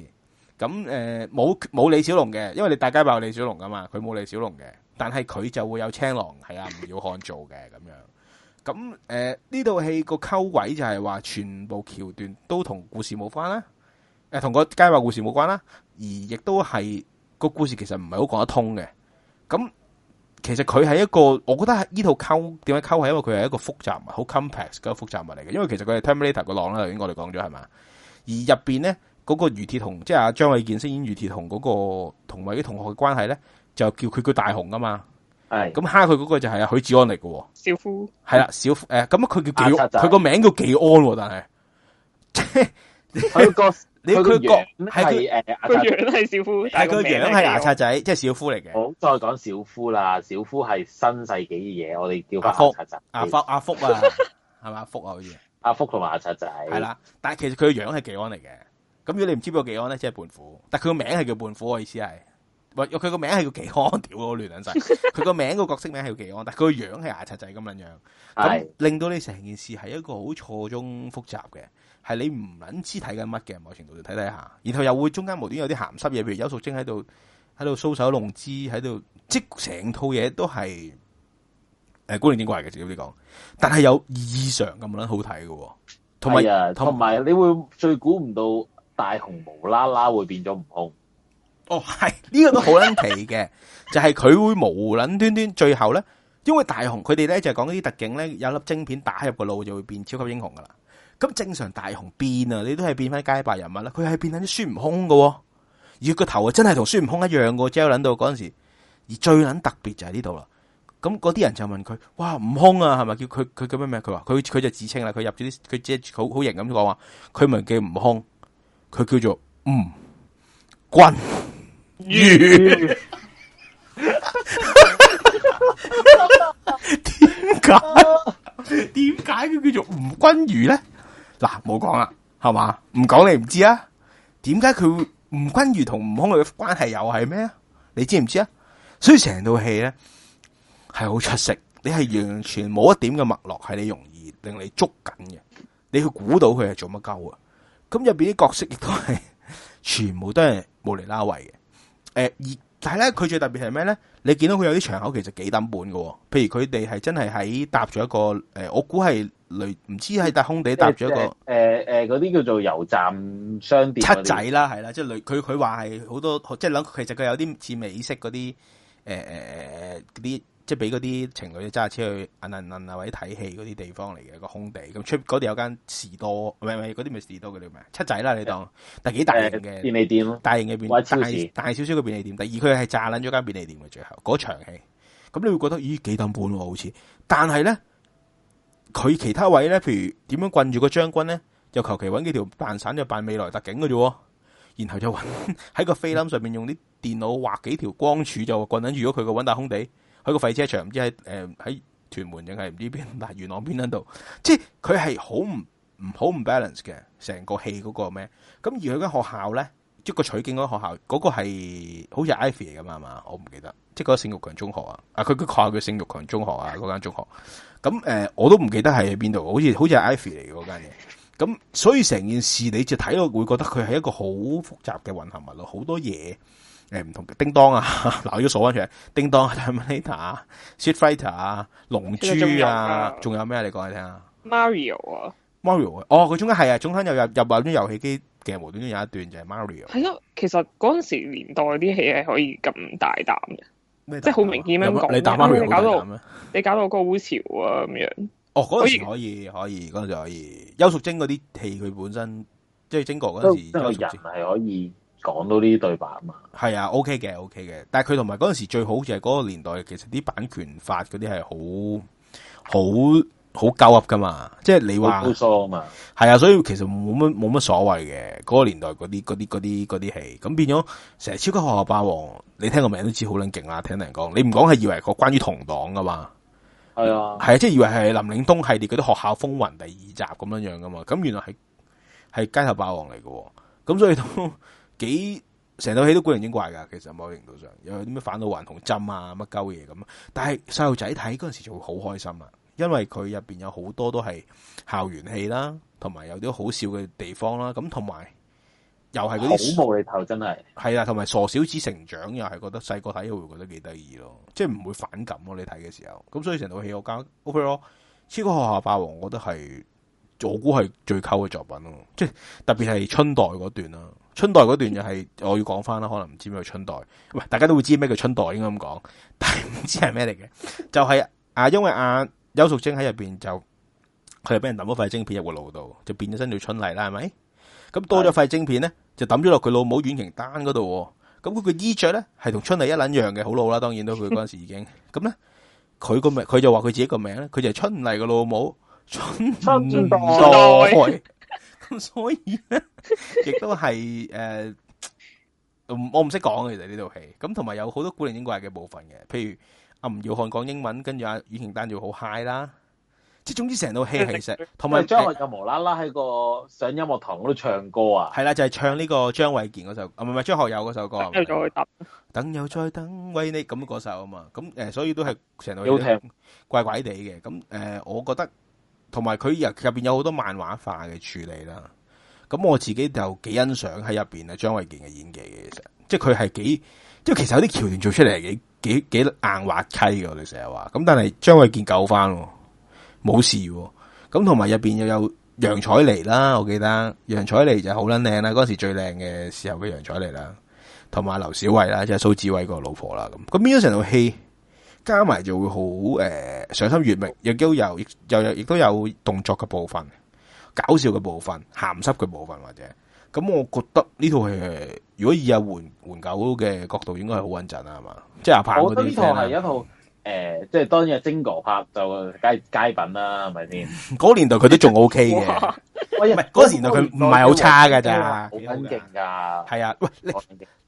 咁誒，冇冇、呃、李小龍嘅，因為你大街霸有李小龍噶嘛，佢冇李小龍嘅。但係佢就會有青狼，係啊，吳耀漢做嘅咁樣。咁誒呢套戲個溝位就係話，全部橋段都同故事冇關啦，誒同個街霸故事冇關啦，而亦都係個故事其實唔係好講得通嘅。咁其實佢係一個，我覺得呢套溝點解溝，係因為佢係一個複雜物、好 complex 嘅複雜物嚟嘅。因為其實佢係 Terminator 個浪啦，頭先我哋講咗係嘛。而入邊咧，嗰、嗰個余鐵雄，即係阿張衛健飾演余鐵雄嗰個，同埋啲同學嘅關係咧，就叫佢叫大雄啊嘛。係咁蝦佢嗰個就係阿許志安嚟嘅。小夫係啦，小夫誒，咁、欸、佢叫佢個、啊、名叫技安、啊，但係佢個。 你佢個係誒，個樣係小夫，但係佢樣係牙刷仔，即係小夫嚟嘅。我再講小夫啦，小夫係新世紀嘅嘢，我哋叫阿福阿福阿福啊，係 咪阿福啊？好似阿福同埋阿刷仔係啦。但係其實佢嘅樣係技安嚟嘅。咁如果你唔知邊個技安咧，即係胖虎。但係佢個名係叫胖虎，我意思係喂，佢個名係叫技安，屌我亂卵晒。佢個名個角色名係叫技安，但係佢個樣係牙刷仔咁樣樣，咁令到你成件事係一個好錯綜複雜嘅。係你唔捻知睇緊乜嘅，某程度度睇睇下，然後又會中間無端有啲鹹濕嘢，譬如邱淑貞喺度，喺度搔首弄姿，喺度，即成套嘢都係誒、呃、古靈精怪嘅，直接啲講。但係有異常咁捻好睇嘅，同埋同埋你會最估唔到大雄無啦啦會變咗唔好。哦，係呢、這個都好捻奇嘅， 就係佢會無捻端端最後咧，因為大雄佢哋咧就係講啲特警咧有粒晶片打入個腦就會變超級英雄噶啦。咁正常大雄變啊，你都係變翻街霸人物啦，佢係變緊啲孫悟空噶、啊，而個頭啊真係同孫悟空一樣噶、啊，真係諗到嗰陣時，而最捻特別就喺呢度啦。咁嗰啲人就問佢：哇，悟空啊，係咪叫佢佢叫咩名？佢話佢佢就自稱啦，佢入咗啲佢即係好好型咁講話，佢唔叫悟空，佢叫做吳君如、yeah. 點解？點解佢叫做吳君如咧？嗱，冇講啦，係嘛？唔講你唔知啊。點解佢吳君如同吳空佢嘅關係又係咩？你知唔知啊？所以成套戲咧係好出色，你係完全冇一點嘅脈絡係你容易令你捉緊嘅。你去估到佢係做乜鳩啊？咁入邊啲角色亦都係全部都係冇嚟拉位嘅。誒、呃，而但係咧，佢最特別係咩咧？你見到佢有啲場口，其實幾等本喎。譬如佢哋係真係喺搭咗一個誒、呃，我估係。雷唔知喺笪空地搭咗個誒誒，嗰啲叫做油站商店七仔啦係啦，即係佢佢話係好多即係諗，其實佢有啲似美式嗰啲誒誒啲，即係俾嗰啲情侶揸車去揞揞揞啊，或者睇戲嗰啲地方嚟嘅個空地咁出嗰度有間士多，唔係嗰啲咪士多嘅咩？七仔啦，你當但係幾大型嘅便利店咯，大型嘅便利店，大少少嘅便利店。第二佢係炸爛咗間便利店嘅最後嗰場戲，咁你會覺得咦幾等半喎好似，但係咧。佢其他位咧，譬如點樣困住個將軍咧，就求其揾幾條扮散就扮未來特警嘅啫，然後就喺個菲林上面用啲電腦畫幾條光柱就棍緊住咗佢個穩大空地，喺個廢車場唔知喺誒喺屯門定係唔知邊但元朗邊嗰度，即係佢係好唔唔好唔 balance 嘅，成個戲嗰個咩？咁而佢間學校咧，即、嗰個取景嗰間學校，嗰、嗰個係好似 Ivy 嚟噶嘛？嘛，我唔記得，即係嗰個聖玉強中學啊，啊，佢佢學校叫聖玉強中學啊，嗰間中學。咁誒、呃，我都唔記得係喺邊度，好似好似係 Ivy 嚟嘅嗰間嘢。咁所以成件事你就睇到會覺得佢係一個好複雜嘅混合物咯，好多嘢誒唔同。叮當啊，嗱我要數翻出嚟，叮當、Street Fighter 啊、龍珠啊，仲有咩你講嚟聽啊。Mario 啊，Mario 啊，哦，佢中間係啊，中間有入入埋啲遊戲機嘅無端端有一段就係、是、Mario。係啊，其實嗰陣時年代啲戲係可以咁大膽嘅。即係好明顯咁講，你打翻佢，搞到咩？你搞到高潮啊咁樣。哦，嗰陣時可以可以，嗰陣時可以。邱淑貞嗰啲戲佢本身即係貞國嗰陣時，即係人係可以講到呢啲對白嘛。係啊，OK 嘅 OK 嘅。但係佢同埋嗰陣時最好就係嗰個年代，其實啲版權法嗰啲係好好。好鳩噏噶嘛，即係你話，係啊，所以其實冇乜冇乜所謂嘅嗰個年代嗰啲啲啲啲戲，咁變咗成日超級學校霸王，你聽個名都知好撚勁啦，聽人講，你唔講係以為個關於同黨噶嘛，係啊，係啊，即係以為係林嶺東系列嗰啲學校風雲第二集咁樣樣噶嘛，咁原來係係街頭霸王嚟嘅，咁所以都，都幾成套戲都古靈精怪噶，其實某程度上，有啲咩反老還童針啊乜鳩嘢咁，但係細路仔睇嗰陣時就會好開心啊！因為佢入邊有好多都係校園戲啦，同埋有啲好笑嘅地方啦，咁同埋又係嗰啲好無厘頭，真係係啦，同埋傻小子成長又係覺得細個睇會覺得幾得意咯，即係唔會反感咯。你睇嘅時候，咁所以成套戲我交。OK 咯，超級學校霸王，我覺得係我估係最溝嘅作品咯，即係特別係春代嗰段啦，春代嗰段又係我要講翻啦，可能唔知咩叫春代，喂，大家都會知咩叫春代應該咁講，但係唔知係咩嚟嘅，就係、是、啊，因為啊。邱淑貞喺入邊就，佢又俾人抌咗塊晶片入個腦度，就變咗身做春麗啦，係咪？咁多咗塊晶片咧，就抌咗落佢老母軟型丹嗰度。咁佢個衣着咧，係同春麗一撚樣嘅，好老啦，當然都佢嗰時已經。咁咧，佢個名，佢就話佢自己個名咧，佢就係春麗嘅老母，春代。咁所以咧，亦都係誒，我唔識講嘅其實呢套戲。咁同埋有好多古靈精怪嘅部分嘅，譬如。阿、啊、吳耀漢講英文，跟住阿雨泉丹就好嗨啦，即係總之成套戲其實，同埋張學友無啦啦喺個上音樂堂嗰度唱歌啊，係啦、啊、就係、是、唱呢個張衛健嗰首，唔係唔係張學友嗰首歌， 是不是 等又再等喂你咁嗰首啊嘛，咁誒所以都係成套要聽， 怪怪地嘅，咁誒、呃、我覺得同埋佢入入邊有好多漫畫化嘅處理啦，咁我自己就幾欣賞喺入邊啊張衛健嘅演技嘅，其實即係佢係幾，即係其實有啲橋段做出嚟係幾。幾幾硬滑稽嘅，我哋成日話，咁但係張衛健救翻，冇事，咁同埋入邊又有楊采妮啦，我記得楊采妮就好撚靚啦，嗰時最靚嘅時候嘅楊采妮啦，同埋劉小慧啦，即係蘇志威個老婆啦，咁咁變咗成套戲，加埋就會好誒賞心悅目，亦都有又有亦都有動作嘅部分，搞笑嘅部分，鹹濕嘅部分或者。咁、嗯、我覺得呢套係，係如果以阿換換狗嘅角度應該，應該係好穩陣啊，係、嗯、嘛？即係阿拍嗰啲。我呢套係一套誒、嗯呃，即係當日晶哥拍就佳佳品啦，係咪先？嗰 年代佢都仲 O K 嘅，唔係嗰年代佢唔係好差噶咋，好勁噶。係啊，喂，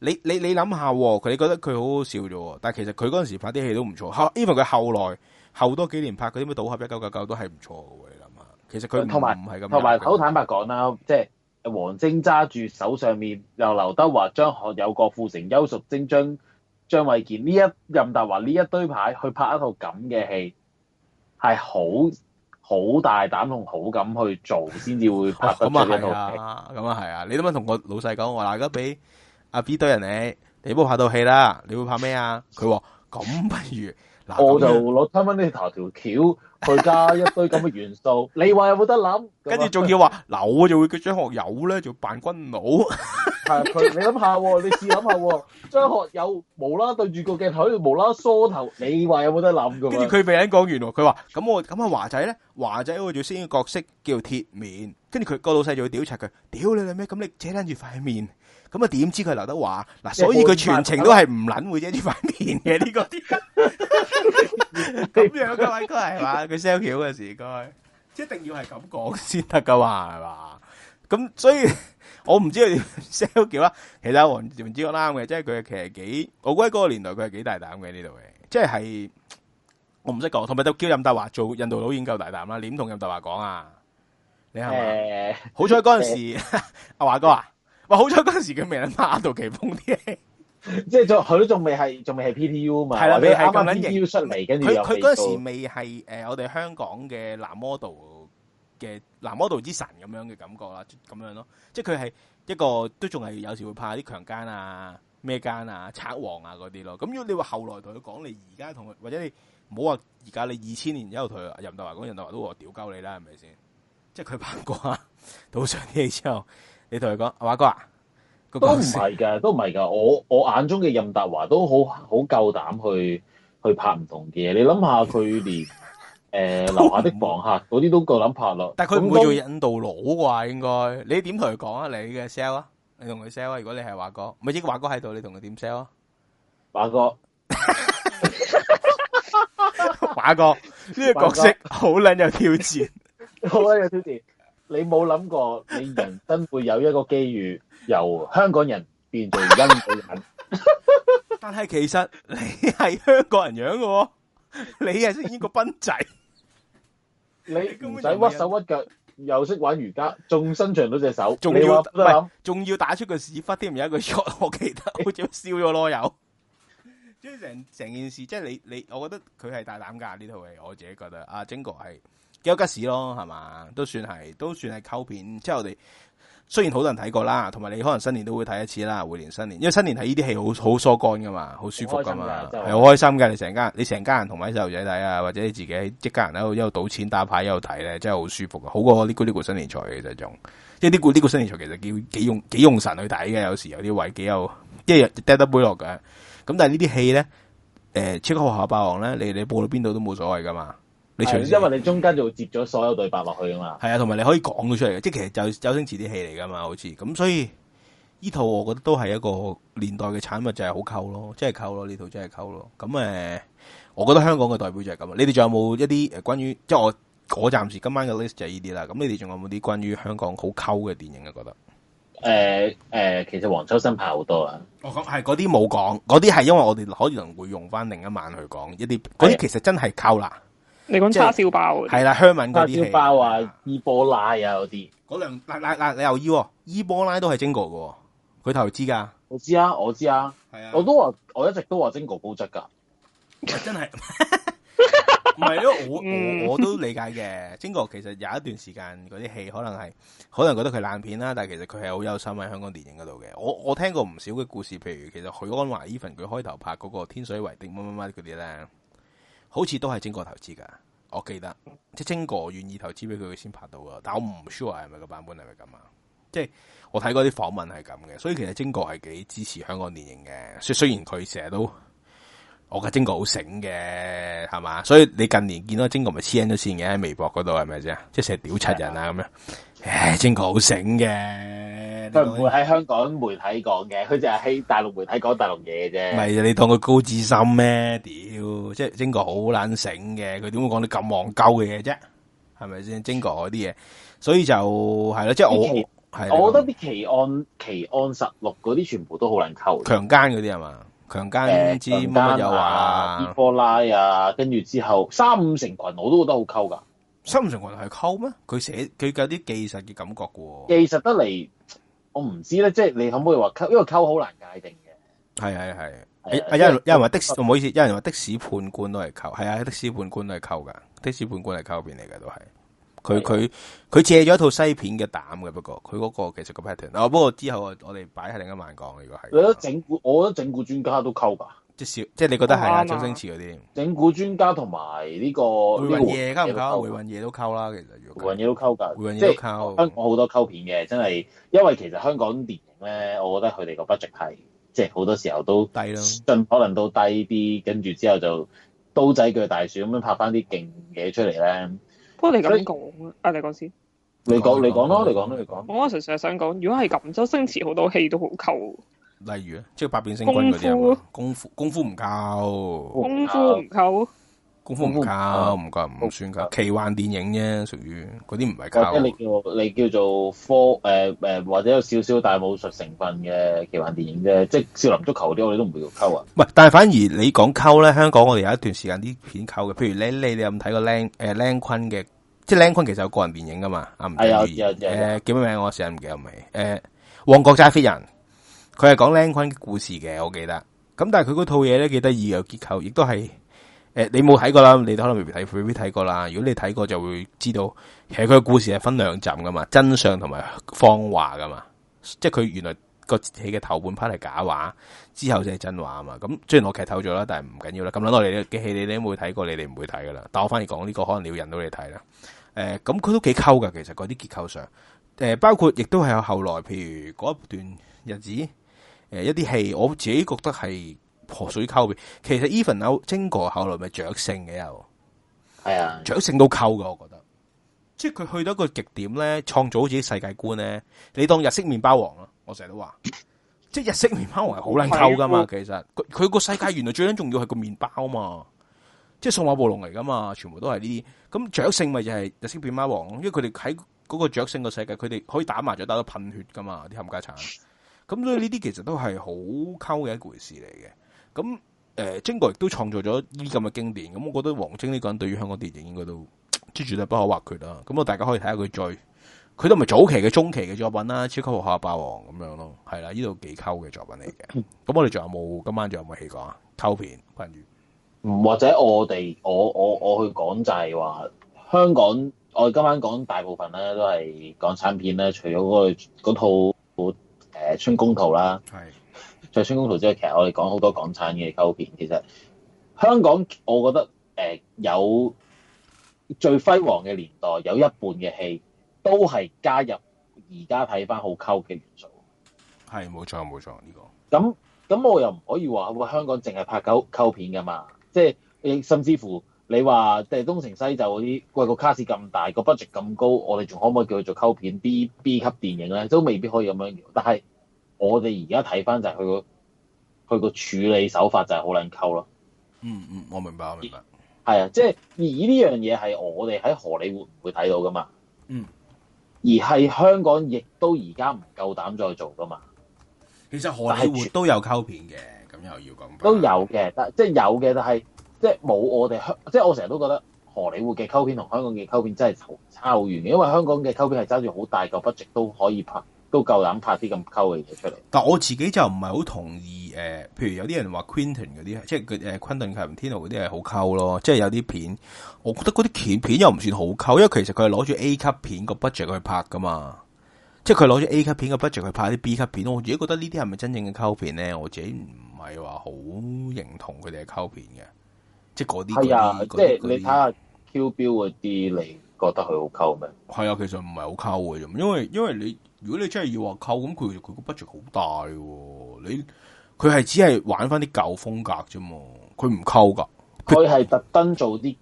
你你你你諗下，佢你覺得佢好好笑啫，但係其實佢嗰陣時拍啲戲都唔錯 even 佢後來後多幾年拍佢啲咩賭俠一九九九都係唔錯嘅，你諗下。其實佢同埋唔係咁，同埋好坦白講啦，即、就、係、是。王晶揸住手上面，由劉德華、張學友、郭富城、邱淑貞、張張衛健呢一任達華呢一堆牌去拍一套咁嘅戲，係好好大膽同好敢去做，先至會拍得咁啊係啊，咁啊係啊！你諗下同我老細講，我嗱而家俾阿 B 堆人你，你幫我拍到戲啦，你會拍咩啊？佢話咁不如，我就攞返返啲頭條橋。佢加一堆咁嘅元素，你話有冇得諗？跟住仲要話，嗱 我就會叫張學友咧，做扮軍佬。係佢，你諗下，你試諗下，張 學友無啦對住個鏡頭，無啦梳頭，你話有冇得諗？跟住佢被人講完，佢話：咁我咁我華仔咧，華仔我做先嘅角色叫鐵面，跟住佢個老細就會屌柒佢。屌你老咩？咁你扯捻住塊面？咁啊？點知佢劉德華嗱？所以佢全程都係唔捻會遮呢塊面嘅呢個啲咁樣。佢話佢係嘛？佢 sell 橋嘅時該，即係一定要係咁講先得噶嘛？係嘛？咁所以我唔知佢 sell 橋啦。其實黃唔知我啱嘅，即係佢其實幾。我覺得嗰個年代佢係幾大膽嘅呢度嘅，即係我唔識講。同埋都叫任達華做印度佬已經夠大膽啦。點同任達華講啊？你係嘛？好彩嗰陣時阿華哥啊！好彩嗰陣時佢未能打到奇峰啲即係仲佢都仲未係，仲未係 PTU 啊嘛，係啦，剛剛未係個 PTU 出嚟嘅。佢嗰陣時未係誒、呃，我哋香港嘅男 model 嘅男 model 之神咁樣嘅感覺啦，咁樣咯，即係佢係一個都仲係有時會拍啲強姦啊、咩奸啊、賊王啊嗰啲咯。咁如果你話後來同佢講，你而家同佢或者你唔好話而家你二千年之後同任達華講，任達華都話屌鳩你啦，係咪先？即係佢拍過賭 上啲嘢之後。你同佢講，華哥啊，那個、都唔係嘅，都唔係噶。我我眼中嘅任達華都好好夠膽去去拍唔同嘅嘢。你諗下佢連誒樓、呃、下的房客嗰啲都夠膽拍咯。但係佢唔會做引導佬啩，應該、那個、你點同佢講啊？你嘅 sell 啊，你同佢 sell 啊。如果你係華哥，咪益華哥喺度，你同佢點 sell 啊？華哥，華 哥呢、這個角色好捻有挑戰。好捻有挑戰。你冇諗過你人生會有一個機遇，由香港人變做印度人。但係其實你係香港人樣嘅，你係識演個賓仔，你唔使屈手屈腳，又識玩瑜伽，仲伸長到隻手，仲要唔係仲要打出個屎忽添，有一個 shot，我記得好似燒咗囉柚，即係成成件事，即係你你，我覺得佢係大膽噶呢套戲，我自己覺得阿貞哥係。幾吉士咯，係嘛？都算係，都算係 Cult 片。即係我哋雖然好多人睇過啦，同埋你可能新年都會睇一次啦。每年新年，因為新年睇呢啲戲好好疏肝噶嘛，好舒服噶嘛，係好開心嘅。你成家，人，你成家人同埋細路仔睇啊，或者你自己一家人喺度一路賭錢打牌一度睇咧，真係好舒服噶，好過呢個呢個新年賽其實仲。即係呢個新年賽其實幾幾用幾用神去睇嘅，有時有啲位幾有，即係跌得杯落嘅。咁但係呢啲戲咧，誒，超級學校霸王咧，你你播到邊度都冇所謂噶嘛。係，因為你中間就接咗所有對白落去啊嘛。係啊，同埋你可以講到出嚟嘅，即係其實就周星馳啲戲嚟噶嘛，好似咁，所以呢套我覺得都係一個年代嘅產物，就係好溝咯，即係溝咯呢套真係溝咯。咁誒、嗯，我覺得香港嘅代表就係咁。你哋仲有冇一啲誒關於即係我我暫時今晚嘅 list 就係呢啲啦。咁你哋仲有冇啲關於香港好溝嘅電影啊？覺得誒誒，其實黃秋生拍好多啊。哦，咁係嗰啲冇講，嗰啲係因為我哋可能會用翻另一晚去講一啲，嗰啲其實真係溝啦。你講叉燒包，包啊？係啦，香吻嗰啲。叉燒包啊，伊波拉啊嗰啲。嗰兩嗱嗱嗱，你又要，哦？伊波拉都係晶哥嘅，佢投資噶。我知啊，我知啊。係啊。我都話，我一直都話，晶哥高質噶。真係，唔係咯？我 我，我，我都理解嘅。晶哥其實有一段時間嗰啲戲，可能係可能覺得佢爛片啦，但係其實佢係好憂心喺香港電影嗰度嘅。我我聽過唔少嘅故事，譬如其實許鞍華呢份佢開頭拍嗰，嗰個《天水圍定乜乜乜》嗰啲咧。好似都係晶哥投資噶，我記得即係晶哥願意投資俾佢，佢先拍到噶。但我唔 sure 係咪個版本係咪咁啊？即係我睇過啲訪問係咁嘅，所以其實晶哥係幾支持香港電影嘅。雖雖然佢成日都，我嘅晶哥好醒嘅，係嘛？所以你近年見到晶哥咪黐撚咗綫嘅喺微博嗰度，係咪啫？即係成日屌柒人啊咁樣。誒、哎，晶哥好醒嘅，佢唔會喺香港媒體講嘅，佢淨係喺大陸媒體講大陸嘢啫。唔係、啊、你當佢高智深咩？屌， 即係晶哥好難醒嘅，佢點會講啲咁戇鳩嘅嘢啫？係咪先晶哥嗰啲嘢？所以就係咯、啊，即係我、啊，我覺得奇案奇案實錄嗰啲全部都好難溝，強姦嗰啲係嘛？強姦之乜有話啲波拉啊，跟住之後三五成群，我都覺得好溝噶。三五成群係溝咩？佢寫佢有啲技術嘅感覺嘅喎、哦，技術得嚟我唔知咧，即係你可唔可以話溝？因為溝好難界定嘅。係係係，啊啊，有人有人話的士，唔好意思，有人話的士判官都係溝，係啊，的士判官都係溝嘅，的士判官係溝邊嚟嘅都係，佢佢佢借咗一套西片嘅膽嘅，不過佢嗰個其實個 pattern，啊，不過之後我哋擺喺另一晚講，如果係。我覺得整蠱，我覺得整蠱專家都溝㗎。即少，即係你覺得係啊？周星馳嗰啲整蠱專家同埋呢個回魂夜 cult 唔 cult？回魂夜都 cult 啦，其實回魂夜都 cult 噶，回魂夜都 cult，就是嗯。香港好多 cult 片嘅，真係，因為其實香港電影咧，我覺得佢哋個 budget 係，即係好多時候都低咯，盡可能都低啲，跟住之後就刀仔鋸大樹咁樣拍翻啲勁嘢出嚟咧。不，嗯，過你咁講啊，你講先。你講，啊，你講咯，你講，你講。我純粹係想講，如果係咁，周星馳好多戲都好 cult。例如啊，即係百變星君嗰啲，功夫功夫唔夠，功夫唔、啊、夠，功夫唔夠，唔夠唔算夠。奇幻電影啫，屬於嗰啲唔係溝。或者你叫你叫做科、誒、誒、呃，或者有少少大武術成分嘅奇幻電影啫，即係少林足球啲我哋都唔叫溝啊。唔、嗯、係，但係反而你講溝咧，香港我哋有一段時間啲片溝嘅，譬如你你你有冇睇過靚誒靚坤嘅？即係靚坤其實有個人電影噶嘛？啊，係有有誒叫咩名？我一時唔記得埋。誒、呃，旺角揸飛人。佢係講僆坤嘅故事嘅，我記得。咁但係佢嗰套嘢咧，幾得意，有結構亦都係誒，你冇睇過啦，你可能未睇，未必睇過啦。如果你睇過就會知道，其實佢嘅故事係分兩集噶嘛，真相同埋謊話噶嘛。即係佢原來個戲嘅頭半 part 係假話，之後就係真話啊嘛。咁雖然我劇透咗啦，但係唔緊要啦。咁諗落嚟嘅戲，你你冇睇過，你哋唔會睇噶啦。但我反而講呢、這個，可能你要引到你睇啦。誒、呃，咁佢都幾溝噶，其實嗰啲結構上，誒、呃，包括亦都係有後來，譬如嗰段日子。誒，一啲戲我自己覺得係河水溝嘅。其實 even 歐精哥後來咪雀聖嘅又係啊，雀聖都溝㗎。我覺得。即係佢去到一個極點咧，創造好自己世界觀咧。你當日式麵包王咯，我成日都話。即係日式麵包王係好難溝噶嘛，其實佢個個世界原來最緊重要係個麵包嘛。即係數碼暴龍嚟噶嘛，全部都係呢啲。咁雀聖咪就係日式麵包王咯，因為佢哋喺嗰個雀聖嘅世界，佢哋可以打麻雀打到噴血噶嘛，啲冚家鏟。咁所以呢啲其實都係好溝嘅一回事嚟嘅。咁誒，甄國亦都創造咗呢咁嘅經典。咁我覺得王晶呢個人對於香港電影應該都即係絕對不可或缺啦。咁我大家可以睇下佢最佢都唔係早期嘅中期嘅作品啦，《超級學校霸，霸王》咁樣咯，係啦，呢度幾溝嘅作品嚟嘅。咁我哋仲有冇今晚仲有冇戲講啊？溝片關於或者我哋我我我去講就係話香港我哋今晚講大部分咧都係港產片咧，除咗嗰個嗰套春宮圖》啦，係。再春宮圖》之外，其實我哋講好多港產嘅溝片。其實香港，我覺得、呃、有最輝煌嘅年代，有一半嘅戲都係加入而家睇翻好溝嘅元素。係冇錯，冇錯，呢個。咁咁，我又唔可以話香港淨係拍溝，溝片㗎嘛？即係甚至乎。你話即係東成西就嗰啲，個卡士咁大，個 budget 咁高，我哋仲可唔可以叫佢做溝片 B B 級電影咧？都未必可以咁樣。但係我哋而家睇翻就係佢個佢個處理手法就係好撚溝咯。嗯嗯，我明白，我明白。係啊，即係而呢樣嘢係我哋喺荷里活唔會睇到噶嘛。嗯。而係香港亦都而家唔夠膽再做噶嘛。其實荷里活都有溝片嘅，咁又要講都有嘅，但即係、就是、有嘅，但係。即係冇我哋香，即係我成日都覺得荷里活嘅溝片同香港嘅溝片真係差好遠嘅，因為香港嘅溝片係揸住好大個 budget 都可以拍，都夠膽拍啲咁溝嘅嘢出嚟。但我自己就唔係好同意誒、呃，譬如有啲人話昆頓嗰啲，即係誒昆 n 及天龍嗰啲係好溝咯。即係有啲片，我覺得嗰啲片又唔算好溝，因為其實佢係攞住 A 級片個 budget 去拍噶嘛。即係佢攞住 A 級片個 budget 去拍啲 B 級片，我自己覺得呢啲係咪真正嘅溝片咧？我自己唔係話好認同佢哋係溝片嘅。即係嗰啲，即係你睇下 Q 標嗰啲，你覺得佢好溝咩？係啊，其實唔係好溝嘅啫，因為因為你如果你真係要話溝咁，佢佢個 budget 好大喎，你佢係只係玩翻啲舊風格啫嘛，佢唔溝噶，佢係特登做啲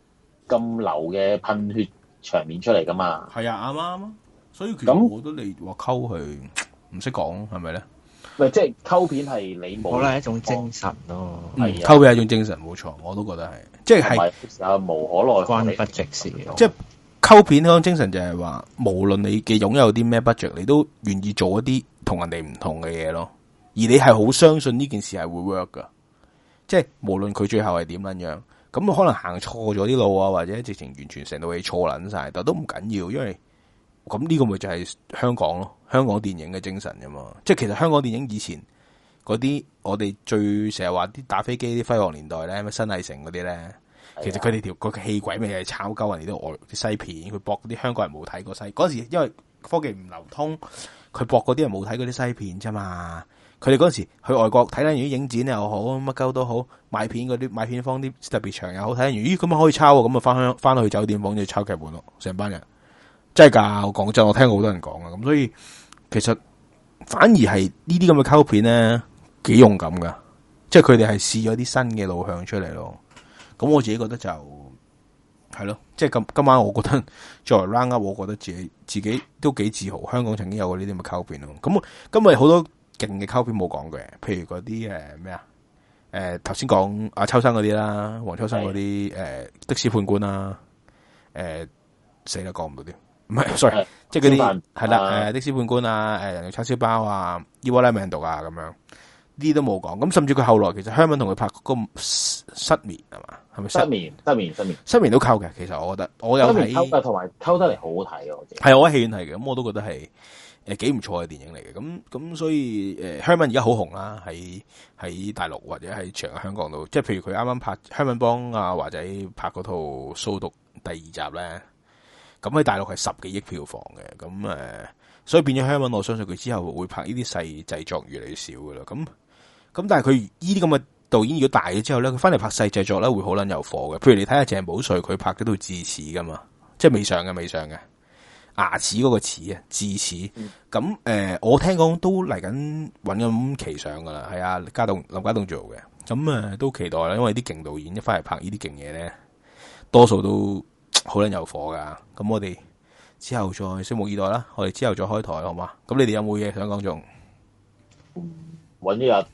咁流嘅噴血場面出嚟噶嘛。係啊，啱啱。所以其實我覺得你話溝佢唔識講，係咪咧？咪即係溝片係你，冇，我咧一種精神咯、啊。溝、嗯、片係一種精神，冇錯，我都覺得係、就是，即係無可奈何，關你 budget 事即係溝片呢種精神就係話，無論你嘅擁有啲咩 budget，你都願意做一啲同人哋唔同嘅嘢咯。而你係好相信呢件事係會 work 噶，即係無論佢最後係點樣樣，咁可能行錯咗啲路啊，或者直情完全成套嘢錯捻晒，但都唔緊要，要，因為咁呢個咪就係香港咯。香港電影嘅精神啫嘛，即係其實香港電影以前嗰啲我哋最成日話啲打飛機啲輝煌年代咧，咩新藝城嗰啲咧，其實佢哋條個戲鬼咪係炒鳩人哋啲外啲西片，佢博嗰啲香港人冇睇過西嗰陣時，因為科技唔流通，佢博嗰啲人冇睇過嗰啲西片啫嘛。佢哋嗰陣時去外國睇，例如影展又好，乜鳩都好，買片嗰啲買片方啲特別長又好，睇咦咁啊可以抄啊，咁啊翻香翻去酒店房就抄劇本咯，成班人。真係噶，我講真，我聽過好多人講啊。咁所以其實反而係呢啲咁嘅 cult 片咧，幾勇敢噶。即係佢哋係試咗啲新嘅路向出嚟咯。咁我自己覺得就係咯，即係今今晚我覺得作為 round up，我覺得自己自己都幾自豪。香港曾經有過呢啲咁嘅 cult 片咯。咁今日好多勁嘅 cult 片冇講嘅，譬如嗰啲誒咩啊，誒頭先講阿秋生嗰啲啦，黃秋生嗰啲誒的士判官啦，誒死啦，講唔到啲。唔係，sorry，即係嗰啲係啦，誒，的士判官啊，誒，人肉叉燒包啊，Evil a m a n d 啊，咁樣呢啲都冇講。咁甚至佢後來其實 Herman 同佢拍嗰個失眠係嘛，係咪失眠？失眠，失眠，失眠都 cult 嘅。其實我覺得我有係，同埋 cult 得嚟好好睇嘅。係我喺戲院睇嘅，咁我都覺得係誒幾唔錯嘅電影嚟嘅。咁咁所以誒 Herman 而家好紅啦，喺喺大陸或者喺長香港度，即係譬如佢啱啱拍 Herman 幫啊，華仔拍嗰套掃毒第二集咧。咁喺大陸係十幾億票房嘅，咁誒，所以變咗香港，我相信佢之後會拍呢啲細製作越嚟越少噶啦。咁咁，但係佢呢啲咁嘅導演，如果大咗之後咧，佢翻嚟拍細製作咧，會好撚有火嘅。譬如你睇下鄭寶瑞，佢拍嗰套智齒噶嘛，即係未上嘅，未上嘅牙齒嗰個齒啊，智齒。咁、嗯、誒、呃，我聽講都嚟緊揾咁期上噶啦，係啊，家棟林家棟做嘅。咁啊，都期待啦，因為啲勁導演一翻嚟拍呢啲勁嘢咧，多數都。好撚有火㗎，咁我哋之後再拭目以待啦。我哋之後再開台，好嘛？咁你哋有冇嘢想講仲？揾一日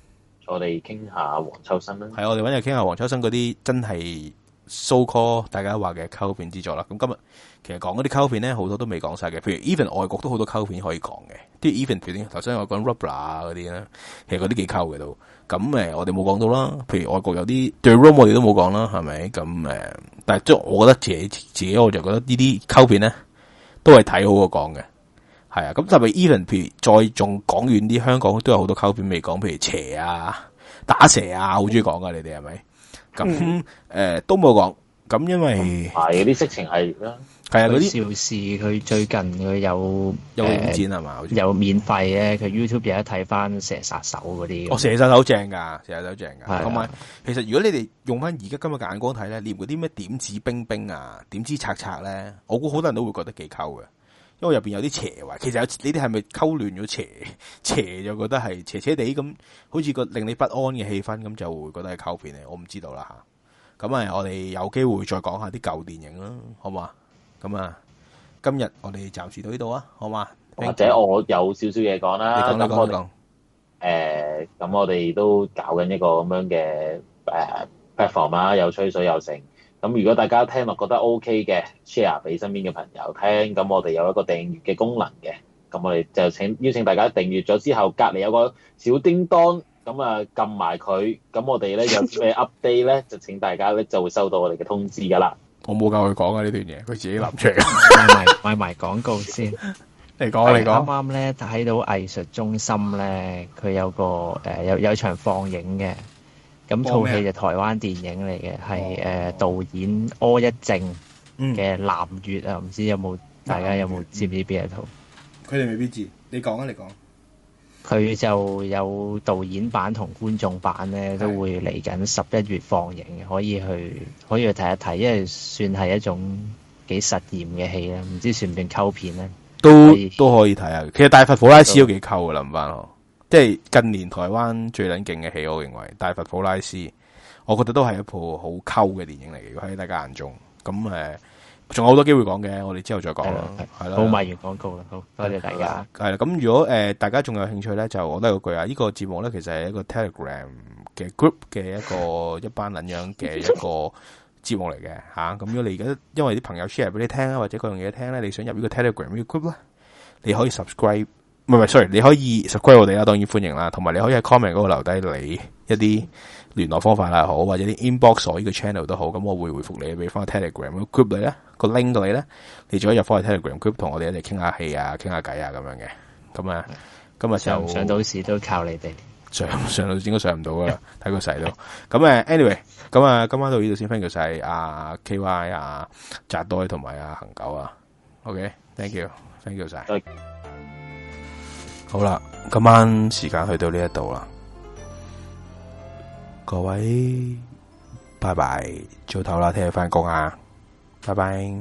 我哋傾下黃秋生啦。係我哋揾日傾下黃秋生嗰啲真係 so-called 大家話嘅 cult 片之作啦，咁今日其實講嗰啲 cult 片咧，好多都未講晒嘅。譬如 even 外國都好多 cult 片可以講嘅，啲 even 譬如頭先我講 rubla 嗰啲啦，其實嗰啲幾溝嘅都。咁誒，我哋冇講到啦。譬如外國有啲 The Room，我哋都冇講啦，係咪？咁誒，但係即係我覺得自己自己我就覺得溝呢啲 cult 片咧，都係睇好過講嘅，係啊。咁特別 even 譬如再仲講遠啲，香港都有好多 cult 片未講，譬如邪啊、打蛇啊，好中意講㗎，你哋係咪？咁、嗯、誒、嗯呃、都冇講，咁因為係嗰啲色情系列啦，係啊嗰啲。邵氏。佢最近佢有有進展係嘛？有免費嘅，佢、嗯、YouTube 而家睇翻蛇殺手嗰啲。哦，蛇殺手正噶，蛇殺手正噶。同埋，其實如果你哋用翻而家今日嘅眼光睇咧，連嗰啲咩點指兵兵啊、點指賊賊咧，我估好多人都會覺得幾 cult 嘅。因為入邊有啲邪話，其實有呢啲係咪溝亂咗，邪邪就覺得係邪邪地咁，好似個令你不安嘅氣氛咁，就會覺得係 cult 片嚟，我唔知道啦吓。咁啊，我哋有機會再講下啲舊電影啦，好唔好啊？咁啊，今日我哋暫時到呢度啊，好嘛？或者我有少少嘢講啦。你講你講。誒，咁、嗯呃、我哋都搞緊一個咁樣嘅誒 platform 啊，又、呃、吹水又成。咁如果大家聽落覺得 O K 嘅，share 俾身邊嘅朋友聽，咁我哋有一個訂閱嘅功能嘅，咁我哋就請邀請大家訂閱咗之後，隔籬有個小叮當，咁啊撳埋佢，咁我哋咧有啲咩 update 咧，就請大家咧就會收到我哋嘅通知噶啦。我冇教佢講啊呢段嘢，佢自己諗出嚟。賣埋廣告先，你講你講。啱啱咧睇到藝術中心咧，佢有個誒有有場放映嘅。咁套戲就台灣電影嚟嘅，係誒、哦、導演柯一正嘅《南、嗯、月》啊，唔知有冇大家有冇知唔知邊一套？佢、嗯、哋未必知，你講啊，你講。佢就有導演版同觀眾版咧，都會嚟緊十一月放映，可以去可以去睇一睇，因為算係一種幾實驗嘅戲啦，唔知算唔算溝片咧？都可都可以睇下，其實大佛普拉斯都幾溝嘅諗翻即係近年台灣最捻勁嘅戲，我認為《大佛普拉斯》，我覺得都係一部好溝嘅電影嚟嘅，喺大家眼中。咁誒，仲有好多機會講嘅，我哋之後再講囉。係啦。冇埋完廣告啦，好多謝，謝大家。係啦，咁如果誒大家仲有興趣咧，就我都係嗰句啊，呢、這個節目咧其實係一個 Telegram 嘅 group 嘅一個 一班捻樣嘅一個節目嚟嘅吓。咁、啊、如果你而家因為啲朋友 share 俾你聽啊，或者各樣嘢聽咧，你想入呢個 Telegram group 咧，你可以 subscribe。唔係 sorry 你可以 subscribe 我哋啦，當然歡迎啦。同埋你可以喺 comment 嗰度留低你一啲聯絡方法啦，好，或者啲 inbox 我呢個 channel 都好。咁我會回覆你，俾翻 telegram group 你咧、個 link 到你咧，你仲可以入翻去 telegram group 同我哋一齊傾下戲啊，傾下偈啊，咁樣嘅。咁啊，咁啊上到時都靠你哋。上，上到時應該上唔到噶啦，睇個勢囉。咁誒，anyway，咁啊，今晚到呢度先謝謝、 啊啊 Jadoy, 啊啊、okay，thank you 晒 阿 ky 啊，扎袋同埋阿恒久啊。OK，thank you，thank you 晒、okay。好啦，今晚時間去到呢一度啦，各位拜拜，早唞啦，聽日返工啊，拜拜。